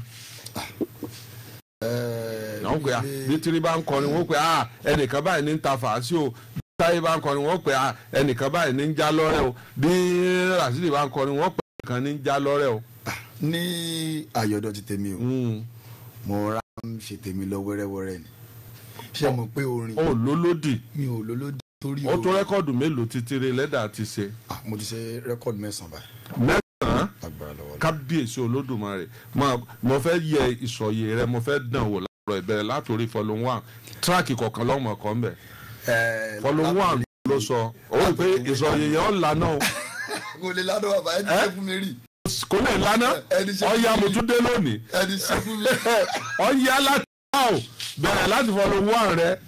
Eh, wọ́n pe ah, bí tiri bá ń kọrin wọ́n pe ah, ẹnìkan báyìí ní ń ta fàásì o táyé bá ń kọrin wọ́n pe ah, ẹnìkan báyìí ní ń já lọ́rẹ́ o bí rasidi bá ń kọrin wọ́n pe ẹnìkan ní ń já lọ́rẹ́ o. ní àyọ̀dọ̀ ti tèmi o hmm. mo ra ń ṣe tèmi lọ wẹ́rẹ́wẹ́rẹ́ ni ṣé mo pé orin. o lólódì. mi ò lólódì. torí o. o tún rẹ́kọ̀dù mélòó títíre lẹ́dà ti ṣe. mo ti ṣe rẹ́kọ̀dù mẹ́sàn-án báyìí. mẹ́sàn-án kábíyèsí olódùmarè mo fẹ́ yẹ ìsọ̀yè rẹ mo fẹ́ dàn wò láàárọ̀ ìbẹ̀rẹ̀ látòrí follow one tíráàkì kọ̀ọ̀kan lọ́mọ kan bẹ̀. follow one ló sọ o rò pé ìsọ̀yè yẹn ọ̀ lànà o. (laughs) mo lè lánà bàbá ẹni ṣe fún mi rí. kò lè lánà ọ̀ya mo tún dé lónìí. ẹni ṣe fún mi. ọ̀ya láti bẹ̀rẹ̀ láti follow one rẹ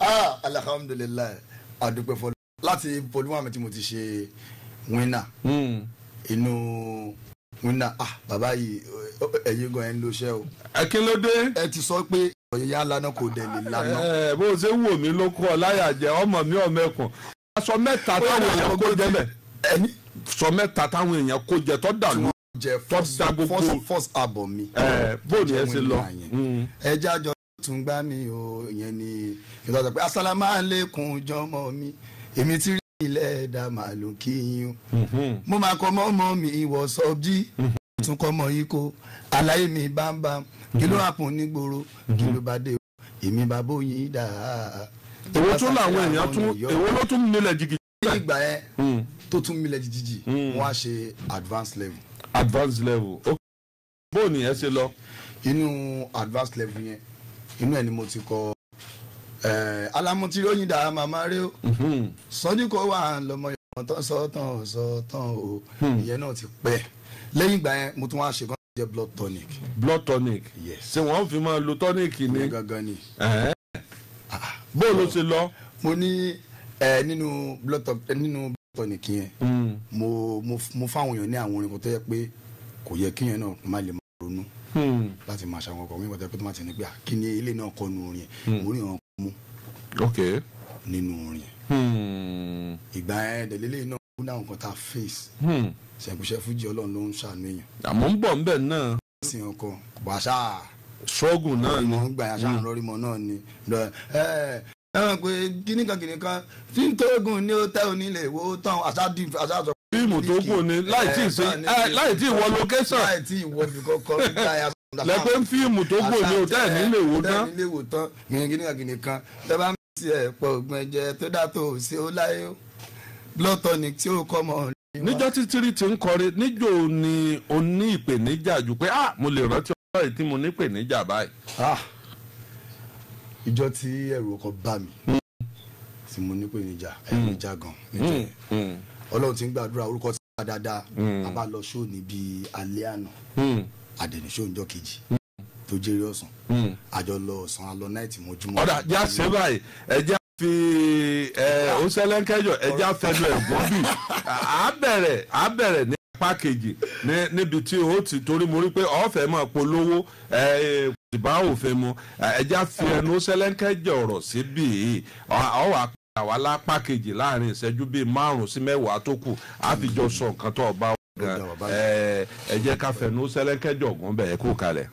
ah alhamdulilayi adúpẹ́ fọlọ láti polúwàmí tí mo ti ṣe wínà hmm. inú wínà ah bàbá yìí ẹ̀yin gan ẹ̀ ń lo iṣẹ́ o. ẹ kí ló dé. ẹ ti sọ pé ọ̀yẹ́yà lana kò dẹ̀ lè lana. ẹ eh, eh, bó o ṣe wò mí ló kọ́ jẹ ọmọ mi ọmọ ẹkùn aṣọ mẹ́ta táwọn èèyàn kó jẹ bẹ̀ ẹni sọ mẹ́ta táwọn èèyàn kó jẹ tó dànù jẹ first first album mi. Eh, bóòlù yẹn ṣe lọ. Hmm. ẹ jẹ́ àjọ tún gbá mi o ìyẹn ni ìjọba pé asalaamu jọmọ mi èmi ti rí ilẹ̀ ẹ̀dá màálù kí yín o mhm. mo máa kọ́ mọ́ ọmọ mi ìwọ sọ́bjí mhm. tún kọ́ mọ́ yìí kó aláyé mi bámbám kí ló hàpọ̀ mhm. nígboro kí ló bá dé o èmi bàbá òyìn dà á. èwo tún làwọn èèyàn tún èwo ló tún nílẹ̀ jìgì. ní ìgbà yẹn mm. tó tún nílẹ̀ jìjì mm. wọ́n á ṣe advanced level. advanced level ok bóòní ẹ ṣe lọ. inú advanced level yẹn inú ẹ̀ ni mo ti kọ alamuti lóyin dara màmá rẹ o mm-hmm. sọdí kò wà lọmọ ìyàwó tán sọ tán sọ tán o hmm. ìyẹn náà ti pẹ́ lẹ́yìn ìgbà yẹn mo tún wá ṣe kán jẹ blood tonic. blood tonic ṣé wọ́n fi máa lo tonic ni. gangan ni. Ah, ah. bó ló ṣe lọ. mo ní nínú blood nínú blood tonic yẹn hmm. mo mo fáwọn èèyàn ní àwọn orin kan tó yẹ pé kò yẹ kéèyàn náà má lè mọ ronú hmm. láti máa ṣàwọn ọkọ mi ìgbà tó máa ti ní pé kí ni ilé náà kọ nu orin yẹn mo rí ìran mú nínú orin yẹn hmm. hmm. ìgbà ẹ̀ dẹ̀lélẹ́yìn náà ó náà nǹkan tá a face ṣẹ̀kúṣẹ́ fújì ọlọ́run ló ń ṣàánú èèyàn. àmọ́ ń bọ̀ ńbẹ̀ náà. sin ọkọ wàṣà. ṣọ́ọ̀gù náà ni. ọmọ gbà yàtọ̀ àwọn ọlọ́rìmọ náà ni. ẹ ẹ ẹ pé kíníkan kíníkan tí ń tóògùn ní ó tẹ́ onílé ìwò tán àṣà àṣà sọ fíìmù tó kù ni láì tí ì eh, sí eh, láì tí ì wọ lókẹ́sàn láì tí ì wọ nìkan kọ́ níta ya lẹ́pẹ́ ń fíìmù tó kù ni òtẹ́ ẹ̀ nílé wò tán. nílé wò tán gìnìgìnìkan gìnìkan tẹ́ bá ń bí ẹ̀ pọ̀ ògùn ẹ̀jẹ̀ tó dá tó sí ó láyé ó blood tonic tí ó kọ́ mọ́ níjọ́ tí tiri ti ń kọrin níjọ́ ni o ní ìpèníjà jù pé ah mo lè rántí ọjọ́ yìí tí mo ní ìpèníjà báyìí. Ah! ìjọ tí ẹ̀rù ọkọ̀ bá mi hmm. tí mo ní ìpèníjà ẹ̀rù ìjà gan-an ọlọ́run ti ń gbàdúrà orúkọ ti wà dáadáa hmm. a bá lọ ṣó níbi alẹ́ àná àdẹ̀nìṣó ń jọ kejì hmm. tó jẹ́rìí ọ̀sán àjọ hmm. lọ ọ̀sán alọ náìtì mọ́júmọ́. ọ̀dà já ṣe báyìí ẹ já fi ó sẹ́lẹ̀kẹ́jọ ẹ já fẹ́nu ẹ̀gbọ́n bì á bẹ̀rẹ̀ á bẹ̀rẹ̀ ní apá kejì níbi tí o ti torí mo rí pé ọ̀fẹ́ máa polówó ìbá òfin mu ẹ fi ẹnu sẹ́lẹ̀kẹ́jọ ọ̀rọ̀ síbi ọ̀wà àwa lápá kejì láàrin ìṣẹ́jú bíi márùn-ún sí mẹ́wàá tó kù àfijọ́ sọ nǹkan tó ọba gan ẹ jẹ́ ká fẹnu sẹ́lẹ̀kẹ́jọ̀gún bẹ̀ẹ́ kú kalẹ̀.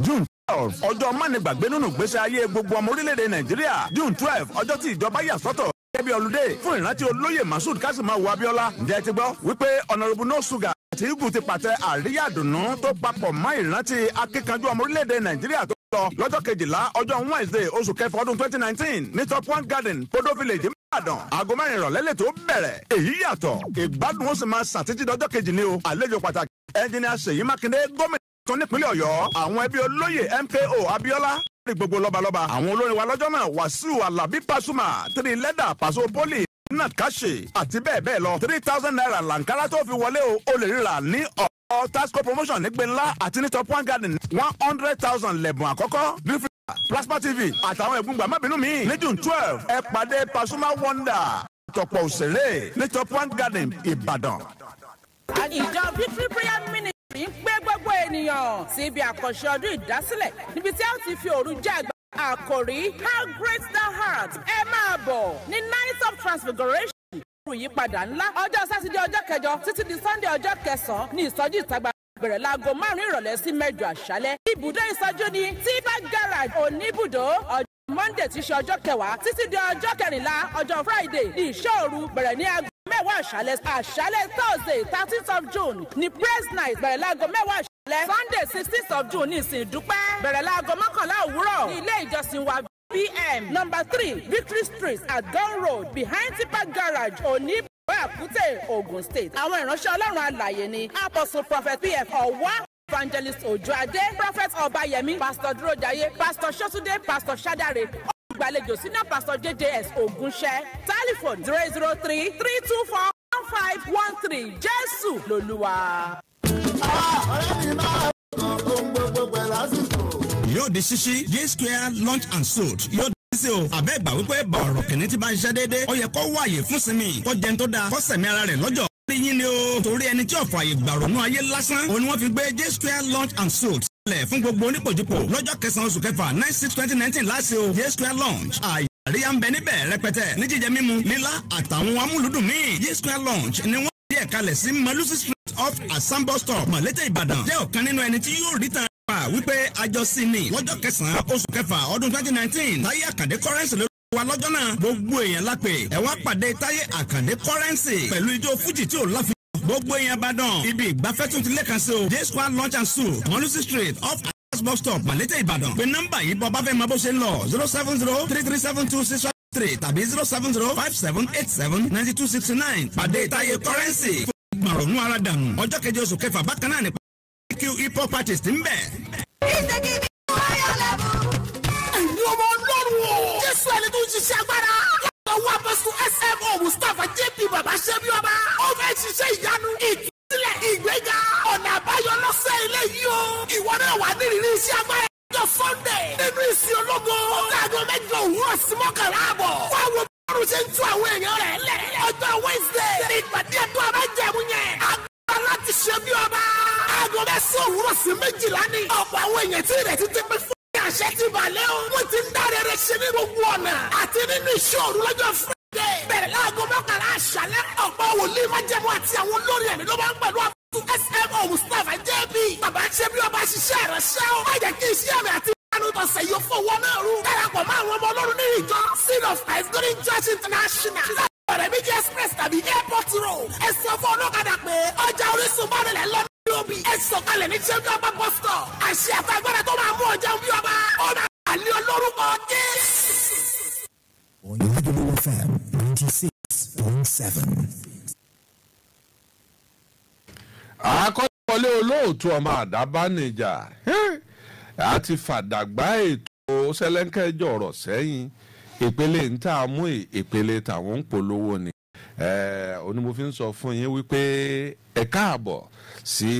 june twelve ọjọ́ mánigbàgbé nínú gbèsè ayé gbogbo ọmọ orílẹ̀-èdè nàìjíríà june twelve ọjọ́ tí ìjọba yà sọ́tọ̀ gẹ́gẹ́ bí ọlùdé fún ìrántí olóyè mashood kásìmáwò abíọ́lá ǹjẹ́ ti gbọ́ wípé honourable no sugar tìrìbù ti pàtẹ àríyá dùnú tó papọ̀ mọ́ ìrántí akíkanjú ọmọ orílẹ̀-èdè nàìjíríà tó lọ lọ́jọ́ kejìlá ọjọ́ wednesday oṣù kẹfà ọdún twenty nineteen ní top one garden podo village ìbàdàn aago mẹ́rin ìrọ̀lẹ́ lè tó bẹ̀rẹ̀ èyí yàtọ̀ ìgbádùn ó sì máa ṣàtìtì dọ́jọ́ kejì ni o àlejò pàtàkì ẹnjìnìà ṣèyí mákindé gómìnà tó nípínlẹ̀ ọ̀yọ́ àwọn ẹbí olóyè mko abiola gbogbo lọ́balọ́ba àwọn olórin wa lọ́jọ́ náà wàsíù alábí pasuma tiri lẹ́dà pàṣẹ poli nàkàṣe àti bẹ́ẹ̀ bẹ́ẹ̀ lọ three thousand naira làǹkárá tó fi wọlé o o lè ríra ní ọ̀ tasco promotion nígbè ńlá àti ní top one garden one hundred thousand lẹ́bùn àkọ́kọ́ plasma tv àtàwọn ẹ̀gbọ́n gbà má bínú mi ní june twelve ẹ pàdé pasuma wonder tọ̀pọ̀ òṣèré ní top one garden ìbàdàn. àjọ victory prayer ministry ń gbé gbogbo ènìyàn síbi àkànṣe ọdún ìdásílẹ̀ níbi tí a ti fi òru jẹ́ àgbà àkòrí how great thou art ẹ máa bọ̀ ní night of transfiguration ọ̀run ìyípadà ńlá ọjọ́ sátidé ọjọ́ kẹjọ títí di sunday ọjọ́ kẹsàn-án ní ìsọjí ìtagbà bẹ̀rẹ̀ láago márùn-ún ìrọ̀lẹ́ sí mẹ́jọ àṣálẹ́ ibùdó ìsọjí ní tiba garage oníbùdó ọjọ́ monday tí í ṣe ọjọ́ kẹwàá títí di ọjọ́ kẹrìnlá ọjọ́ friday ní ìṣọ́òru bẹ̀rẹ̀ ní aago mẹ́wàá àṣálẹ́ àṣálẹ́ thursday thirteenth of june ní praise night bẹ̀rẹ̀ láago mẹ́wàá àṣálẹ́ Sunday sixteenth of June ní ìsìn ìdúpẹ́ bẹ̀rẹ̀ láago mọ́kànlá òwúrọ̀ ní ilé ìjọsìn wa pm number three Victory Street at Gun Road behind Tipa Garage Oni Àkútè Ogun State. Àwọn ìránṣẹ́ Ọlọ́run alàyè ni Apostle Prophet PF Ọ̀wá Evangelist Ojoade Prophet Ọ̀báyẹmí Pastor Dúrójayé Pastor Ṣọ́túndé Pastor Ṣádàrè olùgbàlejò senior pastor JJS Ogunṣẹ́ telephone zero zero three three two four one five one three Jésù lolúwa ọ̀rẹ́ mi máa yóò di ṣíṣí j square lunch and sold yóò sí o àbẹ́ ìgbà wípé bọ̀rọ̀ kìnní ti bá ń ṣe déédéé ó yẹ kó wáyè fún sinmi kó jẹun tó dáa kó sẹ̀mí ara rẹ̀ lọ́jọ́ orí yín ni o torí ẹni tí ọ̀fọ̀ àyè gbàrònú ayé lásán òun ni wọ́n fi gbé j square lunch and sold sílẹ̀ fún gbogbo onípòjúpò lọ́jọ́ kẹsàn-án oṣù kẹfà nine six twenty nineteen láti o j square launch àyè àríyá ń bẹ níbẹ̀ rẹpẹtẹ ní jíjẹ mímu lílá àtàwọn amúlùdùn míì j square lunch. ni wọ́n kalẹ̀ sí malusi street off asambo store Malete ibadan. jẹ́ ọ̀kan nínú ẹni tí yóò rí tan pa wípé àjọsìn ni lọ́jọ́ kẹsàn-án oṣù kẹfà ọdún twenty nineteen táyé àkàndé kọ́rẹ́ǹsì ló wa lọ́jọ́ náà gbogbo èèyàn lápè ẹ̀ wá pàdé táyé àkàndé kọ́rẹ́ǹsì pẹ̀lú ijó fújì tí ò láfi gbogbo èèyàn bá ibi ìgbafẹ́ tún ti lẹ́kan sí o j square lunch and soup Malusi street off bus stop malete Ìbàdàn pé nọ́mbà yìí bọ́ bá fẹ́ mọ bó ṣe lọ zero seven zero three tàbí zero seven zero five seven eight seven ninety two sixty nine pàdé ìtayé kọ́rẹ́nsì fún ìgbọ̀nrún ara dànù ọjọ́ keje oṣù kẹfà bákan náà ní pàdé q hip hop artist ń bẹ̀. ìsèkìdì wáyà lẹ́bù. ẹ̀yin ọmọ ọlọ́run o. jésù ẹni tó ń ṣiṣẹ́ agbára. lọ́wọ́ apọ́sù smo mustapha jp baba ṣẹ́bi ọba. ó fẹ́ ṣiṣẹ́ ìyanu ìtúsílẹ̀ ìgbéga. ọ̀nà àbáyọ lọ́sẹ̀ ilé yìí o. ìwọ náà wà nírìírí iṣẹ́ agbára ọjọ́ sunday nínú ìsìn ológo láago mẹ́jọ òwúrọ̀ sí mọ́kànlá àbọ̀ fún àwọn ọmọọrùn ṣe ń tú àwọn èèyàn rẹ̀ lẹ̀ ọjọ́ wednesday ní ìpàdé ẹ̀tọ́ abájẹ̀mú yẹn agbára láti ṣe bí ọba aago mẹ́sàn-án òwúrọ̀ sí méjìlá ni ọ̀pọ̀ àwọn èèyàn tí rẹ̀ ti ti pín fún ní àṣẹ ti balẹ̀ o wọ́n ti ń dáre rẹ̀ ṣe ní gbogbo ọ̀nà àti nínú ìṣòro lọ́jọ́ friday bẹ̀rẹ̀ láago mọ́kànlá àṣálẹ́ ọ̀pọ̀ wòlíì májẹ̀mú àti àwọn olórin ẹ̀mí ló máa ń pẹ̀lú smo mustapha jb bàbá ṣe bí ọba ṣiṣẹ́ rẹ̀ ṣẹ́ o má jẹ́ kí iṣẹ́ rẹ̀ àti ìyanu tọ̀sẹ̀ yóò fowó náà rú darapọ̀ mọ́ àwọn ọmọ ọlọ́run ní ìjọ seed of christ golden church international ọ̀rẹ́ méjì express tàbí airport road ẹ sọ ọlọ́kadà pé ọjà orísun bá rẹ̀ lọ́nà lóbi ẹ sọ̀kalẹ̀ ní ṣẹ́gun ọba bus stop àṣẹ àtàgbẹ́rẹ́ tó máa mú ọjà bí ọba ó máa bà ní olórúkọ jésù. òyìnbó fm ninety six point seven àkọ́wọlé olóòtú ọmọ àdábánijà àti fàdàgbà ètò sẹlẹ́ńkẹ́jọ ọ̀rọ̀ sẹ́yìn ìpele ń tà mú ìpele tàwọn ń polówó ni onímọ̀fin sọ fún yín wípé ẹ káàbọ̀ sí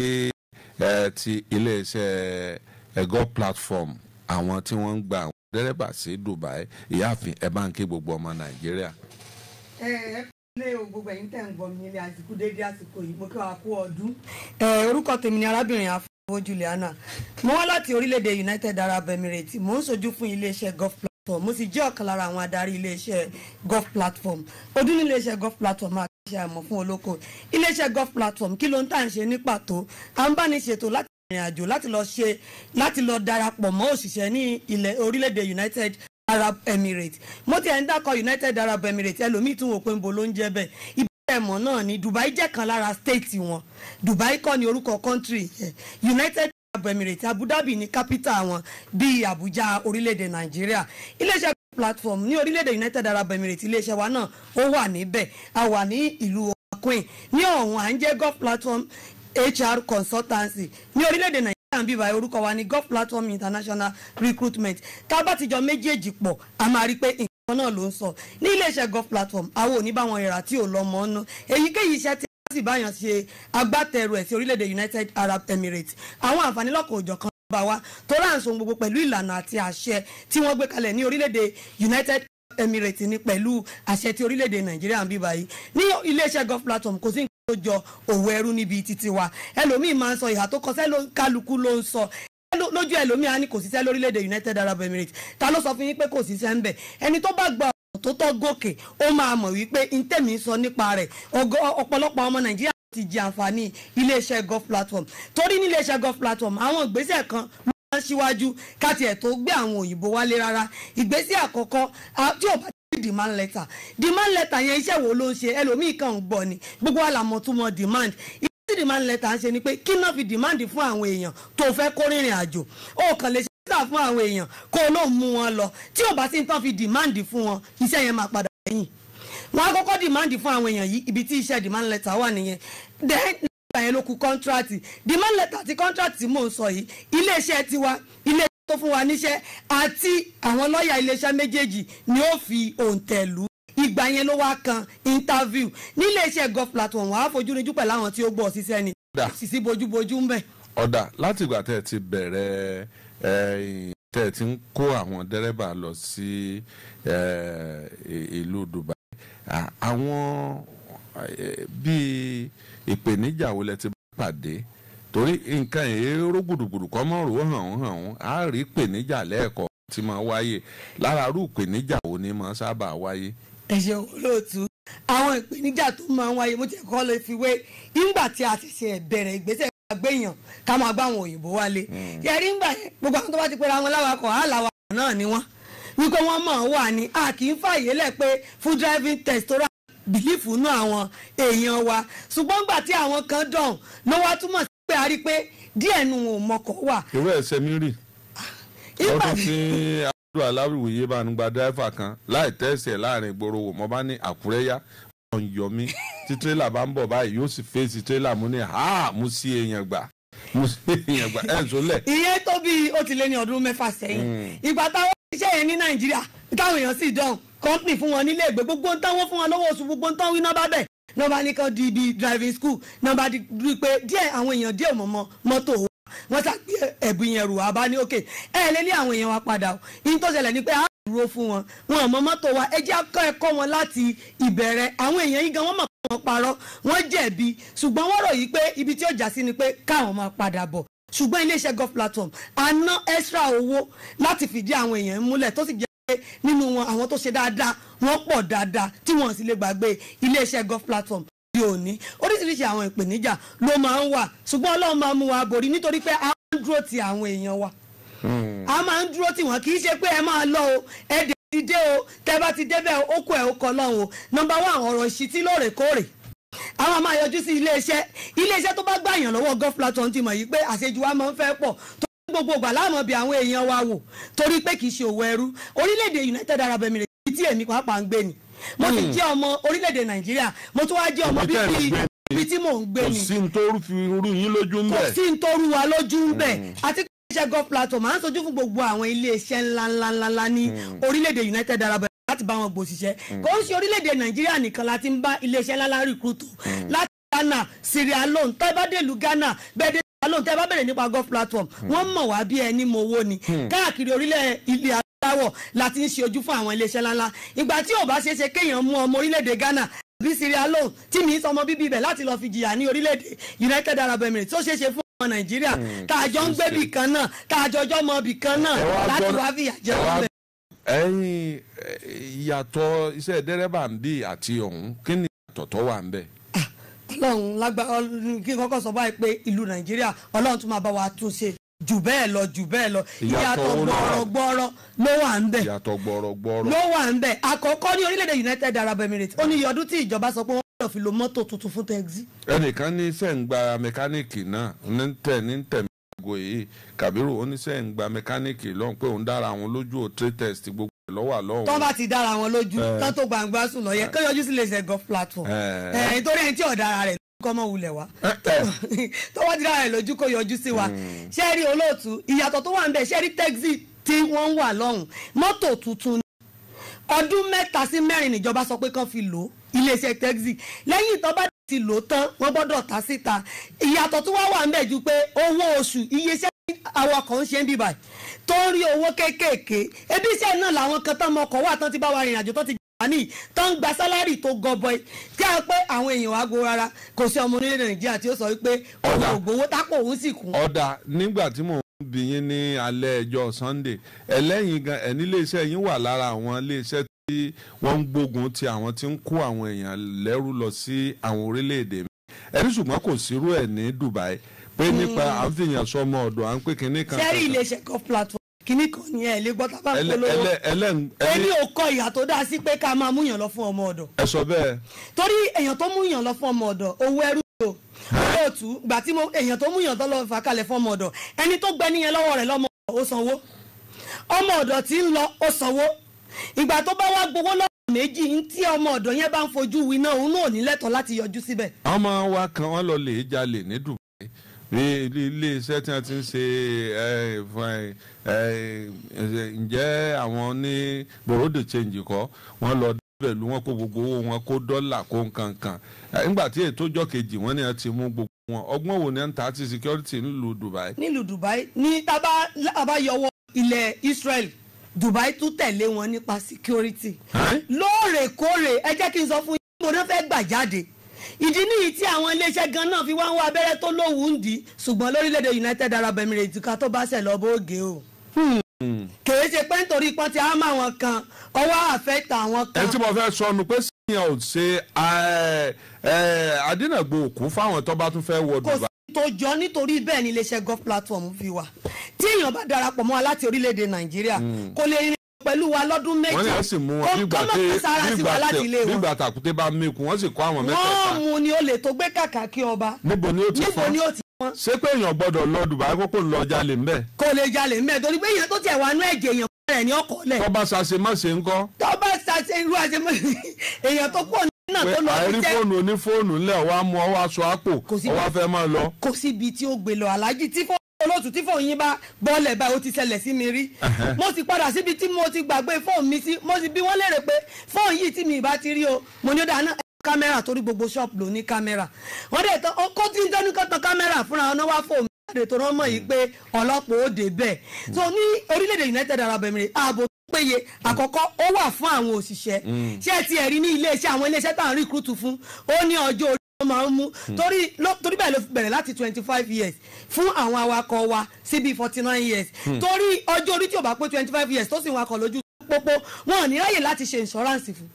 ti iléeṣẹ́ ẹ̀gọ́ platform àwọn tí wọ́n ń gba àwọn dẹ́rẹ́bà sí Dubai ìyáàfin ẹ̀ bá ń ké gbogbo ọmọ Nàìjíríà ilé gbogbo ẹ̀yin tẹ̀ ń gbọ́ mi nílé àsìkò déédé àsìkò yìí mo kí wa kú ọdún. orúkọ tèmi ni arábìnrin àfọwọ́ Juliana mo wá láti orílẹ̀-èdè United Arab Emirates mo ń ṣojú fún iléeṣẹ́ Gulf Platform mo sì jẹ́ ọ̀kan lára àwọn adarí iléeṣẹ́ Gulf Platform ọdún ní iléeṣẹ́ Gulf Platform máa ṣe àmọ̀ fún olóko iléeṣẹ́ Gulf Platform kí ló ń tà ń ṣe ní pàtó à ń bá ní ṣètò láti ìrìn àjò láti lọ ṣe láti lọ darapọ̀ mọ́ òṣìṣẹ́ ní orílẹ̀-èdè United Arab Emirates mo ti ẹ̀ ń dákọ̀ United Arab Emirates ẹlòmíì tún wò pé ń bo ló ń jẹ́ bẹ́ẹ̀ ibẹ̀ ẹ̀mọ́ náà ni Dubai jẹ́ kan lára state wọn Dubai kọ́ ni orúkọ country United Arab Emirates Abu Dhabi ni capital wọn bíi Abuja orílẹ̀-èdè Nàìjíríà iléeṣẹ́ platform ní orílẹ̀-èdè United Arab Emirates iléeṣẹ́ wa náà ó wà níbẹ̀ a wà ní ìlú Queen ní ọ̀hún à ń jẹ́ Gulf Platform HR Consultancy ní orílẹ̀-èdè Nàìjíríà and bíbá orúkọ wa ní golf platform international recruitment tá a bá ti jọ méjèèjì pọ̀ a máa rí pé nǹkan náà ló ń sọ ní iléeṣẹ́ golf platform àwọn ò ní bá wọn ìrà tí ò lọ́mọ ọ́nà èyíkéyìí iṣẹ́ tí wọ́n sì báyàn ṣe agbátẹrù ẹ̀ sí orílẹ̀-èdè United Arab Emirates àwọn àǹfààní lọ́kọ̀ òjọ̀ kan bá wa tó ráǹsọ̀ gbogbo pẹ̀lú ìlànà àti àṣẹ tí wọ́n gbé kalẹ̀ ní orílẹ̀-èdè United Emirates ní pẹ̀lú àṣẹ ti orílẹ̀-èdè Nàìjíríà ń bíbá yìí ní iléeṣẹ́ golf platform kò sí tó jọ òwò ẹrú níbi títí wa ẹlòmíín máa ń sọ ìhà tó kọ sẹ́lò kálukú ló ń sọ lójú ẹlòmíín á ní kò síṣẹ́ lórílẹ̀‐èdè United Arab Emirates ta ló sọ fún yín pé kò síṣẹ́ ń bẹ̀ ẹni tó bá gba ọ̀rọ̀ tó tọ́ gòkè ó máa mọ̀ wípé ntẹ̀mí sọ nípa rẹ̀ ọ̀pọ̀lọpọ̀ ọmọ Nàìjíríà ti jẹ àǹfààní iléeṣẹ́ golf platform torí ní iléeṣẹ́ golf platform àwọn ìgbésẹ̀ kan ló máa ń ṣíwájú káti ẹ̀ tó gbé àwọn òyìnbó wálé rárá ìgbésẹ̀ àkọ́kọ́ tí ò bá demand letter demand letter yẹn iṣẹ́ wo ló ń ṣe ẹlòmíì kan ń gbọ́ ni gbogbo àlàmọ́ tún mọ demand iṣẹ́ tí demand letter ń ṣe ni pé kí náà fi demand fún àwọn èèyàn tó fẹ́ kó rìnrìn àjò ó kàn lè ṣe títà fún àwọn èèyàn kó ló mú wọn lọ tí ò bá sí tán fi demand fún wọn iṣẹ́ yẹn máa padà lẹ́yìn wọn á kọ́kọ́ demand fún àwọn èèyàn yìí ibi tí iṣẹ́ demand letter wà nìyẹn then nígbà yẹn ló kù contract demand letter àti contract tí mò ń sọ yìí iléeṣẹ́ tiwa ilé tó fún wa níṣẹ́ àti àwọn lọ́ọ̀yà iléeṣẹ́ méjèèjì ni ó fi òǹtẹ̀lù ìgbà yẹn ló wá kan interview níléeṣẹ́ gov platform wàá fojú rinjú pẹ̀lú àwọn tí ó gbọ́ ṣiṣẹ́ ni sisi bójúbójú ń bẹ̀. ọ̀dà láti ìgbà tẹ́ ẹ ti bẹ̀rẹ̀ tẹ́ ẹ ti ń kó àwọn dẹ́rẹ́bà lọ sí ìlú Dubai àwọn bíi ìpèníjà wo lẹ ti pàdé torí nǹkan èrò gbùdùgbùdù kọ́ mọ́ rò hàn án hàn án á rí ìpèníjà lẹ́ẹ̀kọ́ tí máa wáyé lára irú ìpèníjà wo ni máa sábà wáyé. ẹ ṣeun olóòtú àwọn ìpèníjà tó máa ń wáyé mo ti kọ́ lè fi wé nígbà tí a ti ṣe ẹ̀bẹ̀rẹ̀ ìgbésẹ̀ àgbéyàn ká máa gbá àwọn òyìnbó wálé yẹrí hmm. ńgbà yẹn gbogbo àwọn tó bá ti pera wọn láwakọ̀ á náà ni wọ́n wípé wọ́n mọ̀ wà ní a kì í fàyè lẹ̀ pé full driving test tó rà bìlífù nú àwọn èèyàn wa ṣùgbọ́n gbà tí àwọn kan dọ̀hún ló wá túmọ̀ sí débẹ̀ a rí pé díẹ̀ nu ò mọkọ̀ wà. ìwé ẹsẹ̀ mi rì ọdún tí adúlọ aláwìwòye bá ń gba dírẹ́fà kan láì tẹ́sẹ̀ láàrin ìgboro wò mọ́ bá ní àkúrẹ́ yá ọ̀n yọ mí tí tírélà bá ń bọ̀ báyìí yóò sì fèsì tírélà mú ní ha mo sí èèyàn gbà mo sí èèyàn gbà ẹ̀ ń sọlẹ̀. ìyẹn tó bí ó ti lé ní ọdún mẹ́fà sẹ́yìn hmm. ìgbà táwọn iṣẹ́ yẹn ní nàìjíríà táwọn èèyàn sì dán kọ́ńpì fún wọn nílé ìgbé gbogbo ń tán fún wọn lọ́wọ́ oṣù gbogbo ń tán wí bá bẹ̀ nọmba ní kan di ibi driving school nọmba di pé díẹ̀ àwọn èèyàn díẹ̀ mọ̀mọ́ mọ́tò wa wọ́n sá gbé ẹ̀bùn yẹn rù wá bá ní òkè ẹ̀ lé ní àwọn èèyàn wa padà o yín tó ṣẹlẹ̀ ni pé a dúró fún wọn wọn àmọ́ mọ́tò wa ẹ jẹ́ akọ́ ẹ̀kọ́ wọn láti ìbẹ̀rẹ̀ àwọn èèyàn yín gan wọ́n mọ̀ pé wọ́n parọ́ wọ́n jẹ̀bi ṣùgbọ́n wọ́n rò yìí pé ibi tí ó jà sí ni pé káwọn máa padà bọ̀ ṣùgbọ́n iléeṣẹ́ gov platform a ná extra owó láti fìdí àwọn èèyàn múlẹ̀ tó sì jẹ́ nínú wọn àwọn tó ṣe dáadáa wọ́n pọ̀ dáadáa tí wọ́n sì lè gbàgbé iléeṣẹ́ Gov Platform di òní oríṣiríṣi àwọn ìpèníjà ló máa ń wà ṣùgbọ́n Ọlọ́run máa mú wa borí nítorí pé a máa ń dúró ti àwọn èèyàn wa hmm. a máa ń dúró tì wọ́n kì í ṣe pé ẹ máa lọ o ẹ dé ti dé o tẹ bá ti débẹ̀ ó kọ ẹ̀ ó kọ lọ́hùn o nọ́mbà wá àwọn ọ̀rọ̀ ìṣítí lóòrèkóòrè àwọn máa yọjú sí iléeṣẹ́ iléeṣẹ́ tó bá gbàyàn lọ́wọ́ Gov Platform ti mọ̀ yìí pé àṣejù wa máa ń fẹ́ pọ̀ gbogbo ìgbà láàmú bí àwọn èèyàn wa wò torí pé kì í ṣe òwò ẹrú orílẹ̀-èdè United Arab Emirates ibi tí èmi pàápàá ń gbé ni mo ti hmm. jẹ́ ọmọ orílẹ̀-èdè Nàìjíríà mo tún wá jẹ́ ọmọ bíbí ibi tí mò ń gbé ni kò sí n fi rú yín lójú ń bẹ̀ kò sí n wa lójú ń bẹ̀ hmm. àti pé iṣẹ́ gov plateau máa ń sojú fún gbogbo àwọn ilé ńláńláńlá ní hmm. orílẹ̀-èdè United Arab Emirates láti bá wọn gbòṣìṣẹ́ kò ń ṣe orílẹ̀-èdè Nàìjíríà nìkan láti ń bá ilé ńláńlá rìkúrútù láti Ghana Sierra Leone tábàdélù Ghana bẹ́ẹ̀ alóhùn tẹ́ bá bẹ̀rẹ̀ nípa golf platform wọ́n mọ̀ wá bí ẹni mowó ni hmm. káàkiri orílẹ̀ ilẹ̀ aláwọ̀ láti ń ṣe ojú fún àwọn iléeṣẹ́ ńláńlá ìgbà tí ò bá ṣeé ṣe kéèyàn mú ọmọ orílẹ̀-èdè Ghana bí Sierra Leone tí mi sọmọ bíbí ibẹ̀ láti lọ́ọ́ fi jìyà ní orílẹ̀-èdè United Arab Emirates tó ṣeé ṣe fún ọmọ Nàìjíríà hmm. tá a jọ ń gbé bì kan náà tá a jọjọ́ mọ bì kan náà láti wá fìyà jẹ wọn bẹ̀. ẹyin ọlọ́run lágbára kí n kọ́kọ́ sọ báyìí pé ìlú nàìjíríà ọlọ́run tún máa bá wa tún ṣe jù bẹ́ẹ̀ lọ jù bẹ́ẹ̀ lọ ìyàtọ̀ gbọ́rọ̀ gbọ́rọ̀ ló wà ń bẹ̀ ìyàtọ̀ gbọ́rọ̀ gbọ́rọ̀ ló wà ń bẹ̀ àkọ́kọ́ ní orílẹ̀-èdè United Arab Emirates ó ní iye ọdún tí ìjọba sọ pé wọ́n lọ́ọ́ fi lo mọ́tò tuntun fún tẹ́gì. ẹnìkan ní sẹ́ǹgbà mẹkáníìkì náà ní tẹ̀ ní tẹ̀mí àgọ́ yìí Kàbírù ó ní sẹ́ǹgbà mẹkáníìkì lọ́hùn pé òun dára àwọn lójú ò trade test gbogbo lọ́wọ́ àlọ́wọ́. tọ́ bá ti dára wọn lójú eh. tán tó gbangba sùn lọ yẹ eh. kó yọjú sí iléeṣẹ́ gov platform eh. nítorí ẹni tí ọ̀daràn rẹ̀ kọ́ mọ́ wulẹ̀ wá tó wọ́n ti dára rẹ̀ lójú kó yọjú sí wa hmm. ṣé rí olóòtú ìyàtọ̀ tó wà ń bẹ̀ ṣé rí tẹ́gì tí wọ́n wà lọ́hùn mọ́tò tuntun ni ọdún mẹ́ta sí mẹ́rin níjọba sọ pé kán fi lò iléeṣẹ́ tẹ́gì lẹ́yìn tó bá ti lò tán wọ́n gbọ́dọ̀ ta síta ìyàtọ̀ tó wà wà ń bẹ̀ ju pé owó oṣù iye iṣẹ́ àwọn kan ń ṣe ń bíbáyìí tó ń rí owó kéékèèké ebi iṣẹ́ náà làwọn kan tán mọkọ̀ wà tán ti bá wa rìnrìn àjò tán ti jàǹfààní tán gba sálárì tó gọbọi tí a pé àwọn èèyàn wa gbó rárá kò sí ọmọ orílẹ̀ nàìjíríà tí ó sọ wípé òun ò gbowó tápò òun sì kú. ọ̀dà nígbà tí mò ń bi yín ní alẹ́ ẹjọ́ Sunday ẹlẹ́yin gan ẹni iléeṣẹ́ yín wà lára àwọn iléeṣẹ́ tí wọ́n ń gbógun ti àwọn tí ń kó àwọn èèyàn lẹ́rú lọ sí àwọn orílẹ̀-èdè mi ẹni ṣùgbọ́n kò sírú ẹ̀ ní Dubai pé nípa à sọmọ ọ̀dọ̀ à ń pè kínní kan. sẹ́rí iléeṣẹ́ kan platform kínní kan ni ẹ lè gbọ́ tá a bá ń polówó ò kọ ìyà tó dáa sí pé ká máa múyàn lọ fún ọmọ ọ̀dọ̀. torí èèyàn tó lọ fún ọmọ owó ẹrú tí èèyàn tó tó lọ fà kalẹ̀ fún ọmọ ẹni tó gbẹ níyẹn lọ́wọ́ rẹ̀ lọ́mọ méjì tí ọmọ bá fojú winá òun náà ní ilé iṣẹ́ tí wọ́n ti ń ṣe ǹjẹ́ àwọn ní bòròdè change kọ́ wọ́n lọ pẹ̀lú wọn kó gbogbo owó wọn kó dọ́là kó nkankan nígbà tí ètò ọjọ́ kejì wọn ni a ti mú gbogbo wọn ọgbọ́n wo ni a ń ta ti security nílùú Dubai. nílùú Dubai ní tábà àbáyọwọ́ ilẹ̀ Israel Dubai tún tẹ̀lé wọn nípa security lóòrèkóòrè ẹ jẹ́ kí n sọ fún yín mo ní fẹ́ gbà jáde ìdí nìyí tí àwọn iléeṣẹ́ gan náà fi wá ń wá abẹ́rẹ́ tó lówùú ń dì ṣùgbọ́n lórílẹ̀‐èdè United Arab Emirates ká tó bá ṣẹ̀ lọ bóògé o hmm. kìí ṣe pé nítorí ipọ́n ti ámà wọn kan ọwọ́ àfẹ́tà wọn kan. ẹ tí mo fẹ́ sọ nu pé sẹ́yìn ò ṣe adínàgbò òkú fáwọn tó bá tún fẹ́ wọ Dubai. kò sí tó jọ nítorí bẹ́ẹ̀ ni iléeṣẹ́ gov platform fi wà tí èèyàn bá darapọ̀ mọ́ wa láti orílẹ̀-èdè Nàìjíríà hmm. kò lè rìn pẹ̀lú wa lọ́dún méjì wọ́n ní àìsàn mú wọn bígbà tẹ bígbà tàkúté bá mẹ́kun wọ́n sì kọ́ àwọn mẹ́tẹ̀ẹ̀ta. wọ́n mú ni ó lè tó gbé kàkà kí ọba níbo ni ó ti fọ́n ṣé pé èèyàn gbọ́dọ̀ lọ Dubai kó kó lọ jalè ńbẹ̀. kò lè jalè ńbẹ̀ torí pé èèyàn tó tiẹ̀ wà nú ẹ̀jẹ̀ èèyàn kọ́ rẹ̀ ní ọkọ̀ lẹ̀. tọ́ba ṣàṣe má ṣe ń kọ́. tọ́ba ṣàṣe irú àṣe má ṣe èèyàn tó pọ̀ náà tó lọ sí tẹ́. àìrí onífóònù ńlẹ̀ wàá mú ọwọ́ aṣọ àpò ọwọ́ fẹ́ máa lọ. kò síbi tí ó gbé lọ aláàjì tí fọ́ olóòtú tí fóònù yín bá bọ́ọ̀lẹ̀ báyìí ó ti ṣẹlẹ̀ sí mi rí mo sì padà síbi tí mo ti gbàgbé fóònù mi sí mo sì bí wọ́n lérè pé fóònù yìí tí mi ìbá ti rí o mo ní ó dáná kámẹ́rà torí gbogbo ṣọ́ọ̀pù ló ní kámẹ́rà wọ́n dẹ̀ tán kó tí ń tẹ́nu kọ́ kámẹ́rà fúnra ọ̀nà wá fóònù jáde tó rán mọ̀ yìí pé ọlọ́pàá ó dé bẹ́ẹ̀ so ní orílẹ̀-èdè United Arab Emirates ààbò péye àkọ́kọ́ ó wà fún àwọn òṣìṣẹ́ mm. ṣé ẹ ti ẹ̀rí ní iléeṣẹ́ àwọn iléeṣẹ́ tá à rí kúrútù fún ó ní ọjọ́ orí máa ń mú hmm. torí bẹ́ẹ̀ ló bẹ̀rẹ̀ láti twenty five years fún àwọn awakọ̀ wa sí bíi forty nine years hmm. torí ọjọ́ orí tí ò bá pé twenty five years tó sì ń wakọ̀ lójú pópó wọn ò ní ráyè láti ṣe insurance fún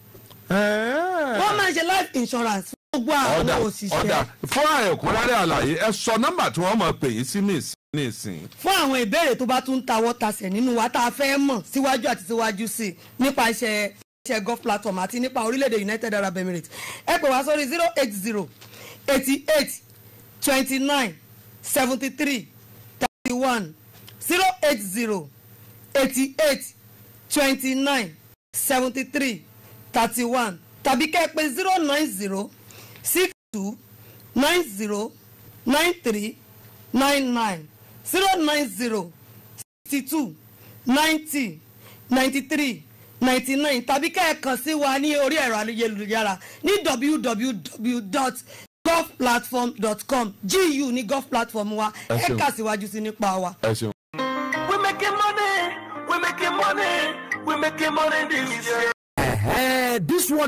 wọ́n máa ṣe life insurance fún gbogbo àwọn òṣìṣẹ́. ọ̀dà fún àyẹ̀kúnrẹ́rẹ́ àlàyé ẹ sọ nọ́mbà tí wọ́n máa pè yín sí nìsín nísìn. fún àwọn ìbéèrè tó bá tún ń tawọ́ tasẹ̀ nínú wa tá a fẹ́ mọ̀ síwájú àti síwájú sí i nípasẹ̀ chegov platform àti nípa orílẹ̀-èdè united arab emirates ẹ pè wá sórí zero eight zero eighty eight twenty nine seventy three thirty one zero eight zero eighty eight twenty nine seventy three thirty one tàbí kẹ́ ẹ pè zero nine zero six two nine zero nine three nine nine zero nine zero sixty two ninety ninety three ninety nine tàbí kẹ́ ẹ kàn sí wa ní orí ẹ̀rọ ayélujára ní www.golfplatform.com gu ní golf platform wa ẹ kà síwájú sí nípa wa. we making money we making money we making money this year. Uh, this one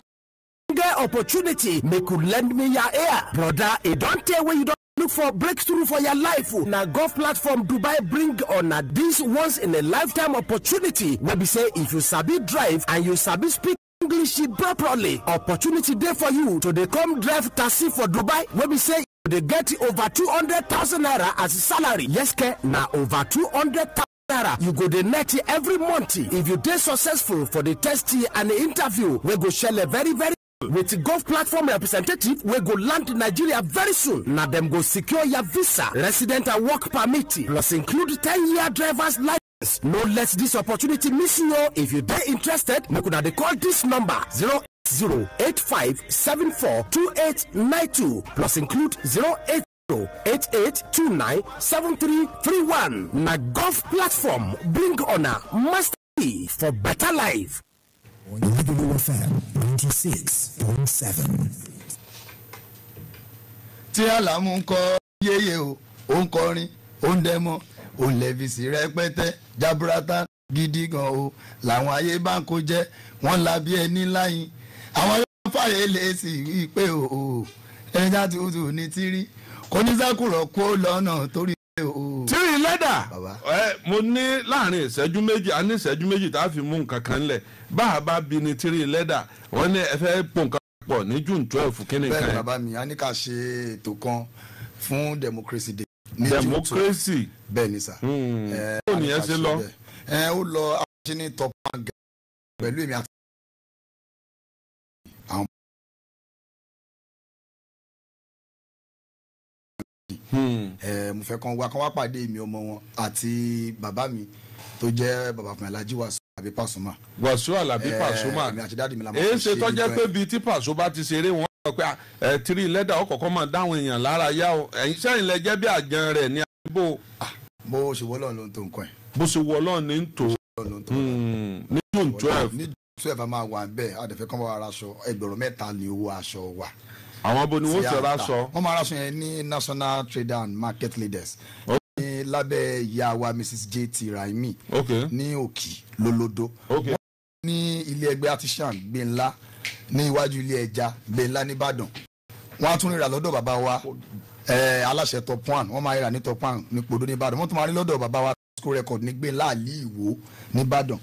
opportunity make you lend me your ear brother e don tey wey you don. Look for breakthrough for your life. Na golf platform Dubai bring on a this once in a lifetime opportunity. Where we say if you sabi drive and you sabi speak. English properly. Opportunity there for you to they come drive taxi for Dubai. Where we say they get over 200,000 naira as salary. Yes, ke, now over 200,000 naira. You go the net every month. If you did successful for the test and the interview, we go shell a very, very with golf platform representative wey go land nigeria very soon na dem go secure your visa resident and work permit plus include ten year drivers license. No let this opportunity miss you o. If you dey interested, make sure to call this number zero zero eight five seven four two eight nine two plus include zero eight zero eight eight two nine seven three three one. Na golf platform bring honor master for better life. Olúdúró FM ninety six point seven. tí àlàmú ń kọ yéye o ó ń kọrin ó ń dẹmọ òun lẹ́fìsì rẹpẹtẹ jaburata gidi gan o làwọn ayé bá ń kó jẹ wọn la bí ẹni láyìn àwọn yóò fàyè lè sì wí pé o ẹja tuntun ní tírí kò ní sákùrọ̀ kó lọ́nà torí tírì lẹ́dà mo ní láàrin ìṣẹ́jú méjì a ní ìṣẹ́jú méjì tá a fi mú nǹkan kan lẹ̀ bá a bá bi ni tírì lẹ́dà wọ́n ní ẹ fẹ́ pò nǹkan pọ̀ ní june twelve kí ni kan. bẹ́ẹ̀ bàbá mi a ní ká ṣe ètò kan fún democracy day. democracy bẹ́ẹ̀ hmm. ni sà. báwo ni ẹ ṣe lọ. ẹ ó lọ àwọn ṣe ní top pẹ̀lú èmi àti Hmm. mo fẹ́ kàn wá kàn wá pàdé mi ọmọ wọn àti bàbá mi tó jẹ́ bàbá fún mi Alhaji Wasiu àbí Pasuma. Wasiu Alabi Pasuma èyí ṣe tọ́jẹ́ pé bíi tí Paso bá ti ṣeré wọn sọ pé ẹ tiri lẹ́dà ọkọ̀ kan máa dáhùn èèyàn lára yá o ẹ̀yin sẹ́yìn lẹ jẹ́ bí àjàn rẹ̀ ní àdúgbò. Ah, bó ṣe wọ́ lọ́run ló ń tó nǹkan ẹ̀. bó ṣe wọ́ lọ́run ní tò hmm. ní June twelve. ní June twelve a máa wà bẹ́ẹ̀ a dẹ̀ fẹ́ kọ́ mọ́ aṣọ ẹgbẹ̀rún mẹ́ta ni owó aṣọ wa àwọn abo ni wọ́n ti ra sọ. wọ́n máa ra sọ yẹn ní national trader and market leaders ní lábẹ́ ìyá wa mrs jt raimi ní òkì lólódó Okay. ní ilé ẹgbẹ́ artisan gbẹ̀ńlá ní iwájú ilé ẹja gbẹ̀ńlá nìbàdàn wọ́n á tún rírà lọ́dọ̀ bàbá wa aláṣẹ top one wọ́n máa rírà ní top one ní podo nìbàdàn wọ́n tún máa rí lọ́dọ̀ bàbá wa school record ní gbẹ̀ńlá àlì ìwò nìbàdàn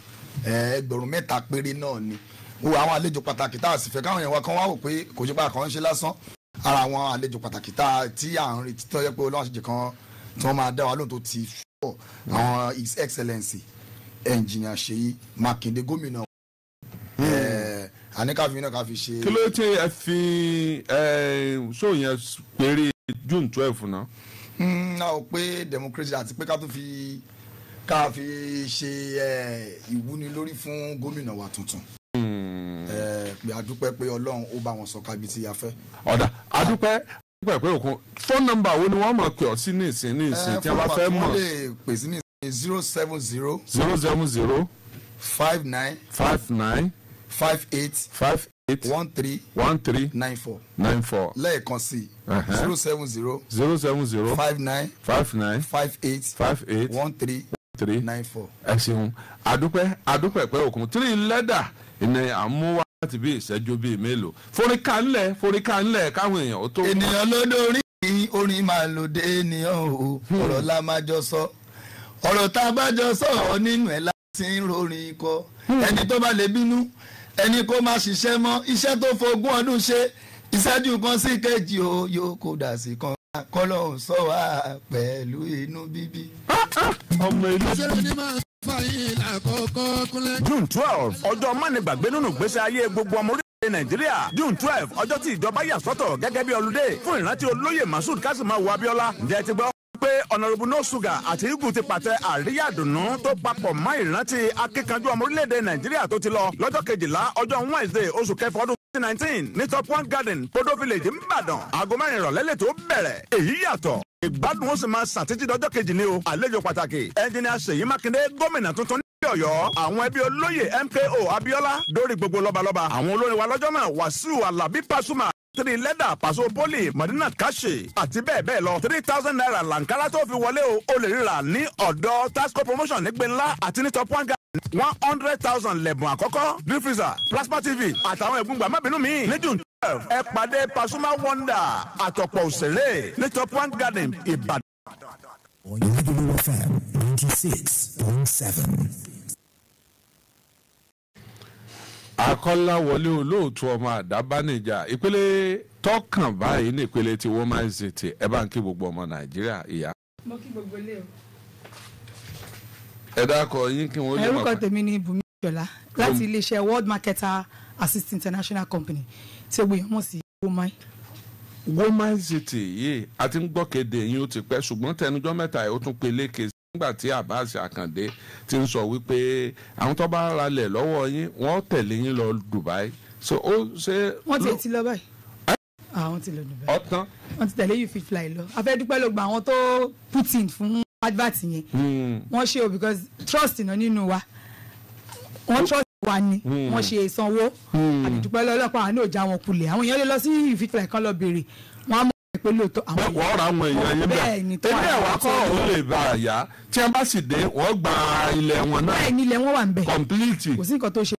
ẹgbẹ̀rún mẹ́ta péré náà ni. Eh, wo àwọn àlejò pàtàkì tá a sì fẹ́ káwọn yẹn wá kán wá wò pé kò ṣe pa kàn ń ṣe lásán ara àwọn àlejò pàtàkì tá a ti à ń retí tó yẹ pé olóhùn àṣejì kan tí wọ́n máa dá wa lóhùn tó ti fọ́ àwọn his excellency engineer Ṣèyí Mákindé gómìnà hmm. àní ká fi iná ká fi ṣe. kí ló ti ẹ fi ṣó péré june twelve náà. Hmm, a ò pé democracy àti pé ká tó fi ká fi ṣe ìwúni lórí fún gómìnà wa tuntun. Hmm. pé adúpẹ́ pé ọlọ́run ó bá wọn sọ kábi tí a fẹ́. ọ̀dà adúpẹ́ adúpẹ́ pé òkun fóònù nọ́mbà wo ni wọ́n máa pè ọ́ sí ní ìsìn ní ìsìn tí a bá fẹ́ mọ̀. fóònù nọ́mbà tí wọ́n lè pè sí zero zero. zero seven zero. five nine. five nine. five eight. five eight. one three. one three. nine four. nine four. lẹ́ẹ̀kan sí i. Uh-huh. zero seven zero. zero seven zero. five nine. five nine. five eight. five eight. one three. one three. nine four. ẹ ṣeun adúpẹ́ adúpẹ́ pé òkun tírí lẹ́dà ìnà àmúwá láti bí ìṣẹ́jú bíi mélòó foríkà ńlẹ̀ foríkà ńlẹ̀ káwọn èèyàn tó. ènìyàn lóde orí orin máa lòde ènìyàn o ọ̀rọ̀ la máa jọ sọ ọ̀rọ̀ tá a bá jọ sọ ọ́ nínú ẹ̀ láti ń rorin kọ hmm. ẹni tó bá lè bínú ẹni kó má ṣiṣẹ́ mọ́ iṣẹ́ tó fogún ọdún ṣe ìṣẹ́jú kan sí kejì o yóò kó dà sí kan kọlọ́hún sọ wá pẹ̀lú inú bíbí. ọmọ ìlú. ṣé ló ní máa fà yín lákòókò kúnlẹ̀. june twelve ọjọ́ mánigbàgbé nínú ìgbésí ayé gbogbo ọmọ orílẹ̀-èdè nàìjíríà june twelve ọjọ́ tí ìjọba yà sọ́tọ̀ gẹ́gẹ́ bí ọlúdé fún ìrántí olóyè masud kásìmáwò abíọ́lá ǹjẹ́ ti gbọ́ pé ọ̀nàrúbù no sugar àti igun ti pàtẹ àríyá dùnú tó papọ̀ mọ́ ìrántí akíkanjú ọmọ orílẹ̀-èdè nàìjíríà tó ti lọ lọ́jọ́ kejìlá ọjọ́ wednesday oṣù kẹfọ́ ọdún 2019 ní top one garden podo village nìbàdàn aago mẹ́rin ìrọ̀lẹ́ lè tó bẹ̀rẹ̀ èyí yàtọ̀ ìgbádùn ó sì máa sàn títí dọjọ́ kejì ni o àlejò pàtàkì ẹnjìnìà Ṣèyí Mákindé gómìnà tuntun ní Ọ̀yọ́ àwọn ẹbí olóyè MKO Abiola dórí gbogbo lọ́balọ́ba àwọn olórin wa lọ́jọ́ náà Wàsíù Alábí Pasuma three lẹ́dà pàṣẹ poli Madina Kashi àti bẹ́ẹ̀ bẹ́ẹ̀ lọ three thousand naira làǹkárá tó fi wọlé o ó lè ríra ní ọ̀dọ̀ Tasco promotion nígbẹ́ńlá àti ní top one garden one hundred thousand lẹ́bùn àkọ́kọ́ drip freezer plasma tv àtàwọn ẹ̀bùn gbàmábìnú mi ní june twelve ẹ pàdé Pasuma Wonder àtọ̀pọ̀ òṣèré ní point garden ìbàdàn. on Yorùbá FM ninety six point seven. akọ́láwọlé olóòtú ọmọ àdábánijà ìpele tọkàn báyìí ní ìpele tí wọ́n máa ń ṣe tì ẹ bá ń kí gbogbo ọmọ nàìjíríà ìyá. mo kí gbogbo ilé o ẹ dákọ yín kí wọ́n lè mọ̀. orúkọ tèmi ni Bùnmi Ìṣọ̀lá láti iléeṣẹ́ world marketer assist international company tí ogun yẹn mọ̀ sí womai. womai city yìí a ti ń gbọ́ kéde yín ó ti pẹ́ ṣùgbọ́n tẹnujọ́ mẹ́ta ẹ̀ ó tún pe lékè nígbà tí Abbas Akande ti ń sọ wípé àwọn tó bá ralẹ̀ lọ́wọ́ yín wọ́n tẹ̀lé yín lọ Dubai so ó ṣe. wọ́n ti ti lọ báyìí àwọn ah, ti lọ Dubai ọ̀tán wọ́n ti tẹ̀lé yìí fi fly lọ afẹ́dúpẹ́ ló gba àwọn tó Putin fún advert yẹn hmm. wọ́n ṣe o because trust náà nínú wa wọ́n trust wa ni hmm. wọ́n ṣe ìsanwó àdìdúpẹ́ hmm. lọ́lọ́pàá àwọn náà já wọn kulẹ̀ àwọn èèyàn lè lọ sí ìfipẹ̀ kan lọ béèrè wọ́n á mọ̀ pé lóòótọ́ àwọn èèyàn wọ́n ra àwọn èèyàn yín bẹ́ẹ̀ ilé ẹ̀wà kọ́ ò lè bá a yá tí wọ́n bá sì dé wọ́n gba ilẹ̀ wọn náà bẹ́ẹ̀ ni ilẹ̀ wọn wà ń bẹ̀ completely kò sí nǹkan tó ṣe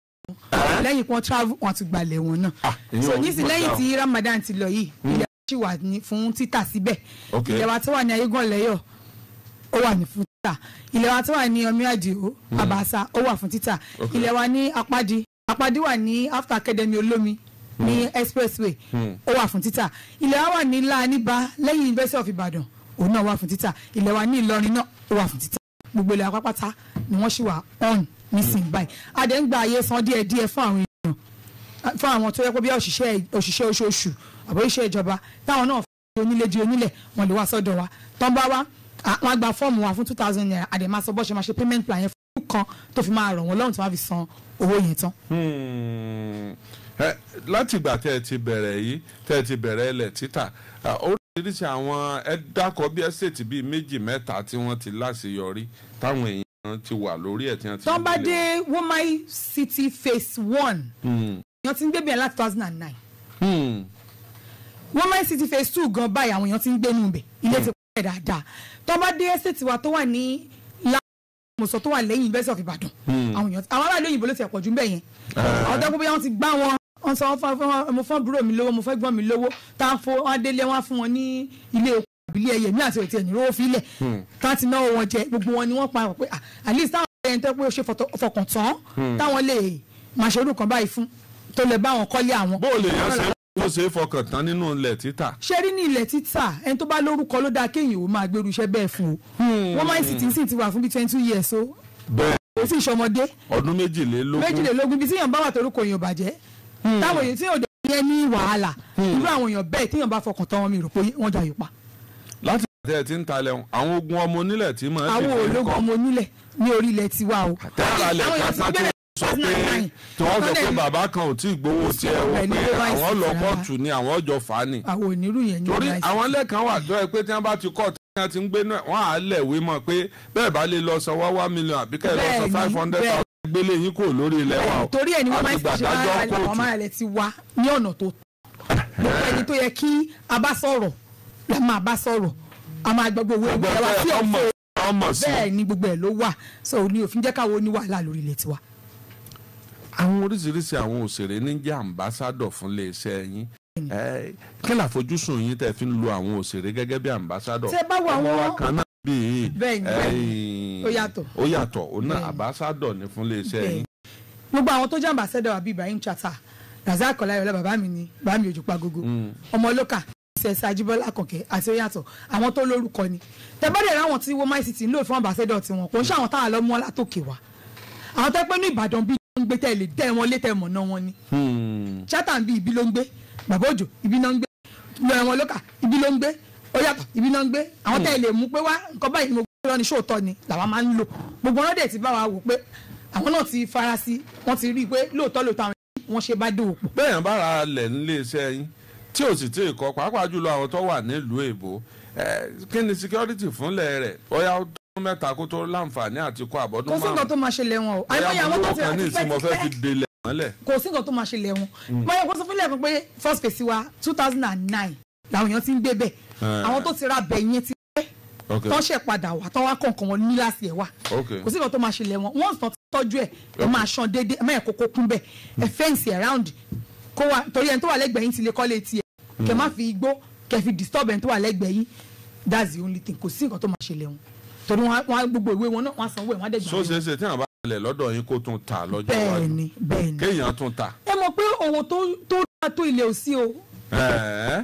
lẹ́yìn kan travel wọn ti gbalẹ̀ wọn náà ah, so nísìnyí lẹ́yìn tí Ramadan ti lọ yìí ilẹ̀ wa ṣì wà fún títà síbẹ̀ ilẹ̀ wa tó wà ní ayégúnlẹ̀yọ̀ ó wà ní fún títà ilẹ̀ wa tó wà ní ọmí àdìo àbàṣà ó wà fún títà ilẹ̀ wa ní apádi apádi wà ní after academy olómi hmm. ní expressway hmm. ó wà fún títà ilẹ̀ wa wà ní láàánibá lẹ́yìn university of Ibadan òun náà wà fún títà ilẹ̀ wa ní Ìlọrin náà ó wà fún títà gbogbo ilẹ̀ apápátá ni wọ́n ṣì wà on missing by. adé ń gba àyè san díẹ̀ díẹ̀ fún àwọn èèyàn fún àwọn tó yẹ kó bí òṣìṣẹ́ òṣìṣẹ́ oṣooṣù àbóyíṣẹ́ ìjọba táwọn náà fún onílé di onílẹ̀ wọ́n lè wá sọ́dọ̀ wa tán bá wá wọ́n á gba fọ́ọ̀mù wa fún two thousand naira àdè sọ bó ṣe máa ṣe payment plan yẹn fún kan tó fi máa ràn wọ́n lọ́rùn tí wọ́n fi san owó yẹn tán. Hmm. Eh, láti ìgbà tẹ́ ẹ ti bẹ̀rẹ̀ yìí tẹ́ ẹ ti bẹ̀rẹ̀ ilẹ̀ títà oríṣiríṣi àwọn ẹ̀dàkọ̀ bíi ẹ́sẹ̀tì bíi méjì mẹ́ta tí wọ́n ti láṣeyọrí táwọn èèyàn ti wà lórí ẹ̀ tí wọ́n ti. tó bá dé City Phase One hmm. èèyàn ti ń gbé bẹ̀rẹ̀ láti two thousand and nine hmm. Womai City Phase Two gan báyìí àwọn èèyàn ti ń gbénu bẹ̀ ilé ti bẹ̀ dáadáa tó bá dé wa tó wà ní mọ̀sọ̀ tó wà lẹ́yìn bẹ́sẹ̀ ọ̀fìn ìbàdàn hmm. àwọn èèyàn àwọn aráàlú òyìnbó ló ti ẹ̀pọ̀ jù ń bẹ̀ yẹn àwọn tó gbé wọn ti gbá wọn wọn sọ mo fọ́n búrò mi lówó mo fẹ́ gbọ́n mi lówó tá a fọ wọn délé wọn fún wọn ní ilé okùn àbílẹ̀ ẹ̀yẹ mi àti òtí ẹ̀yìn rówó filẹ̀ hmm. tá a ti náwó wọn jẹ gbogbo wọn ni wọ́n pa pé at least táwọn ẹni tẹ́ pé ó ṣe fọkàn tán hmm. táwọn lè màṣẹ́rù kan ó ṣe é fọkàn tán nínú ilẹ̀ títà. ṣé rí ní ilẹ̀ títà ẹni tó bá lórúkọ ló dáa kéèyàn ò máa gbèrú iṣẹ́ bẹ́ẹ̀ fún o hmm. wọ́n máa ń sì ti sì ti wà fún bíi twenty two years o. bẹ́ẹ̀ kò sí ìṣọmọdé. ọdún méjìlélógún méjìlélógún ibi tí yàn bá wà torúkọ èèyàn bàjẹ́ hmm. táwọn èèyàn tí yàn dẹ̀ yẹn ní wàhálà hmm. irú àwọn èèyàn bẹ́ẹ̀ tí yàn bá fọkàn tán wọn mi rò pé wọ́n jà yóò pa. láti àtẹ ẹ ti ń talẹ̀ wọn àwọn ogun ọmọ onílẹ̀ tí máa ń ṣe sọ pé tí wọ́n sọ pé bàbá kan ò tí ì gbowó tiẹ̀ wọ́n pé àwọn lọ kóòtù ni àwọn jọ fà á nì. àwọn onírú yẹn ní láìsí. torí àwọn lẹ́ẹ̀kan wà tó ẹ pé tí wọ́n bá ti kọ́ tí wọ́n ti ń gbé náà wọ́n á lẹ̀ wí mọ́ pé bẹ́ẹ̀ bá lè lọ san wá one million àbí kẹ́ ẹ lọ san five hundred thousand gbélé yín kò lórí ilẹ̀ wa o. torí ẹ ni wọ́n máa ń ṣe àwọn ọmọ rẹ̀ ti wá ní ọ̀nà tó tọ́ ẹni tó yẹ kí a bá sọ̀rọ̀ la máa bá sọ̀rọ̀ a máa gbọ́ gbogbo ẹgbẹ́ wa tí ọ̀fọ̀ bẹ́ẹ̀ ni gbogbo ẹ̀ ló wà so ni òfin àwọn oríṣiríṣi àwọn òṣèré ní jẹ́ àmbásádọ̀ fún iléeṣẹ́ yín kí ni àfojúsùn yín tẹ́ fi ń lo àwọn òṣèré gẹ́gẹ́ bí àmbásádọ̀ ọmọ wa kan náà bíi ó yàtọ̀ ó yàtọ̀ òun náà ni fún iléeṣẹ́ yín. gbogbo àwọn tó jẹ́ àmbásádọ̀ àbí Ibrahim Chata Razak Ọláyọlá bàbá mi ni bàbá mi òjò pagogo hmm. ọmọ lókà ṣẹṣẹ Ajíbọ́lá Àkànkẹ́ àti Oyàtọ̀ àwọn tó lórúkọ ni tẹbọdẹ ráwọn tí wọn máa ń sì ti ń lò fún àmbásádọ̀ tiwọn kò ń ṣe àwọn táwọn lọ mú ọlá tó kè wá àwọn tẹpẹ ní Ìbàdàn bíi ń gbé tẹ́ lè dẹ́ wọn lé tẹ́ mọ̀ náà wọn ni. ṣátà hmm. ń bí ibi ló ń gbé bàbá òjò ibi náà ń gbé lọ ẹ̀wọ̀n lókà ibi ló ń gbé ó yàtọ̀ ibi náà ń gbé àwọn tẹ́ lè mú pé wá nǹkan báyìí ni mo gbé lọ́ni ṣòótọ́ ni làwa máa ń lò gbogbo ọ̀rọ̀ dẹ̀ ti bá wa wò pé àwọn náà ti fara sí wọ́n ti rí i pé lóòótọ́ lóòótọ́ àwọn wọn ṣe bá dé òpó. bẹ́ẹ̀ bá ra lẹ̀ nílé iṣẹ́ yín tí ò sì tí ì kọ́ pàápàá jùlọ àwọn tó wà nílùú èbó kí ni security fúnlẹ̀ rẹ̀ bóyá ọdún mẹ́ta kó tó láǹfààní àti kó àbọ̀dún márùn-ún. kò sí nǹkan tó máa ṣe lẹ́wọ̀n o. àìmọye àwọn tó ti rà tipẹ́ tipẹ́ kò sí nǹkan tó máa ṣe lẹ́wọ̀n. mọ̀yọ́ hmm. kó sọ fún ilẹ̀kùn pé first phase wa two thousand and nine làwọn èèyàn ti ń gbé bẹ̀ eh. àwọn tó ti ra bẹ̀ yẹn ti pẹ́ tọ́ ṣẹ̀ padà wá tọ́ wá kọ̀ọ̀kan wọn ní láti ẹ̀ wá kò sí nǹkan tó máa ṣe lẹ́wọ̀n wọ́n sọ tọ́jú ẹ̀ around kó hmm. wa torí ẹni tó wà lẹ́gbẹ̀ẹ́ yín ti hmm. that's the only thing kò sí nǹkan tó máa torí wọn gbogbo ìwé wọn náà wọn sanwó ẹ wọn dẹjọ. so ṣeéṣe tí àwọn bá lẹ̀ lọ́dọ̀ yín kó tún ta lọ́jọ́ iwájú bẹ́ẹ̀ni bẹ́ẹ̀ni kéèyàn tún ta. ẹ mọ̀ pé owó tó dáa tó ilẹ̀ ò sí o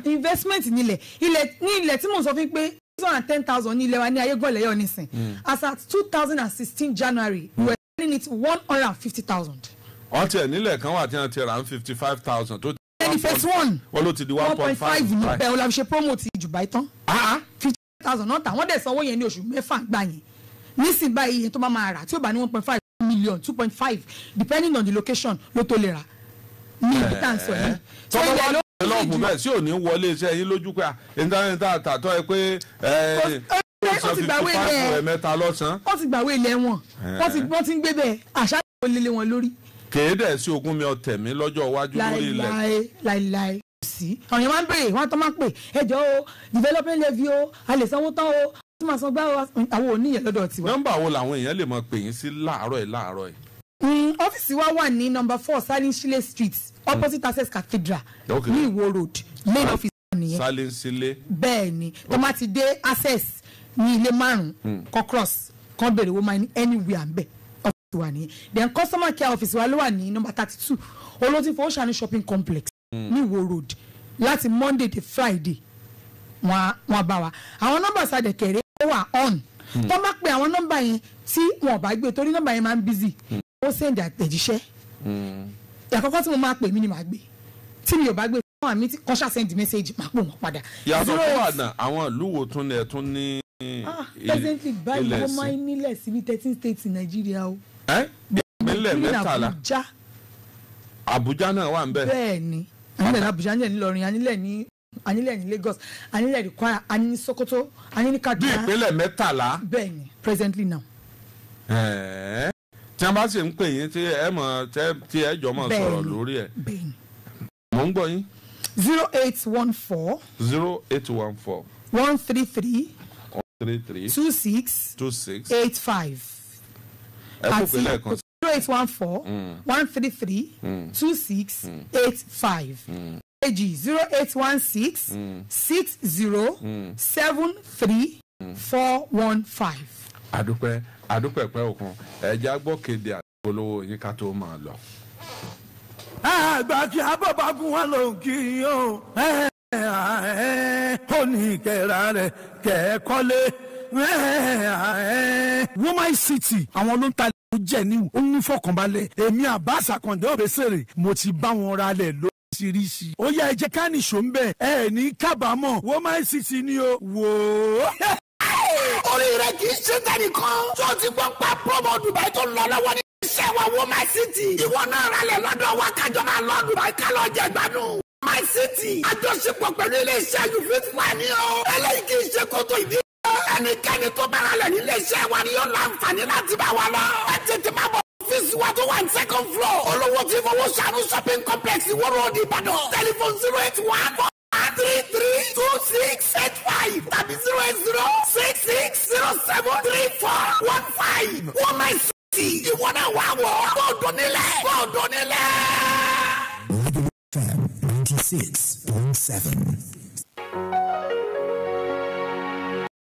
investment nílẹ̀ ilẹ̀ ní ilẹ̀ tí mò ń sọ fún pé two thousand and ten thousand ní ilẹ̀ wa ní ayégọ́lẹ̀ yọ̀ nísìn hmm. as at two thousand and sixteen January we were selling it one hundred and fifty thousand. wọ́n tiẹ̀ nílẹ̀ kan wà tí wọ́n ti rà ń fifty five thousand tó. ẹni phase one. ti di one point five. one point five níbẹ̀ ọ̀làfiṣe promo ti jù báyìí tán. Ah, ah thousand náà tà wọ́n dẹ̀ sanwó yẹn ní oṣù mẹ́fà gbà yẹn nísìn báyìí iye tó bá máa rà tí ó bá ní one point five million two point five depending on the location ló tó lè rà ní ibi tá à ń sọ yìí. Eh, tọ́lá wà ló ń lọ bẹ́ẹ̀ tí ò ní wọlé iṣẹ́ yín lójú pé internet àtàtọ́ ẹ pé eh, ó ti gbàwé ilẹ̀ ó ti gbàwé ilẹ̀ wọn eh. wọ́n ti ń gbé wọn lórí. sí ogún mi ọ̀tẹ̀ mi lọ́jọ́ iwájú lórí ilẹ̀. láìláì láìláì sí àwọn èèyàn máa ń béèrè wọn tó máa ń pè ẹjọ́ o development levy o a lè sanwó tán o tí màá san gbá àwọn oníyẹn lọ́dọ̀ tiwa. nọ́mbà wo làwọn èèyàn lè máa pè yín sí láàárọ̀ ẹ̀ láàárọ̀ ẹ̀. Hmm, ọ́fíìsì wa wà ní nọ́mbà four salinsile street opposite access cathedral ní ìwó road main office wa nìyẹn. salinsile. bẹ́ẹ̀ ni tó máa access ní ilé márùn-ún hmm. cross kan béèrè wo máa ní anywhere ń bẹ̀ wa nìyẹn then customer care office wa ló wà ní nọ́mbà thirty two olótìfọ́ ocean shopping complex hmm. ní ìwó road láti monday to friday wọn bá wa àwọn nọ́mbà sadẹkẹrẹ wà on hmm. tó má pe àwọn nọ́mbà yẹn tí wọn ò bá gbé torí nọ́mbà yẹn máa ń busy hmm. ó send àtẹ̀jíṣẹ́ hmm. àkọ́kọ́ tí mo máa pè mí ni màá gbé tí mi ò bá gbé fún àmì tí kọ́ṣà send message máa pò wọ́n padà. yàtọ̀ fún àná àwọn ìlú wo tún ni ẹ tún ní. Ah, presently báyìí wọ́n máa ń nílẹ̀ sí ní thirteen states in Nigeria o. ẹ bí ìpínlẹ̀ mẹ́tàlá Abuja náà wà ń bẹ́ẹ̀ ni anilẹ̀ ní Abuja anilẹ̀ ní Ìlọrin anilẹ̀ ní anilẹ̀ ní Lagos anilẹ̀ ní Kwara anilẹ̀ ní Sokoto anilẹ̀ ní Kaduna. bí ìpínlẹ̀ mẹ́tàlá. bẹ́ẹ̀ni presently now. ẹ̀ẹ́ tí a bá sì ń pè yín tí ẹ mọ̀ tí ẹ jọ mọ̀ sọ̀rọ̀ lórí ẹ̀. bẹ́ẹ̀ni. mò ń gbọ́ yín. zero eight one four. zero eight one four. one three three. one three three. two six. two six. eight five. ẹ kò pé lẹ́ẹ̀kan sí zero eight one four mm. one three three mm. two six mm. eight five èjì zero eight one six six zero seven three four one five. àdúpẹ́ àdúpẹ́ pẹ́ òkun ẹ̀já gbọ́ kéde àtìpolówó yín ká tó máa lọ. àgbà abọ́bágún wà ló ń kí yín o ó ní ìkẹrà rẹ̀ kẹ́ẹ̀kọ́lé. (laughs) woman city àwọn ló ń ta ló jẹ níwò ó ní fọkànbalẹ̀ èmi àbáṣà kàndé òbẹ́sẹ̀rẹ̀ mo ti bá wọn ra lẹ̀ lọ oríṣiríṣi. ó yá ẹ jẹ́ ń bẹ̀ ẹ ní kábàámọ̀ woman city ni o wò ó. (laughs) orí rẹ kì í ṣe tẹnìkan tó ti gbọ́ pa promo dubai tó lọ lọ́wọ́ ní iṣẹ́ wa woman city ìwọ náà rálẹ̀ lọ́dọ̀ wa kájọ máa lọ dubai ká lọ jẹ gbádùn my city àjọṣepọ̀ pẹ̀lú iléeṣẹ́ you fit plan ni o eléyìí kì í ṣe kótó ìdí ẹnikẹ́ni tó bára lẹ̀ nílé iṣẹ́ wa ni yóò láǹfààní láti bá wa lọ. ẹ tètè máa bọ̀ ọ́fíìsì wa wà ní second floor. olówó tí fowó ṣàánú shopping complex ìwọ́rọ̀ òde ìbàdàn. telephone zero eight one four three three two six eight five tàbí zero eight zero six six zero seven three four one five. wọ́n máa ń sèǹtì ìwọ náà wà wọ̀ ọ́. bọ́ọ̀dù nílẹ̀ bọ́ọ̀dù nílẹ̀. ninety six point seven.